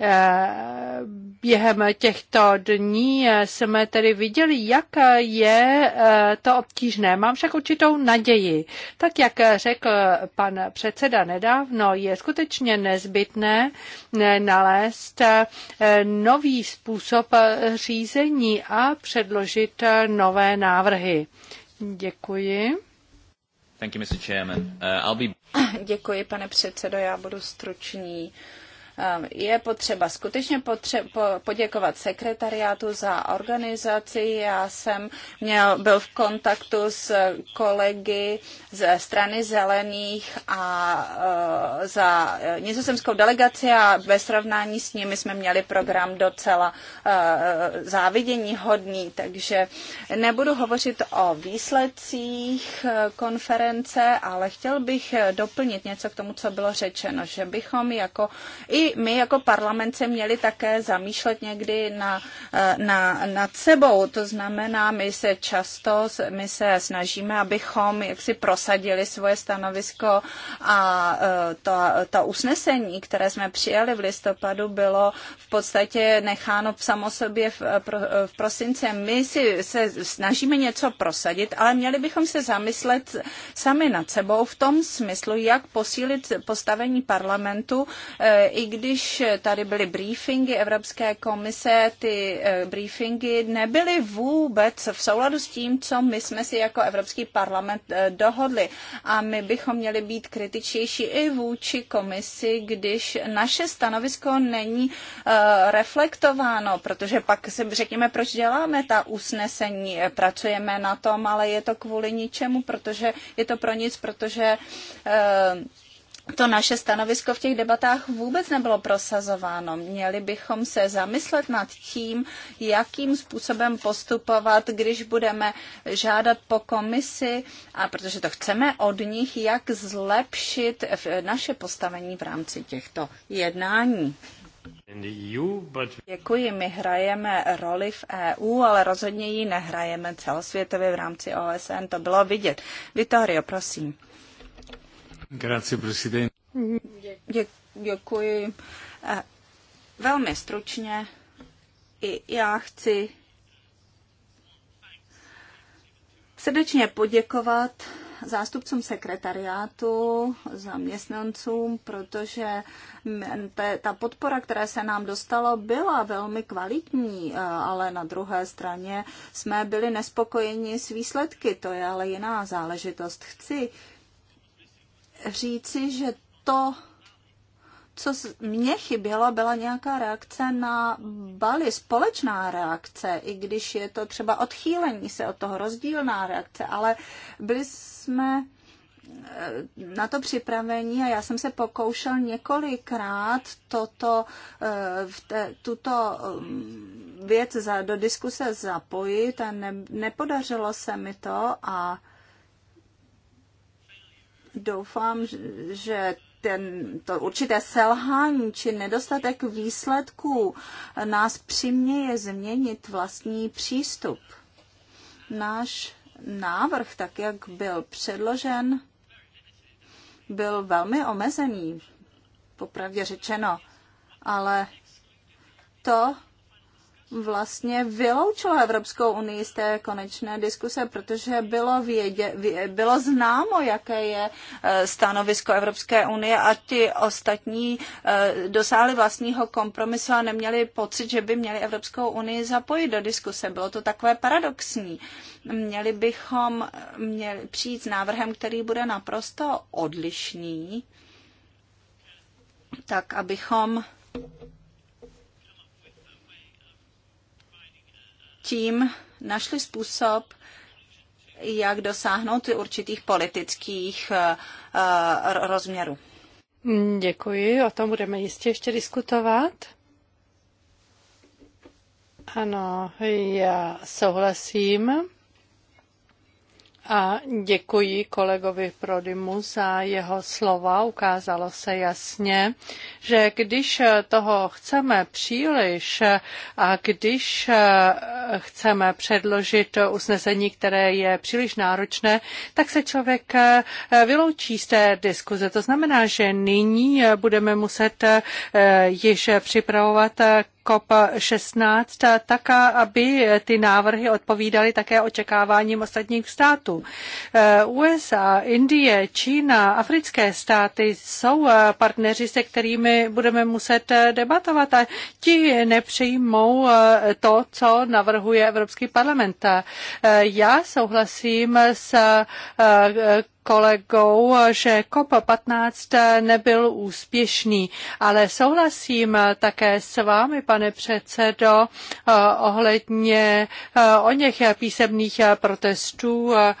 Eh, během těchto dní eh, jsme tedy viděli, jak eh, je to obtížné. Mám však určitou naději. Tak, jak řekl pan předseda nedávno, je skutečně nezbytné nalézt nový způsob řízení a předložit nové návrhy. Děkuji. Thank you, Mr. Uh, I'll be... Děkuji, pane předsedo, já budu stručný. Uh, Ehm, je potřeba skutečně potře- po- poděkovat sekretariátu za organizaci. Já jsem měl, byl v kontaktu s kolegy ze strany zelených a uh, za eh, nizozemskou delegaci a ve srovnání s nimi jsme měli program docela uh, závidění hodný, takže nebudu hovořit o výsledcích konference, ale chtěl bych doplnit něco k tomu, co bylo řečeno, že bychom jako i my jako parlament se měli také zamýšlet někdy na, eh, na, nad sebou. To znamená, my se často my se snažíme, abychom jaksi prosadili svoje stanovisko a eh, to to usnesení, které jsme přijali v listopadu, bylo v podstatě necháno v samosobě eh, v, v prosince. My si se snažíme něco prosadit, ale měli bychom se zamyslet sami nad sebou v tom smyslu, jak posílit postavení parlamentu, i když tady byly briefingy Evropské komise, ty eh, briefingy nebyly vůbec v souladu s tím, co my jsme si jako Evropský parlament eh, dohodli. A my bychom měli být kritičtější i vůči komisi, když naše stanovisko není eh, reflektováno, protože pak si řekněme, proč děláme ta usnesení, pracujeme na tom, ale je to kvůli ničemu, protože je to pro nic, protože to naše stanovisko v těch debatách vůbec nebylo prosazováno. Měli bychom se zamyslet nad tím, jakým způsobem postupovat, když budeme žádat po komisi, a protože to chceme od nich, jak zlepšit naše postavení v rámci těchto jednání. EU, e but... Děkuji, my hrajeme roli v EU, ale rozhodně ji nehrajeme celosvětově v rámci OSN, to bylo vidět. Vittorio, prosím děkuji. Eh, velmi stručně i já chci srdečně poděkovat zástupcům sekretariátu, zaměstnancům, protože ta podpora, která se nám dostala, byla velmi kvalitní, eh, ale na druhé straně jsme byli nespokojeni s výsledky, to je ale jiná záležitost. Chci říci, že to, co mně chybělo, byla nějaká reakce na Bali, společná reakce, i když je to třeba odchýlení se od toho, rozdílná reakce, ale byli jsme eh, na to připravení a já jsem se pokoušel několikrát toto, eh, v te, tuto mm, věc za, do diskuse zapojit a ne, nepodařilo se mi to a doufám, že ten, to určité selhání či nedostatek výsledků nás přiměje změnit vlastní přístup. Náš návrh, tak jak byl předložen, byl velmi omezený, popravdě řečeno, ale to vlastně vyloučilo Evropskou unii z té konečné diskuse, protože bylo, vědě, bylo známo, jaké je e, stanovisko Evropské unie a ti ostatní e, dosáhli vlastního kompromisu a neměli pocit, že by měli Evropskou unii zapojit do diskuse. Bylo to takové paradoxní. Měli bychom měli přijít s návrhem, který bude naprosto odlišný, tak abychom tím našli způsob, jak dosáhnout určitých politických eh, eh, rozměrů. Děkuji, o tom budeme jistě ještě diskutovat. Ano, já souhlasím a děkuji kolegovi Prodymu za jeho slova. Ukázalo se jasně, že když toho chceme příliš a když chceme předložit usnesení, které je příliš náročné, tak se člověk vyloučí z té diskuze. To znamená, že nyní budeme muset již připravovat COP16, tak aby ty návrhy odpovídaly také očekáváním ostatních států. USA, Indie, Čína, africké státy jsou partneři, se kterými budeme muset debatovat a ti nepřijmou to, co navrhuje Evropský parlament. Já souhlasím s kolegou, že COP15 nebyl úspěšný, ale souhlasím také s vámi, pane předsedo, eh, ohledně eh, o něch písemných protestů, eh,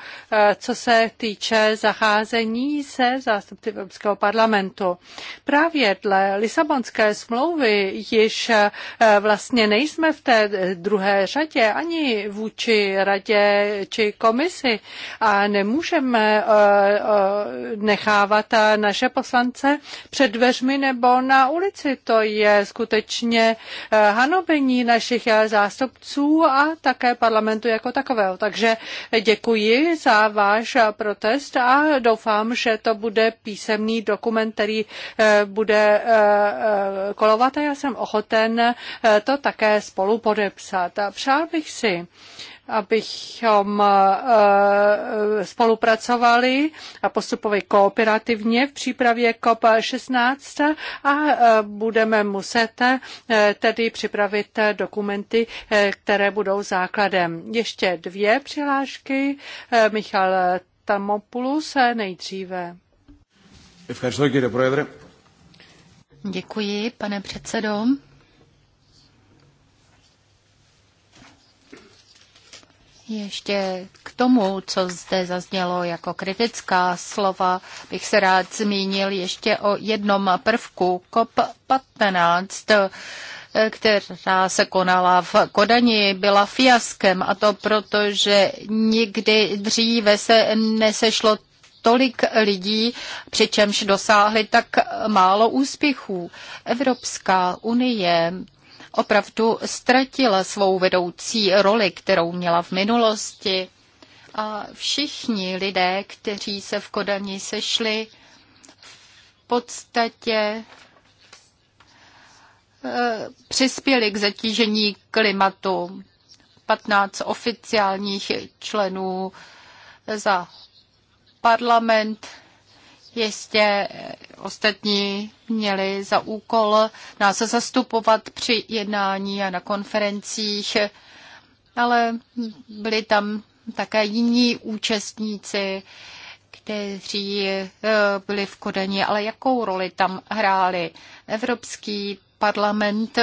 co se týče zacházení se zástupci Evropského parlamentu. Právě dle Lisabonské smlouvy již vlastně nejsme v té druhé řadě ani vůči radě či komisi a nemůžeme Eh, nechávat eh, naše poslance před dveřmi nebo na ulici. To je skutečně eh, hanobení našich zástupců a také parlamentu jako takového. Takže děkuji za váš protest a doufám, že to bude písemný dokument, který bude kolovat a já jsem ochoten to také spolu podepsat. Přál bych si, abychom eh, spolupracovali a postupovali kooperativně v přípravě COP16 a eh, budeme muset eh, tedy připravit dokumenty, které budou základem. Ještě dvě přihlášky. Michal Tamopoulos nejdříve. Děkuji, pane předsedo. Ještě k tomu, co zde zaznělo jako kritická slova, bych se rád zmínil ještě o jednom prvku COP15, která se konala v Kodani, byla fiaskem a to proto, že nikdy dříve se nesešlo tolik lidí, přičemž dosáhli tak málo úspěchů. Evropská unie opravdu ztratila svou vedoucí roli, kterou měla v minulosti. A všichni lidé, kteří se v Kodani sešli, v podstatě eh, přispěli k zatížení klimatu. 15 oficiálních členů za parlament Jistě eh, ostatní měli za úkol nás zastupovat při jednání a na konferencích, ale byli tam také jiní účastníci, kteří eh, byli v Kodani, ale jakou roli tam hráli? Evropský parlament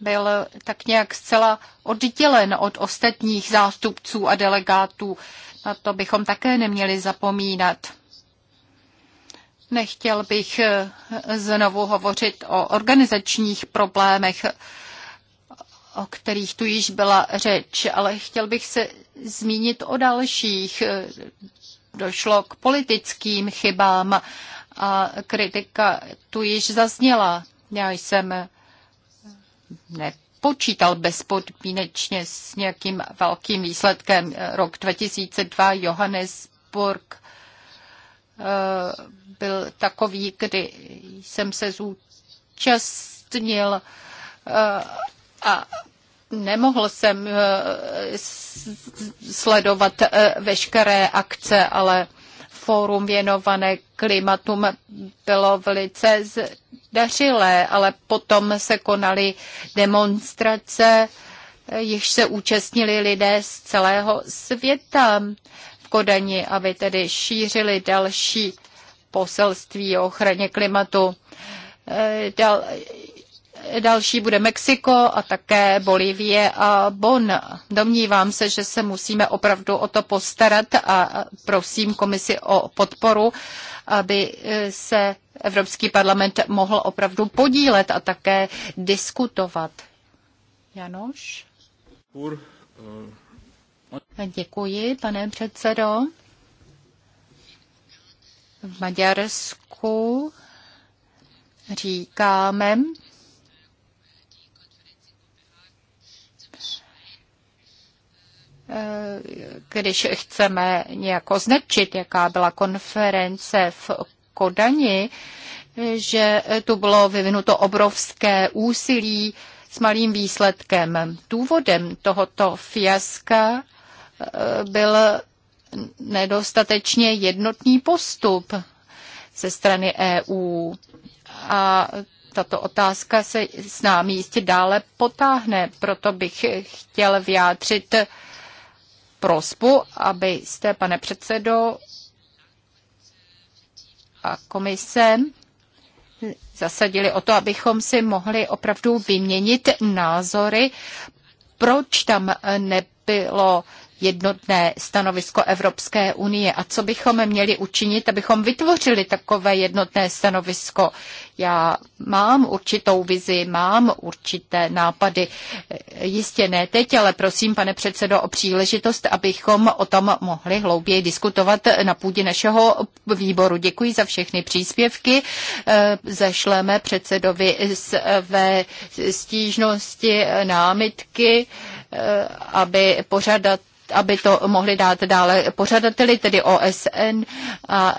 byl tak nějak zcela oddělen od ostatních zástupců a delegátů. Na to bychom také neměli zapomínat. Nechtěl bych eh, znovu hovořit o organizačních problémech, o kterých tu již byla řeč, ale chtěl bych se zmínit o dalších. Došlo k politickým chybám a kritika tu již zazněla. Já jsem nepočítal bezpodmínečně s nějakým velkým výsledkem. Rok 2002 Johannesburg Eh, byl takový, kdy jsem se zúčastnil eh, a nemohl jsem eh, sledovat veškeré akce, ale fórum věnované klimatům bylo velice zdařilé, ale potom se konaly demonstrace, jež se účastnili lidé z celého světa. Kodani, aby tedy šířili další poselství o ochraně klimatu. E, dal, další bude Mexiko a také Bolívie a Bon. Domnívám se, že se musíme opravdu o to postarat a prosím komisi o podporu, aby e, se Evropský parlament mohl opravdu podílet a také diskutovat. Janoš? Půr, uh... Děkuji, pane předsedo. V Maďarsku říkáme, když chceme nějak označit, jaká byla konference v Kodani, že tu bylo vyvinuto obrovské úsilí s malým výsledkem. Důvodem tohoto fiaska byl nedostatečně jednotný postup ze strany EU. A tato otázka se s námi jistě dále potáhne, proto bych chtěl vyjádřit prosbu, abyste, pane předsedo a komise, zasadili o to, abychom si mohli opravdu vyměnit názory, proč tam nebylo jednotné stanovisko Evropské unie a co bychom měli učinit, abychom vytvořili takové jednotné stanovisko. Já mám určitou vizi, mám určité nápady. Jistě ne teď, ale prosím, pane předsedo, o příležitost, abychom o tom mohli hlouběji diskutovat na půdě našeho výboru. Děkuji za všechny příspěvky. Eh, zašleme předsedovi své stížnosti, eh, námitky, eh, aby pořadat aby to mohli dát dále pořadateli, tedy OSN a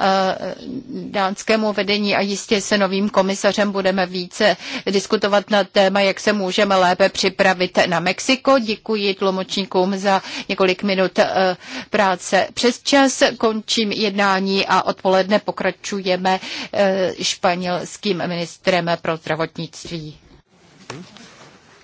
dánskému vedení a jistě se novým komisařem budeme více diskutovat na téma, jak se můžeme lépe připravit na Mexiko. Děkuji tlumočníkům za několik minut e, práce přes čas. Končím jednání a odpoledne pokračujeme e, španělským ministrem pro zdravotnictví.